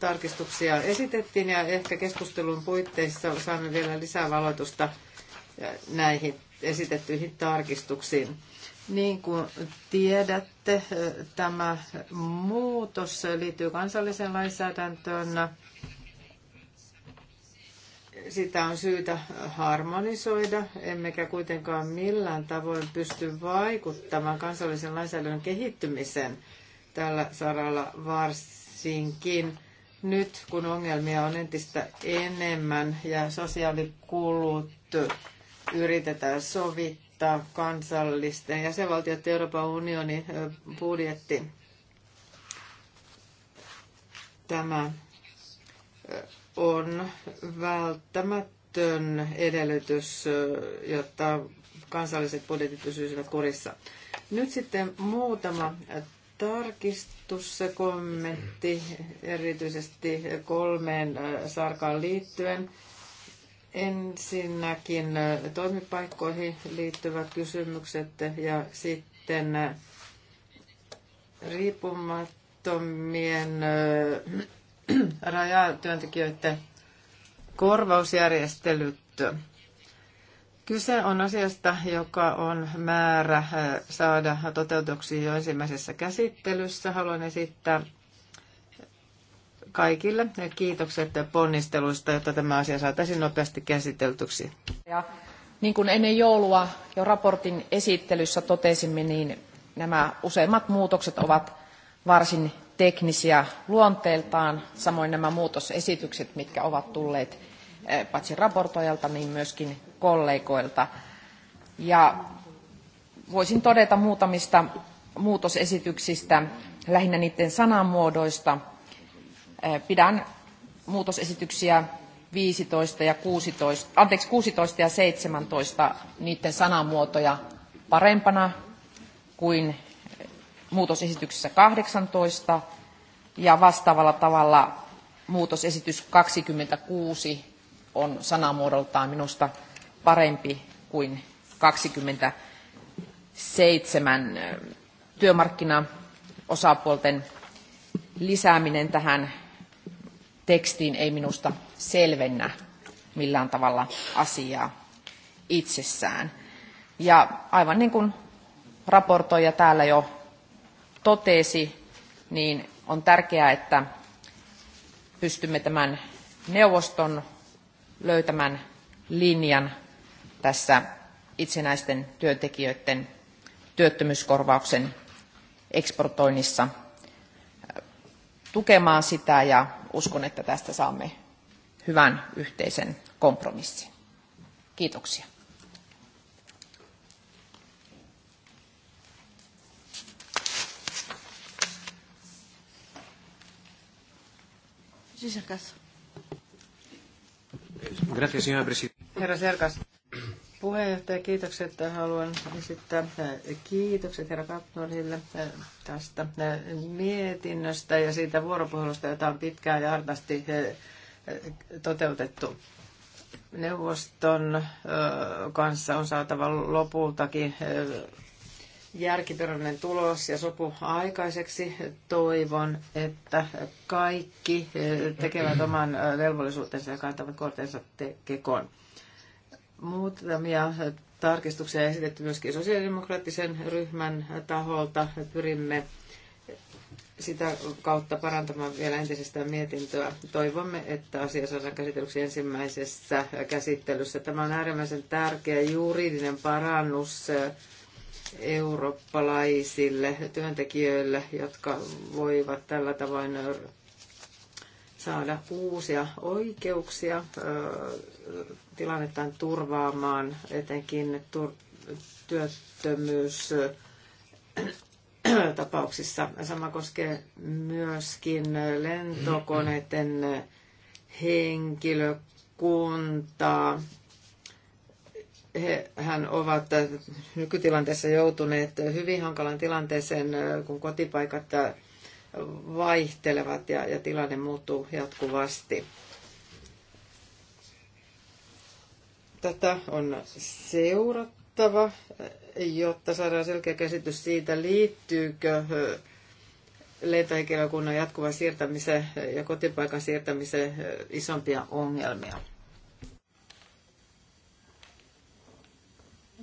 tarkistuksia esitettiin ja ehkä keskustelun puitteissa saamme vielä lisää valoitusta näihin esitettyihin tarkistuksiin. Niin kuin tiedätte, tämä muutos liittyy kansalliseen lainsäädäntöön sitä on syytä harmonisoida, emmekä kuitenkaan millään tavoin pysty vaikuttamaan kansallisen lainsäädännön kehittymiseen tällä saralla varsinkin nyt, kun ongelmia on entistä enemmän ja sosiaalikulut yritetään sovittaa kansallisten jäsenvaltioiden Euroopan unionin budjetti. Tämä on välttämätön edellytys, jotta kansalliset budjetit pysyisivät kurissa. Nyt sitten muutama tarkistus, kommentti erityisesti kolmeen sarkaan liittyen. Ensinnäkin toimipaikkoihin liittyvät kysymykset ja sitten riippumattomien rajatyöntekijöiden korvausjärjestelyt. Kyse on asiasta, joka on määrä saada toteutuksi jo ensimmäisessä käsittelyssä. Haluan esittää kaikille kiitokset ponnisteluista, jotta tämä asia saataisiin nopeasti käsiteltyksi. Ja niin kuin ennen joulua jo raportin esittelyssä totesimme, niin nämä useimmat muutokset ovat varsin teknisiä luonteeltaan, samoin nämä muutosesitykset, mitkä ovat tulleet eh, paitsi raportoijalta, niin myöskin kollegoilta. Ja voisin todeta muutamista muutosesityksistä, lähinnä niiden sanamuodoista. Eh, pidän muutosesityksiä 15 ja 16, anteeksi, 16 ja 17 niiden sanamuotoja parempana kuin muutosesityksessä 18 ja vastaavalla tavalla muutosesitys 26 on sanamuodoltaan minusta parempi kuin 27 työmarkkinaosapuolten lisääminen tähän tekstiin ei minusta selvennä millään tavalla asiaa itsessään. Ja aivan niin kuin raportoija täällä jo totesi, niin on tärkeää, että pystymme tämän neuvoston löytämän linjan tässä itsenäisten työntekijöiden työttömyyskorvauksen eksportoinnissa äh, tukemaan sitä ja uskon, että tästä saamme hyvän yhteisen kompromissin. Kiitoksia. Sisäkäs. Gracias, señora presidenta. Herra Serkas. Puheenjohtaja, kiitokset. Haluan esittää eh, kiitokset herra Kaptolille eh, tästä eh, mietinnöstä ja siitä vuoropuhelusta, jota on pitkään ja hartaasti toteutettu. Neuvoston kanssa on saatava lopultakin järkiperäinen tulos ja sopu aikaiseksi. Toivon, että kaikki eh, tekevät oman eh, velvollisuutensa ja kantavat kortensa kekoon. Muutamia eh, tarkistuksia esitetty myöskin sosiaalidemokraattisen ryhmän taholta. Pyrimme sitä kautta parantamaan vielä entisestään mietintöä. Toivomme, että asia saadaan käsitellyksi ensimmäisessä käsittelyssä. Tämä on äärimmäisen tärkeä juridinen parannus eurooppalaisille työntekijöille, jotka voivat tällä tavoin saada uusia oikeuksia tilannettaan turvaamaan, etenkin tur- työttömyystapauksissa. Sama koskee myöskin lentokoneiden henkilökuntaa hän ovat nykytilanteessa joutuneet hyvin hankalan tilanteeseen, kun kotipaikat vaihtelevat ja, ja tilanne muuttuu jatkuvasti. Tätä on seurattava, jotta saadaan selkeä käsitys siitä, liittyykö lentohenkilökunnan jatkuva siirtämiseen ja kotipaikan siirtämiseen isompia ongelmia.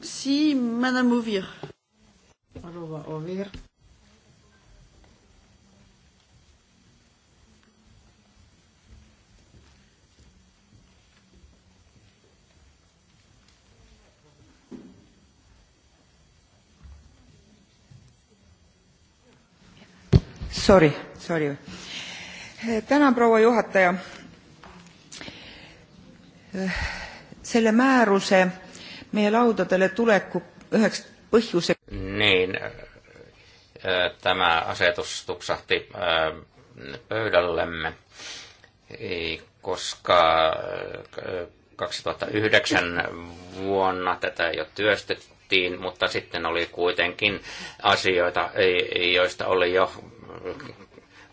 Si, Madame Ovir. Alors, Ovir. Sorry, sorry. Tänään proua juhataja selle määruse meie laudadele tuleku üheks põhjuse... Niin, äh, tämä asetus tuksahti äh, pöydällemme, e, koska 2009 äh, vuonna tätä jo työstettiin, mutta sitten oli kuitenkin asioita, e, joista oli jo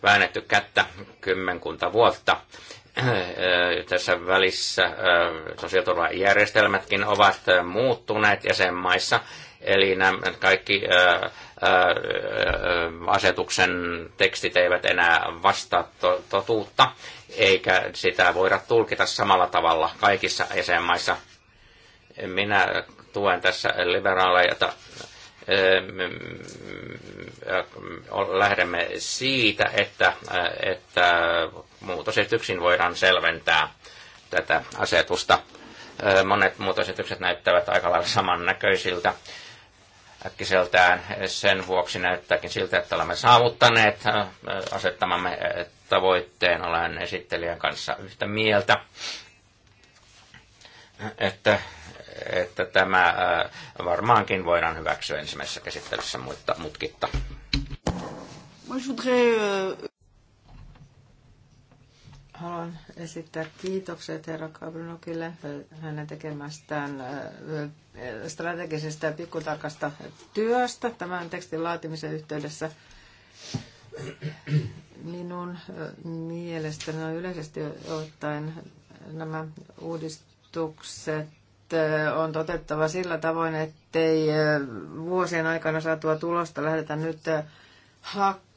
väännetty kättä kymmenkunta vuotta tässä välissä sosiaaliturvajärjestelmätkin ovat muuttuneet jäsenmaissa, eli nämä kaikki asetuksen tekstit eivät enää vastaa totuutta, eikä sitä voida tulkita samalla tavalla kaikissa jäsenmaissa. Minä tuen tässä liberaaleja, lähdemme siitä, että, että muutosesityksin voidaan selventää tätä asetusta. Monet muutosesitykset näyttävät aika lailla samannäköisiltä äkkiseltään. Sen vuoksi näyttääkin siltä, että olemme saavuttaneet asettamamme tavoitteen. Olen esittelijän kanssa yhtä mieltä, että, että tämä varmaankin voidaan hyväksyä ensimmäisessä käsittelyssä mutta mutkitta haluan esittää kiitokset herra Kabrinokille hänen tekemästään äh, strategisesta ja pikkutarkasta työstä tämän tekstin laatimisen yhteydessä. Minun äh, mielestäni no yleisesti ottaen nämä uudistukset äh, on totettava sillä tavoin, ettei vuosien aikana saatua tulosta lähdetä nyt hakkaamaan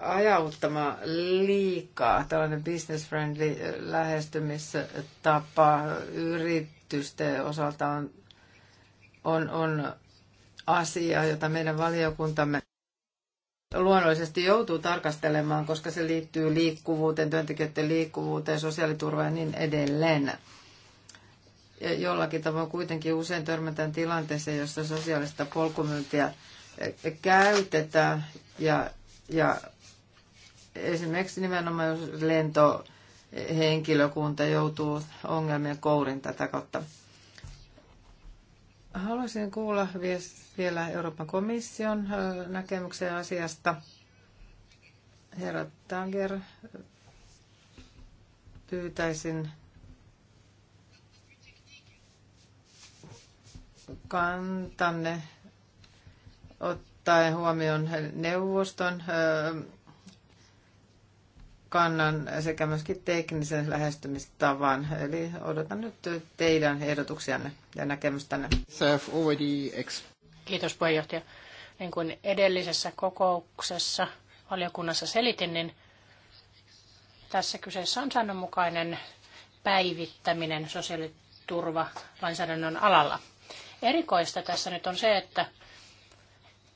ajauttamaan liikaa tällainen business friendly lähestymistapa yritysten osalta on, on, on asia, jota meidän valiokuntamme luonnollisesti joutuu tarkastelemaan, koska se liittyy liikkuvuuteen, työntekijöiden liikkuvuuteen, sosiaaliturvaan ja niin edelleen. Ja jollakin tavoin kuitenkin usein törmätään tilanteeseen, jossa sosiaalista polkumyyntiä e, käytetään ja ja esimerkiksi nimenomaan jos lentohenkilökunta joutuu ongelmien kourin tätä kautta. Haluaisin kuulla vielä Euroopan komission näkemyksen asiasta. Herra Tanger, pyytäisin kantanne ottaa ottaen huomioon neuvoston kannan sekä myöskin teknisen lähestymistavan. Eli odotan nyt teidän ehdotuksianne ja näkemystänne. Kiitos puheenjohtaja. Niin kuin edellisessä kokouksessa valiokunnassa selitin, niin tässä kyseessä on säännönmukainen päivittäminen sosiaaliturvalainsäädännön alalla. Erikoista tässä nyt on se, että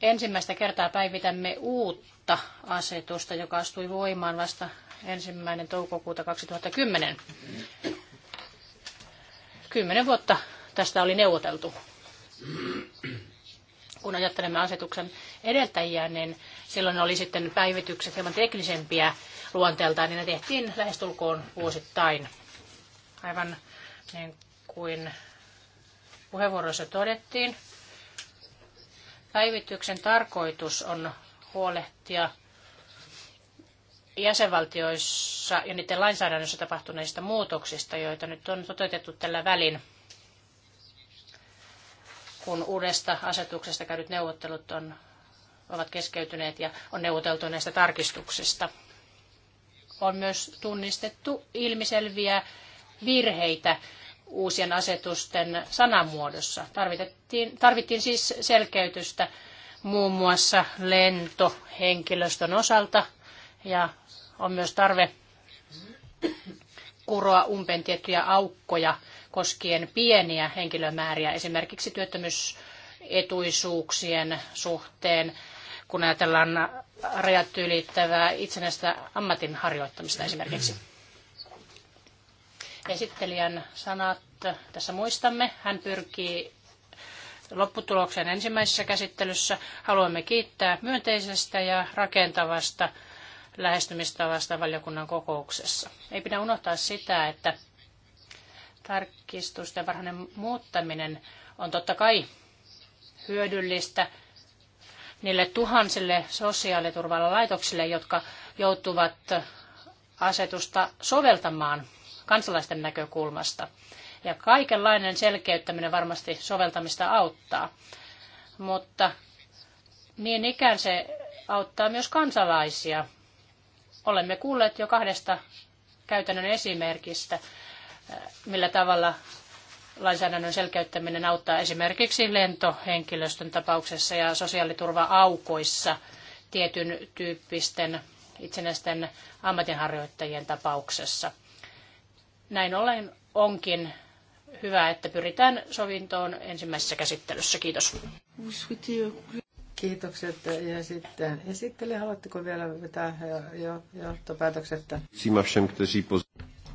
ensimmäistä kertaa päivitämme uutta asetusta, joka astui voimaan vasta ensimmäinen toukokuuta 2010. Kymmenen vuotta tästä oli neuvoteltu. Kun ajattelemme asetuksen edeltäjiä, niin silloin oli sitten päivitykset hieman teknisempiä luonteeltaan, niin ne tehtiin lähestulkoon vuosittain. Aivan niin kuin puheenvuorossa todettiin, Päivityksen tarkoitus on huolehtia jäsenvaltioissa ja niiden lainsäädännössä tapahtuneista muutoksista, joita nyt on toteutettu tällä välin, kun uudesta asetuksesta käydyt neuvottelut on, ovat keskeytyneet ja on neuvoteltu näistä tarkistuksista. On myös tunnistettu ilmiselviä virheitä uusien asetusten sanamuodossa. Tarvittiin, tarvittiin siis selkeytystä muun muassa lentohenkilöstön osalta ja on myös tarve kuroa umpeen tiettyjä aukkoja koskien pieniä henkilömääriä, esimerkiksi työttömyysetuisuuksien suhteen, kun ajatellaan rajat ylittävää itsenäistä ammatin harjoittamista esimerkiksi esittelijän sanat tässä muistamme. Hän pyrkii lopputulokseen ensimmäisessä käsittelyssä. Haluamme kiittää myönteisestä ja rakentavasta lähestymistavasta valiokunnan kokouksessa. Ei pidä unohtaa sitä, että tarkistusten varhainen muuttaminen on totta kai hyödyllistä niille tuhansille sosiaaliturvalaitoksille, jotka joutuvat asetusta soveltamaan kansalaisten näkökulmasta. Ja kaikenlainen selkeyttäminen varmasti soveltamista auttaa. Mutta niin ikään se auttaa myös kansalaisia. Olemme kuulleet jo kahdesta käytännön esimerkistä, millä tavalla lainsäädännön selkeyttäminen auttaa esimerkiksi lentohenkilöstön tapauksessa ja sosiaaliturva-aukoissa tietyn tyyppisten itsenäisten ammatinharjoittajien tapauksessa. Näin ollen onkin hyvä, että pyritään sovintoon ensimmäisessä käsittelyssä. Kiitos. Kiitokset ja sitten esittele. Haluatteko vielä vetää äh, jo, johtopäätökset?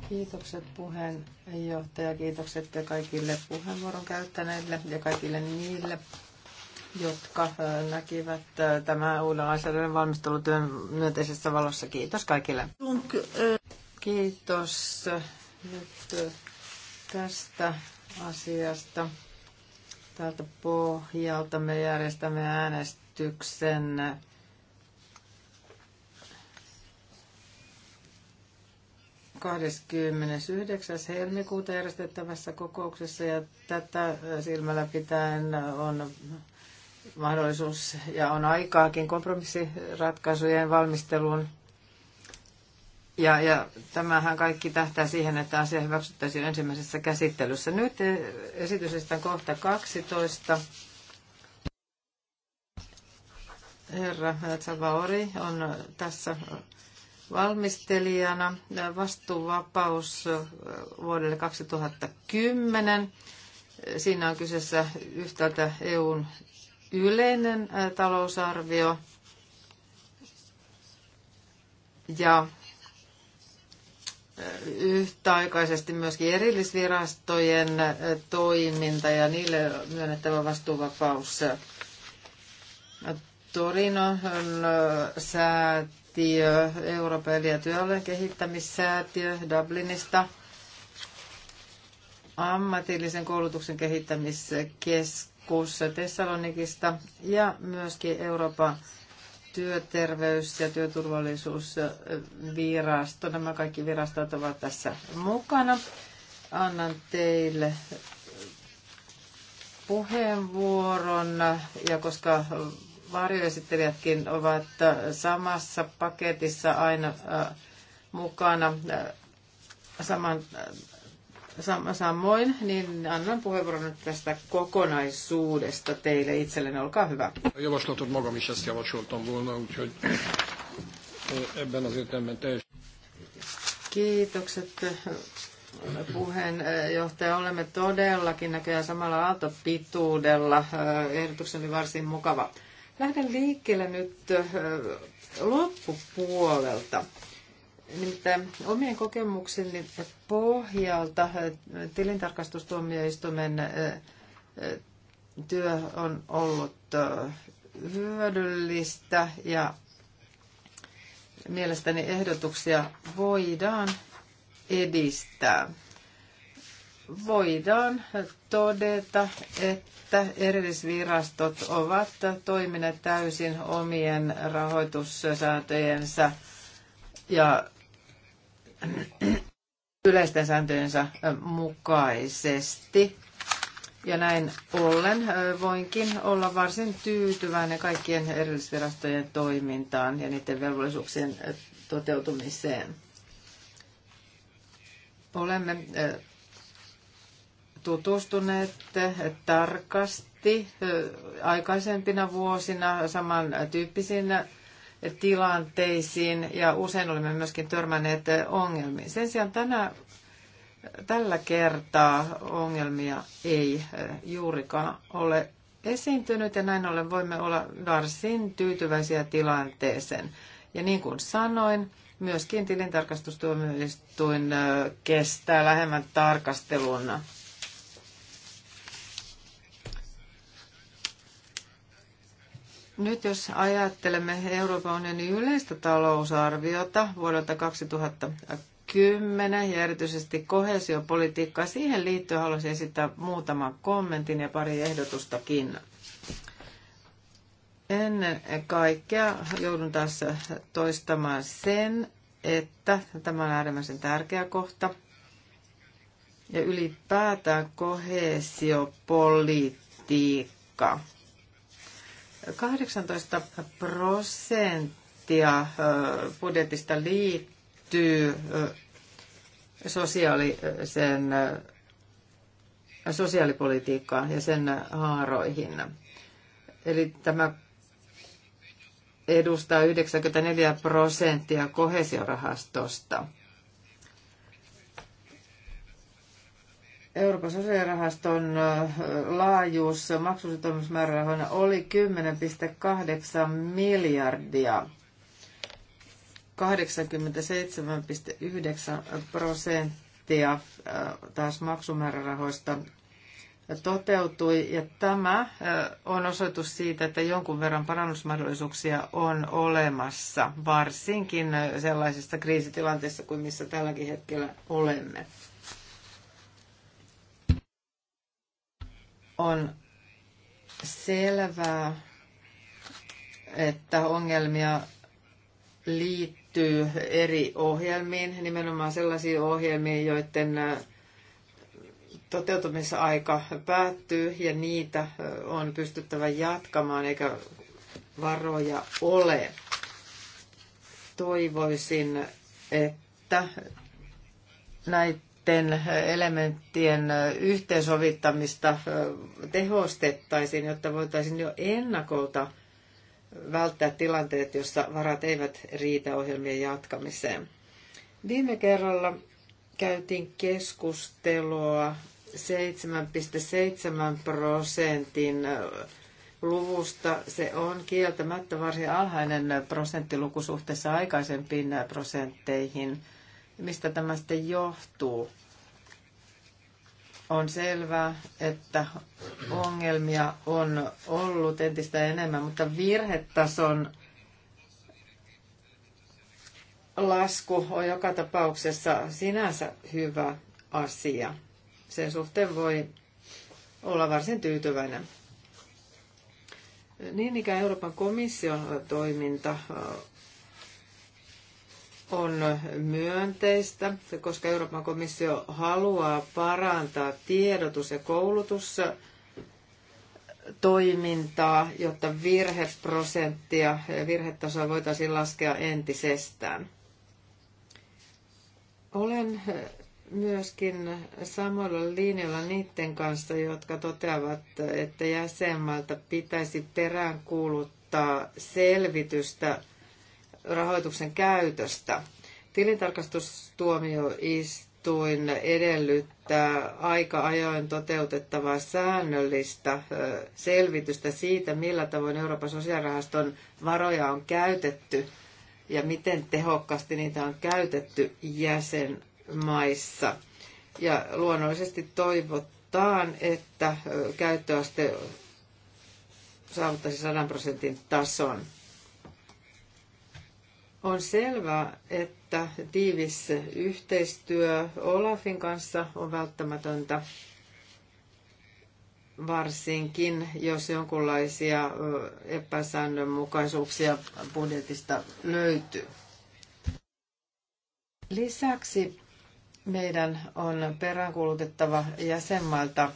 Kiitokset puheenjohtaja, kiitokset kaikille puheenvuoron käyttäneille ja kaikille niille, jotka äh, näkivät äh, tämän uuden lainsäädännön valmistelutyön myönteisessä valossa. Kiitos kaikille. Euh, Kiitos nyt tästä asiasta. Tältä pohjalta me järjestämme äänestyksen kahdeskymmenesyhdeksäs helmikuuta järjestettävässä kokouksessa ja tätä silmällä pitäen on mahdollisuus ja on aikaakin kompromissiratkaisujen valmisteluun ja, ja tämähän kaikki tähtää siihen, että asia hyväksyttäisiin ensimmäisessä käsittelyssä. Nyt eh, esitysestään kohta 12. Herra Zavaori on tässä valmistelijana. Vastuuvapaus eh, vuodelle 2010. Siinä on kyseessä yhtäältä EUn yleinen eh, talousarvio ja yhtäaikaisesti myöskin erillisvirastojen toiminta ja niille myönnettävä vastuuvapaus. Torinon säätiö, Euroopan ja työalueen kehittämissäätiö Dublinista, ammatillisen koulutuksen kehittämiskeskus Tessalonikista ja myöskin Euroopan työterveys- ja työturvallisuusvirasto. Nämä kaikki virastot ovat tässä mukana. Annan teille puheenvuoron ja koska varjoesittelijätkin ovat samassa paketissa aina äh, mukana äh, saman äh, Samoin, niin annan puheenvuoron nyt tästä kokonaisuudesta teille itsellenne. Olkaa hyvä. Javaslatot magam is ezt javasoltam volna, úgyhogy ebben az értelemben teljesen. Kiitokset puheenjohtaja. Olemme todellakin näköjään samalla aaltopituudella. Ehdotukseni varsin mukava. Lähden liikkeelle nyt loppupuolelta. Nimittäin omien kokemukseni pohjalta äh, tilintarkastustuomioistuimen äh, äh, työ on ollut hyödyllistä ja mielestäni ehdotuksia voidaan edistää. Voidaan todeta, että erillisvirastot ovat toimineet täysin omien rahoitussääntöjensä ja yleisten sääntöjensä mukaisesti. Ja näin ollen voinkin olla varsin tyytyväinen kaikkien erillisvirastojen toimintaan ja niiden velvollisuuksien toteutumiseen. Olemme tutustuneet tarkasti aikaisempina vuosina samantyyppisiin tilanteisiin ja usein olemme myöskin törmänneet ongelmiin. Sen sijaan tänä, tällä kertaa ongelmia ei eh, juurikaan ole esiintynyt ja näin ollen voimme olla varsin tyytyväisiä tilanteeseen. Ja niin kuin sanoin, myöskin tilintarkastustuomioistuin eh, kestää lähemmän tarkastelun Nyt jos ajattelemme Euroopan unionin yleistä talousarviota vuodelta 2010 ja erityisesti kohesiopolitiikkaa, siihen liittyen haluaisin esittää muutaman kommentin ja pari ehdotustakin. Ennen kaikkea joudun tässä toistamaan sen, että tämä on äärimmäisen tärkeä kohta. Ja ylipäätään kohesiopolitiikka 18 prosenttia budjetista liittyy sosiaalisen, sosiaalipolitiikkaan ja sen haaroihin. Eli tämä edustaa 94 prosenttia kohesiorahastosta. Euroopan sosiaalirahaston laajuus maksusitoimusmäärärahoina oli 10,8 miljardia. 87,9 prosenttia taas maksumäärärahoista toteutui. Ja tämä on osoitus siitä, että jonkun verran parannusmahdollisuuksia on olemassa, varsinkin sellaisessa kriisitilanteessa, kuin missä tälläkin hetkellä olemme. On selvää, että ongelmia liittyy eri ohjelmiin, nimenomaan sellaisiin ohjelmiin, joiden äh, toteutumisaika päättyy ja niitä äh, on pystyttävä jatkamaan eikä varoja ole. Toivoisin, että näitä näiden elementtien yhteensovittamista tehostettaisiin, jotta voitaisiin jo ennakolta välttää tilanteet, jossa varat eivät riitä ohjelmien jatkamiseen. Viime kerralla käytiin keskustelua 7,7 prosentin luvusta. Se on kieltämättä varsin alhainen prosenttiluku suhteessa aikaisempiin prosentteihin – mistä tämä sitten johtuu. On selvää, että ongelmia on ollut entistä enemmän, mutta virhetason lasku on joka tapauksessa sinänsä hyvä asia. Sen suhteen voi olla varsin tyytyväinen. Niin ikään Euroopan komission toiminta on myönteistä, koska Euroopan komissio haluaa parantaa tiedotus- ja koulutustoimintaa, toimintaa, jotta virheprosenttia ja virhetasoa voitaisiin laskea entisestään. Olen myöskin samoilla linjalla niiden kanssa, jotka toteavat, että jäsenmältä pitäisi peräänkuuluttaa selvitystä rahoituksen käytöstä. Tilintarkastustuomioistuin edellyttää aika ajoin toteutettavaa säännöllistä selvitystä siitä, millä tavoin Euroopan sosiaalirahaston varoja on käytetty ja miten tehokkaasti niitä on käytetty jäsenmaissa. Ja luonnollisesti toivotaan, että käyttöaste saavuttaisi 100 prosentin tason. On selvää, että tiivis yhteistyö Olafin kanssa on välttämätöntä, varsinkin jos jonkinlaisia epäsäännönmukaisuuksia budjetista löytyy. Lisäksi meidän on peräänkuulutettava jäsenmailta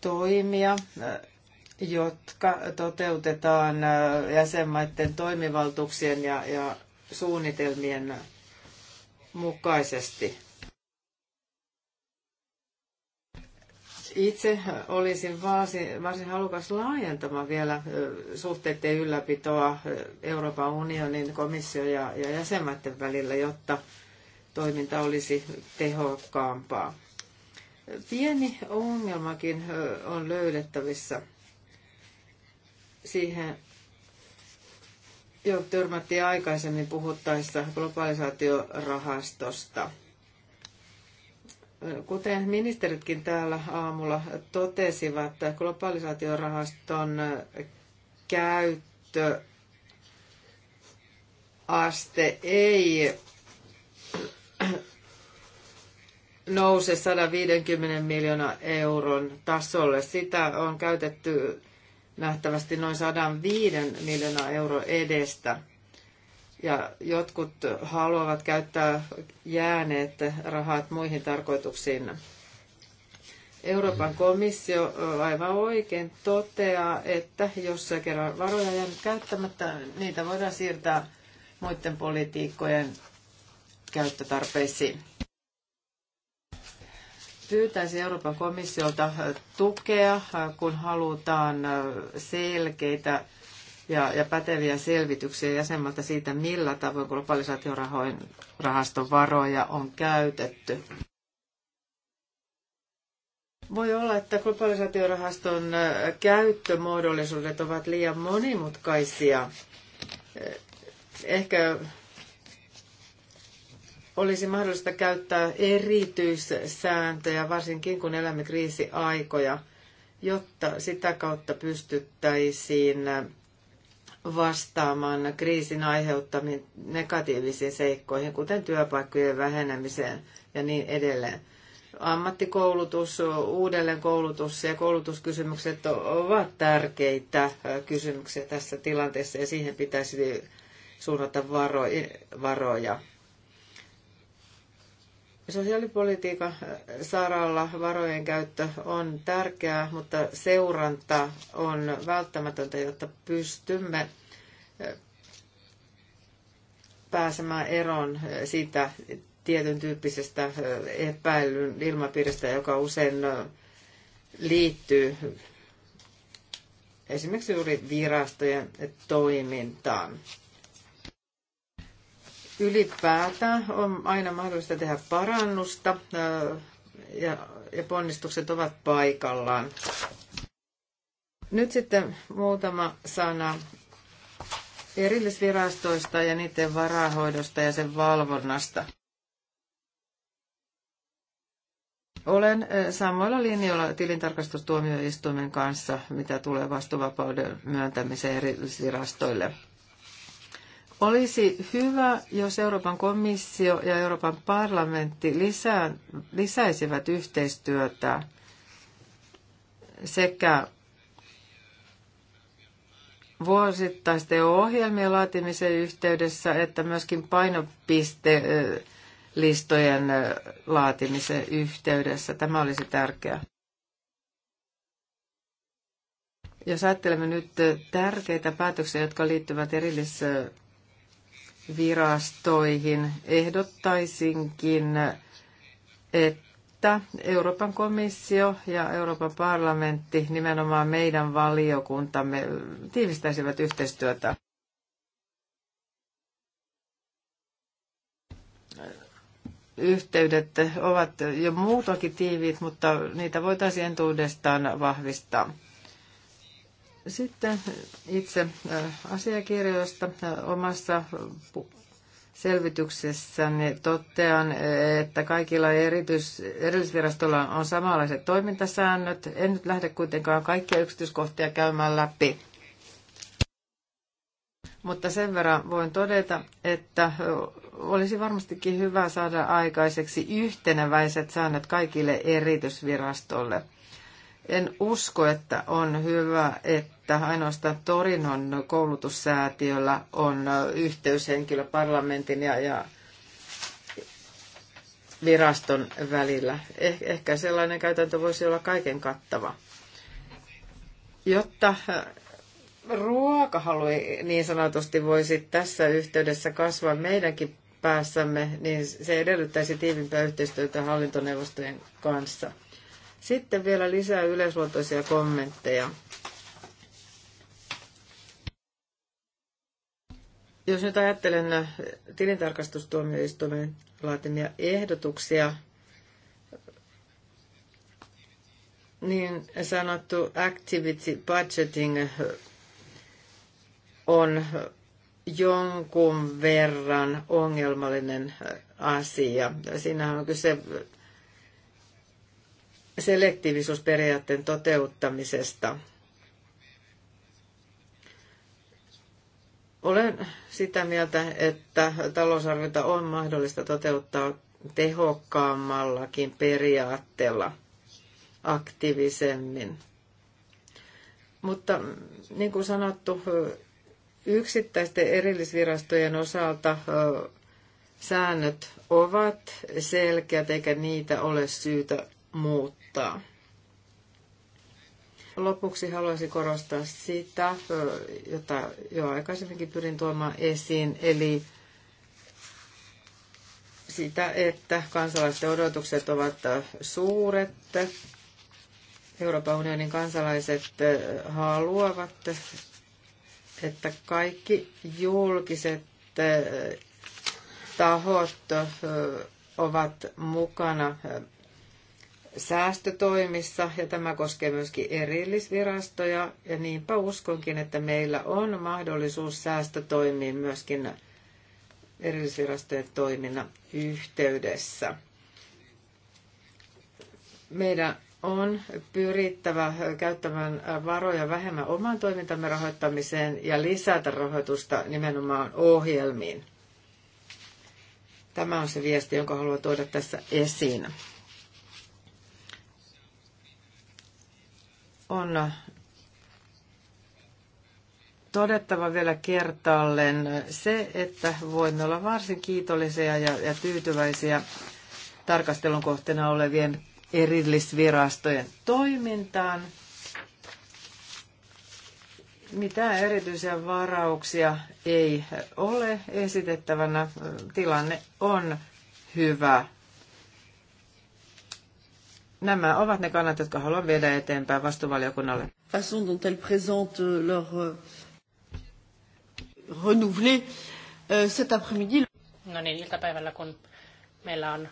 toimia jotka toteutetaan äh, jäsenmaiden toimivaltuuksien ja, ja suunnitelmien mukaisesti. Itse olisin varsin, varsin halukas laajentamaan vielä äh, suhteiden ylläpitoa äh, Euroopan unionin komission ja, ja jäsenmaiden välillä, jotta toiminta olisi tehokkaampaa. Pieni ongelmakin on löydettävissä siihen jo törmättiin aikaisemmin puhuttaessa globalisaatiorahastosta. Kuten ministeritkin täällä aamulla totesivat, globalisaatiorahaston käyttöaste ei nouse 150 miljoonaa euron tasolle. Sitä on käytetty nähtävästi noin 105 miljoonaa euro edestä. Ja jotkut haluavat käyttää jääneet rahat muihin tarkoituksiin. Euroopan komissio aivan oikein toteaa, että jos kerran varoja jää käyttämättä, niitä voidaan siirtää muiden politiikkojen käyttötarpeisiin pyytäisin Euroopan komissiolta äh, tukea, äh, kun halutaan äh, selkeitä ja, ja päteviä selvityksiä jäsenmältä siitä, millä tavoin globalisaatiorahaston varoja on käytetty. Voi olla, että globalisaatiorahaston käyttömuodollisuudet ovat liian monimutkaisia. Ehkä olisi mahdollista käyttää erityissääntöjä, varsinkin kun elämme kriisiaikoja, jotta sitä kautta pystyttäisiin vastaamaan kriisin aiheuttamiin negatiivisiin seikkoihin, kuten työpaikkojen vähenemiseen ja niin edelleen. Ammattikoulutus, uudelleenkoulutus ja koulutuskysymykset ovat tärkeitä kysymyksiä tässä tilanteessa ja siihen pitäisi suunnata varoja. Sosiaalipolitiikan äh, saralla varojen käyttö on tärkeää, mutta seuranta on välttämätöntä, jotta pystymme äh, pääsemään eroon äh, siitä tietyn tyyppisestä epäilyn ilmapiiristä, joka usein liittyy esimerkiksi juuri virastojen toimintaan. Ylipäätään on aina mahdollista tehdä parannusta äh, ja, ja ponnistukset ovat paikallaan. Nyt sitten muutama sana erillisvirastoista ja niiden varahoidosta ja sen valvonnasta. Olen äh, samoilla linjoilla tilintarkastustuomioistuimen kanssa, mitä tulee vastuvapauden myöntämiseen erillisvirastoille. Olisi hyvä, jos Euroopan komissio ja Euroopan parlamentti lisään, lisäisivät yhteistyötä sekä vuosittaisten ohjelmien laatimisen yhteydessä että myöskin painopistelistojen laatimisen yhteydessä. Tämä olisi tärkeää. Jos ajattelemme nyt tärkeitä päätöksiä, jotka liittyvät erillis virastoihin. Ehdottaisinkin, että Euroopan komissio ja Euroopan parlamentti, nimenomaan meidän valiokuntamme, tiivistäisivät yhteistyötä. yhteydet ovat jo muutoinkin tiiviit, mutta niitä voitaisiin entuudestaan vahvistaa. Sitten äh, itse äh, asiakirjoista äh, omassa selvityksessäni totean, että kaikilla erityis, erillisvirastoilla on samanlaiset toimintasäännöt. En nyt lähde kuitenkaan kaikkia yksityiskohtia käymään läpi. Mutta sen verran voin todeta, että olisi varmastikin hyvä saada aikaiseksi yhteneväiset säännöt kaikille erityisvirastolle – en usko, että on hyvä, että ainoastaan Torinon koulutussäätiöllä on yhteyshenkilö parlamentin ja, ja viraston välillä. Eh, ehkä sellainen käytäntö voisi olla kaiken kattava. Jotta eh, ruokahalu niin sanotusti voisi tässä yhteydessä kasvaa meidänkin päässämme, niin se edellyttäisi tiivimpää yhteistyötä hallintoneuvostojen kanssa – sitten vielä lisää yleisluontoisia kommentteja. Jos nyt ajattelen tilintarkastustuomioistuimen laatimia ehdotuksia, niin sanottu activity budgeting on jonkun verran ongelmallinen asia. Siinähän on kyse selektiivisuusperiaatteen toteuttamisesta. Olen sitä mieltä, että talousarviota on mahdollista toteuttaa tehokkaammallakin periaatteella aktiivisemmin. Mutta niin kuin sanottu, yksittäisten erillisvirastojen osalta säännöt ovat selkeät eikä niitä ole syytä muuttaa auttaa. Lopuksi haluaisin korostaa sitä, jota jo aikaisemminkin pyrin tuomaan esiin, eli sitä, että kansalaisten odotukset ovat suuret. Euroopan unionin kansalaiset haluavat, että kaikki julkiset tahot ovat mukana säästötoimissa, ja tämä koskee myöskin erillisvirastoja, ja niinpä uskonkin, että meillä on mahdollisuus säästötoimiin myöskin erillisvirastojen toiminnan yhteydessä. Meidän on pyrittävä käyttämään varoja vähemmän oman toimintamme rahoittamiseen ja lisätä rahoitusta nimenomaan ohjelmiin. Tämä on se viesti, jonka haluan tuoda tässä esiin. on todettava vielä kertaalleen se, että voimme olla varsin kiitollisia ja, ja tyytyväisiä tarkastelun kohteena olevien erillisvirastojen toimintaan. Mitään erityisiä varauksia ei ole esitettävänä. Tilanne on hyvä. Nämä ovat ne kannat, jotka haluan viedä eteenpäin vastuvaliokunnalle. Façon dont elle présente leur euh, renouvelé euh, cet après-midi. No niin, iltapäivällä kun meillä on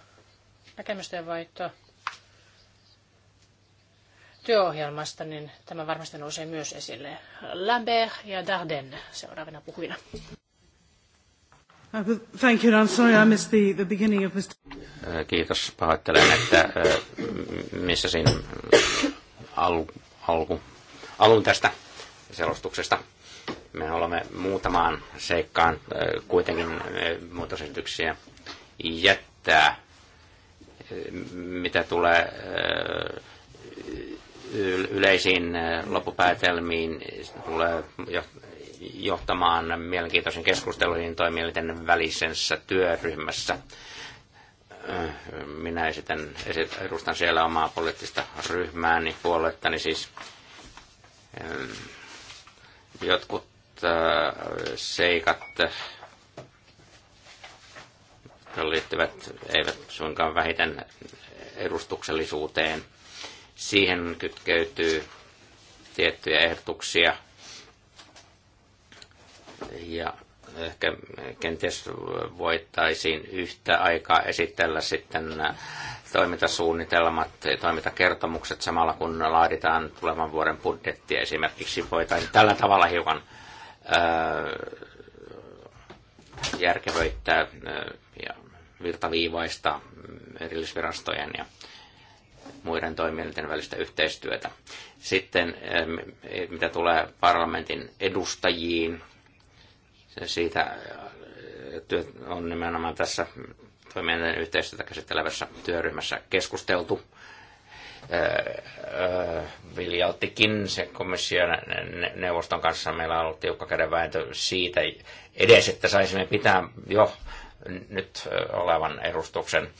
näkemysten vaihto työohjelmasta, niin tämä varmasti nousee myös esille. Lambert ja Darden seuraavina puhuina. Thank you, I'm sorry I missed the, the beginning of Mr. Äh, kiitos, pahoittelen, että äh, missä siinä mm, al, alku, alun tästä selostuksesta. Me olemme muutamaan seikkaan äh, kuitenkin muutosesityksiä jättää, mitä tulee yleisiin loppupäätelmiin, tulee johtamaan mielenkiintoisen keskusteluihin toimielinten välisessä työryhmässä. Minä esitän, edustan siellä omaa poliittista ryhmääni, puoluettani siis. Jotkut äh, seikat äh, liittyvät eivät suinkaan vähiten edustuksellisuuteen. Siihen kytkeytyy tiettyjä ehdotuksia – ja ehkä kenties voitaisiin yhtä aikaa esitellä sitten äh, toimintasuunnitelmat, toimintakertomukset samalla kun laaditaan tulevan vuoden budjettia esimerkiksi. Voitaisiin tällä tavalla hiukan äh, järkevöittää äh, ja virtaviivaista erillisvirastojen ja muiden toimielinten välistä yhteistyötä. Sitten mitä tulee parlamentin edustajiin, siitä äh, on nimenomaan tässä toimijoiden yhteistyötä käsittelevässä työryhmässä keskusteltu äh, äh, viljaltikin se komission neuvoston kanssa. Meillä on ollut tiukka kädenvääntö siitä edes, että saisimme pitää jo nyt olevan edustuksen,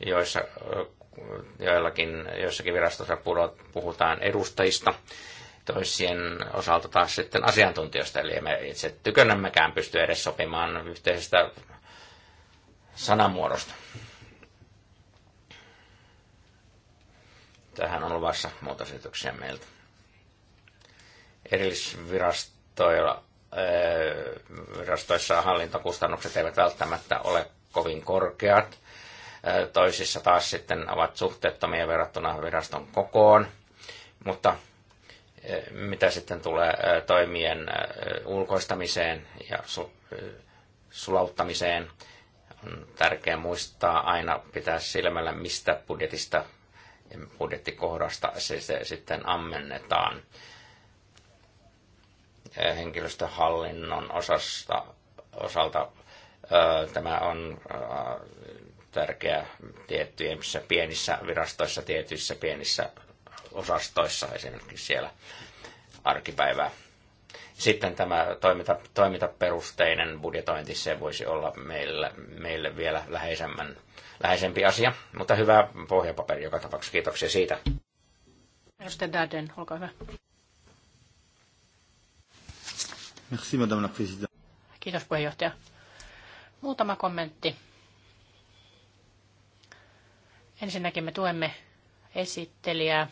joissa joillakin, joissakin virastossa puhutaan edustajista toisien osalta taas sitten asiantuntijoista, eli me itse tykönämmekään pysty edes sopimaan yhteisestä sanamuodosta. Tähän on luvassa muutosesityksiä meiltä. Erillisvirastoilla eh, virastoissa hallintokustannukset eivät välttämättä ole kovin korkeat. Eh, toisissa taas sitten ovat suhteettomia verrattuna viraston kokoon, mutta mitä sitten tulee toimien ulkoistamiseen ja sulauttamiseen, on tärkeää muistaa aina pitää silmällä, mistä budjetista ja budjettikohdasta se, se sitten ammennetaan. Henkilöstöhallinnon osasta, osalta tämä on tärkeä tiettyissä pienissä virastoissa, tietyissä pienissä osastoissa esimerkiksi siellä arkipäivää. Sitten tämä toiminta, toimintaperusteinen budjetointi, se voisi olla meillä, meille vielä läheisemmän, läheisempi asia, mutta hyvä pohjapaperi joka tapauksessa. Kiitoksia siitä. Edustaja Darden, olkaa hyvä. Merci, madame la présidente. Kiitos puheenjohtaja. Muutama kommentti. Ensinnäkin me tuemme esittelijää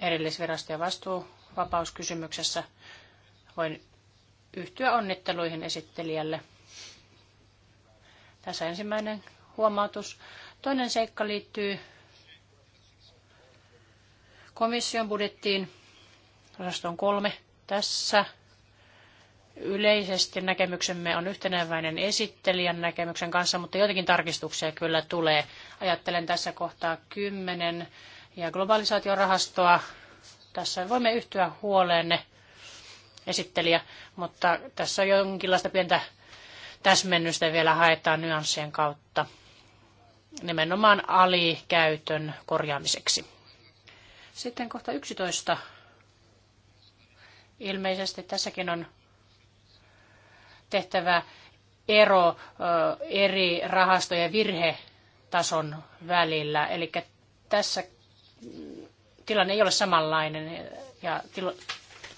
erillisvirasto- ja vastuuvapauskysymyksessä. Voin yhtyä onnitteluihin esittelijälle. Tässä ensimmäinen huomautus. Toinen seikka liittyy komission budjettiin, osaston kolme. Tässä yleisesti näkemyksemme on yhteneväinen esittelijän näkemyksen kanssa, mutta joitakin tarkistuksia kyllä tulee. Ajattelen tässä kohtaa 10, ja globalisaatiorahastoa. Tässä voimme yhtyä huoleenne esittelijä, mutta tässä on jonkinlaista pientä täsmennystä vielä haetaan nyanssien kautta nimenomaan alikäytön korjaamiseksi. Sitten kohta 11. Ilmeisesti tässäkin on tehtävä ero eri rahastojen virhetason välillä. Eli tässä tilanne ei ole samanlainen ja tilo,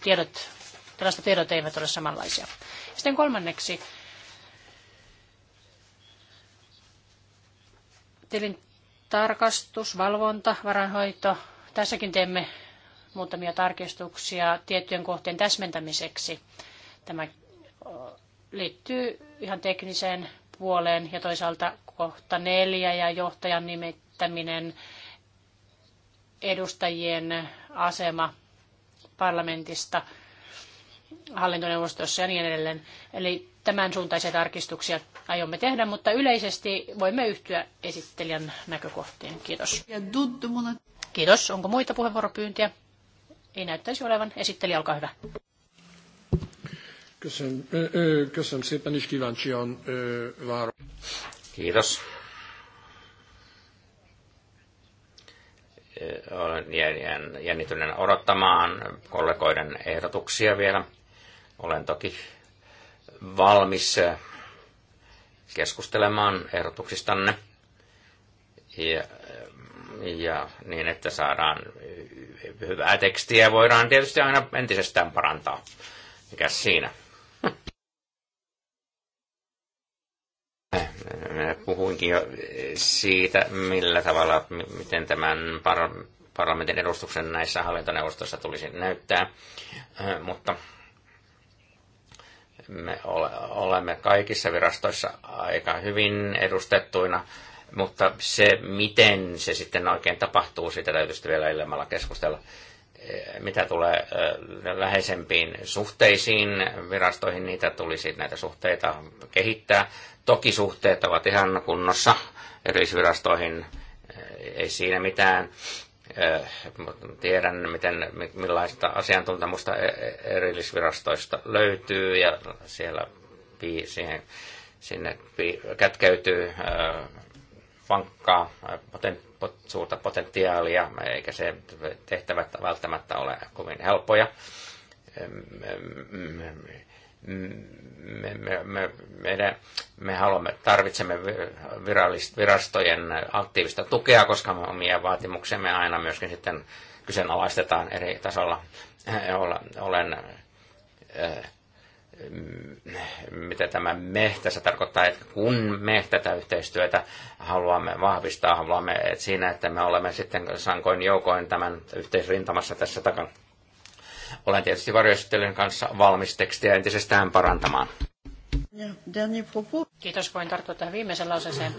tiedot, tilastotiedot eivät ole samanlaisia. Sitten kolmanneksi tilin tarkastus, valvonta, varanhoito. Tässäkin teemme muutamia tarkistuksia tiettyjen kohteen täsmentämiseksi. Tämä liittyy ihan tekniseen puoleen ja toisaalta kohta neljä ja johtajan nimittäminen edustajien asema parlamentista hallintoneuvostossa ja niin edelleen. Eli tämän suuntaisia tarkistuksia aiomme tehdä, mutta yleisesti voimme yhtyä esittelijän näkökohtiin. Kiitos. Kiitos. Onko muita puheenvuoropyyntiä? Ei näyttäisi olevan. Esittelijä, olkaa hyvä. Köszönöm szépen, és Kiitos. olen jännityneenä odottamaan kollegoiden ehdotuksia vielä. Olen toki valmis keskustelemaan ehdotuksistanne ja, ja niin, että saadaan hyvää tekstiä. Voidaan tietysti aina entisestään parantaa. Mikä siinä? jo siitä, millä tavalla, miten tämän par- parlamentin edustuksen näissä hallintoneuvostoissa tulisi näyttää, mutta me olemme kaikissa virastoissa aika hyvin edustettuina, mutta se, miten se sitten oikein tapahtuu, siitä täytyy vielä ilmalla keskustella mitä tulee läheisempiin suhteisiin virastoihin, niitä tulisi näitä suhteita kehittää. Toki suhteet ovat ihan kunnossa erillisvirastoihin, ei siinä mitään. Tiedän, miten, millaista asiantuntemusta e-, e-, erillisvirastoista löytyy ja siellä siihen, sinne kätkeytyy vankkaa suurta potentiaalia, eikä se tehtävät välttämättä ole kovin helppoja. Me, me, me, meidän, me haluamme, tarvitsemme virastojen aktiivista tukea, koska me omia vaatimuksemme aina myöskin sitten kyseenalaistetaan eri tasolla. Olen, olen eh, Mm, mitä tämä me tässä tarkoittaa, että kun me tätä yhteistyötä haluamme vahvistaa, haluamme että siinä, että me olemme sitten sankoin joukoin tämän yhteisrintamassa tässä takana. Olen tietysti varjoistelijan kanssa valmis tekstiä entisestään parantamaan. Kiitos, voin tarttua tähän viimeisen lauseeseen.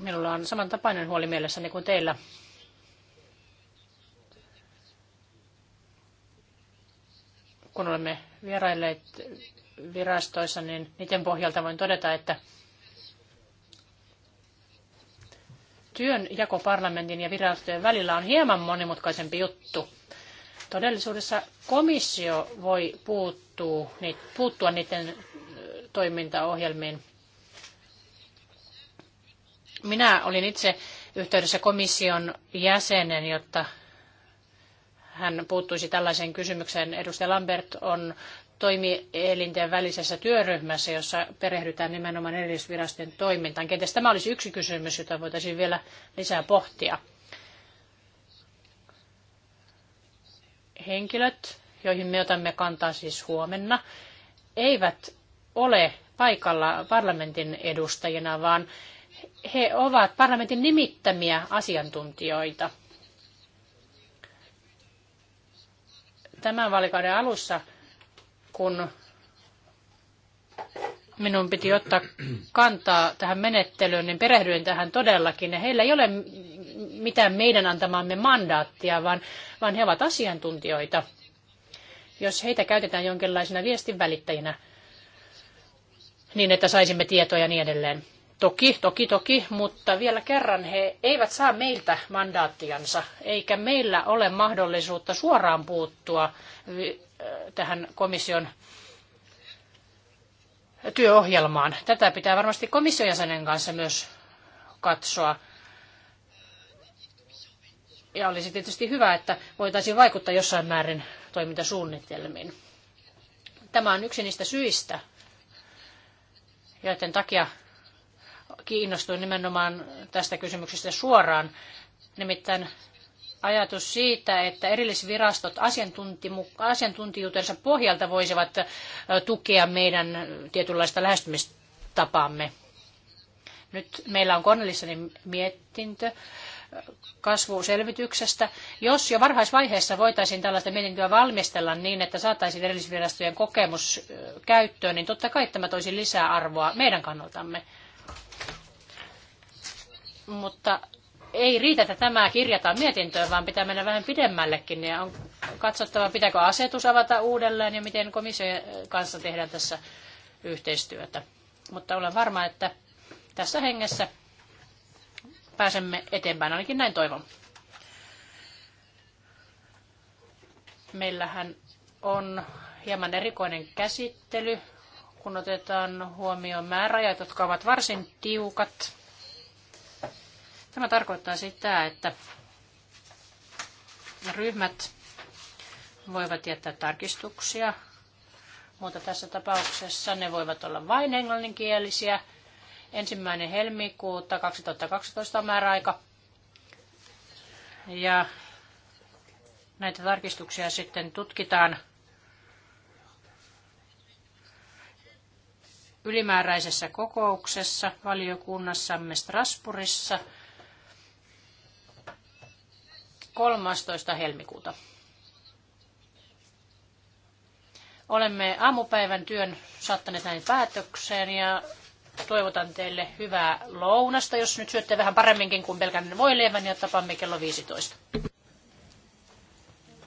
Minulla on samantapainen huoli mielessäni kuin teillä kun olemme vierailleet virastoissa, niin niiden pohjalta voin todeta, että jako parlamentin ja virastojen välillä on hieman monimutkaisempi juttu. Todellisuudessa komissio voi puuttua, puuttua niiden toimintaohjelmiin. Minä olin itse yhteydessä komission jäsenen, jotta hän puuttuisi tällaiseen kysymykseen. Edustaja Lambert on toimielinten välisessä työryhmässä, jossa perehdytään nimenomaan erillisvirastojen toimintaan. Kenties tämä olisi yksi kysymys, jota voitaisiin vielä lisää pohtia. Henkilöt, joihin me otamme kantaa siis huomenna, eivät ole paikalla parlamentin edustajina, vaan he ovat parlamentin nimittämiä asiantuntijoita – tämän vaalikauden alussa, kun minun piti ottaa kantaa tähän menettelyyn, niin perehdyin tähän todellakin. Ja heillä ei ole mitään meidän antamamme mandaattia, vaan, vaan he ovat asiantuntijoita. Jos heitä käytetään jonkinlaisina viestinvälittäjinä, niin että saisimme tietoja ja niin edelleen. Toki, toki, toki, mutta vielä kerran he eivät saa meiltä mandaattiansa, eikä meillä ole mahdollisuutta suoraan puuttua äh, tähän komission työohjelmaan. Tätä pitää varmasti komission jäsenen kanssa myös katsoa. Ja olisi tietysti hyvä, että voitaisiin vaikuttaa jossain määrin toimintasuunnitelmiin. Tämä on yksi niistä syistä, joiden takia kiinnostuin nimenomaan tästä kysymyksestä suoraan. Nimittäin ajatus siitä, että erillisvirastot asiantuntijuutensa pohjalta voisivat tukea meidän tietynlaista lähestymistapaamme. Nyt meillä on Cornelissonin mietintö kasvuselvityksestä. Jos jo varhaisvaiheessa voitaisiin tällaista mietintöä valmistella niin, että saataisiin erillisvirastojen kokemus käyttöön, niin totta kai tämä toisi lisää arvoa meidän kannaltamme. Mutta ei riitä, että tämä kirjataan mietintöön, vaan pitää mennä vähän pidemmällekin. Ja on katsottava, pitääkö asetus avata uudelleen ja miten komission kanssa tehdään tässä yhteistyötä. Mutta olen varma, että tässä hengessä pääsemme eteenpäin, ainakin näin toivon. Meillähän on hieman erikoinen käsittely, kun otetaan huomioon määräajat, jotka ovat varsin tiukat Tämä tarkoittaa sitä, että ryhmät voivat jättää tarkistuksia, mutta tässä tapauksessa ne voivat olla vain englanninkielisiä. Ensimmäinen helmikuuta 2012 on määräaika. Ja näitä tarkistuksia sitten tutkitaan ylimääräisessä kokouksessa valiokunnassamme Strasbourgissa – 13. helmikuuta. Olemme aamupäivän työn saattaneet näin päätökseen ja toivotan teille hyvää lounasta, jos nyt syötte vähän paremminkin kuin pelkän voileivän ja tapaamme kello 15.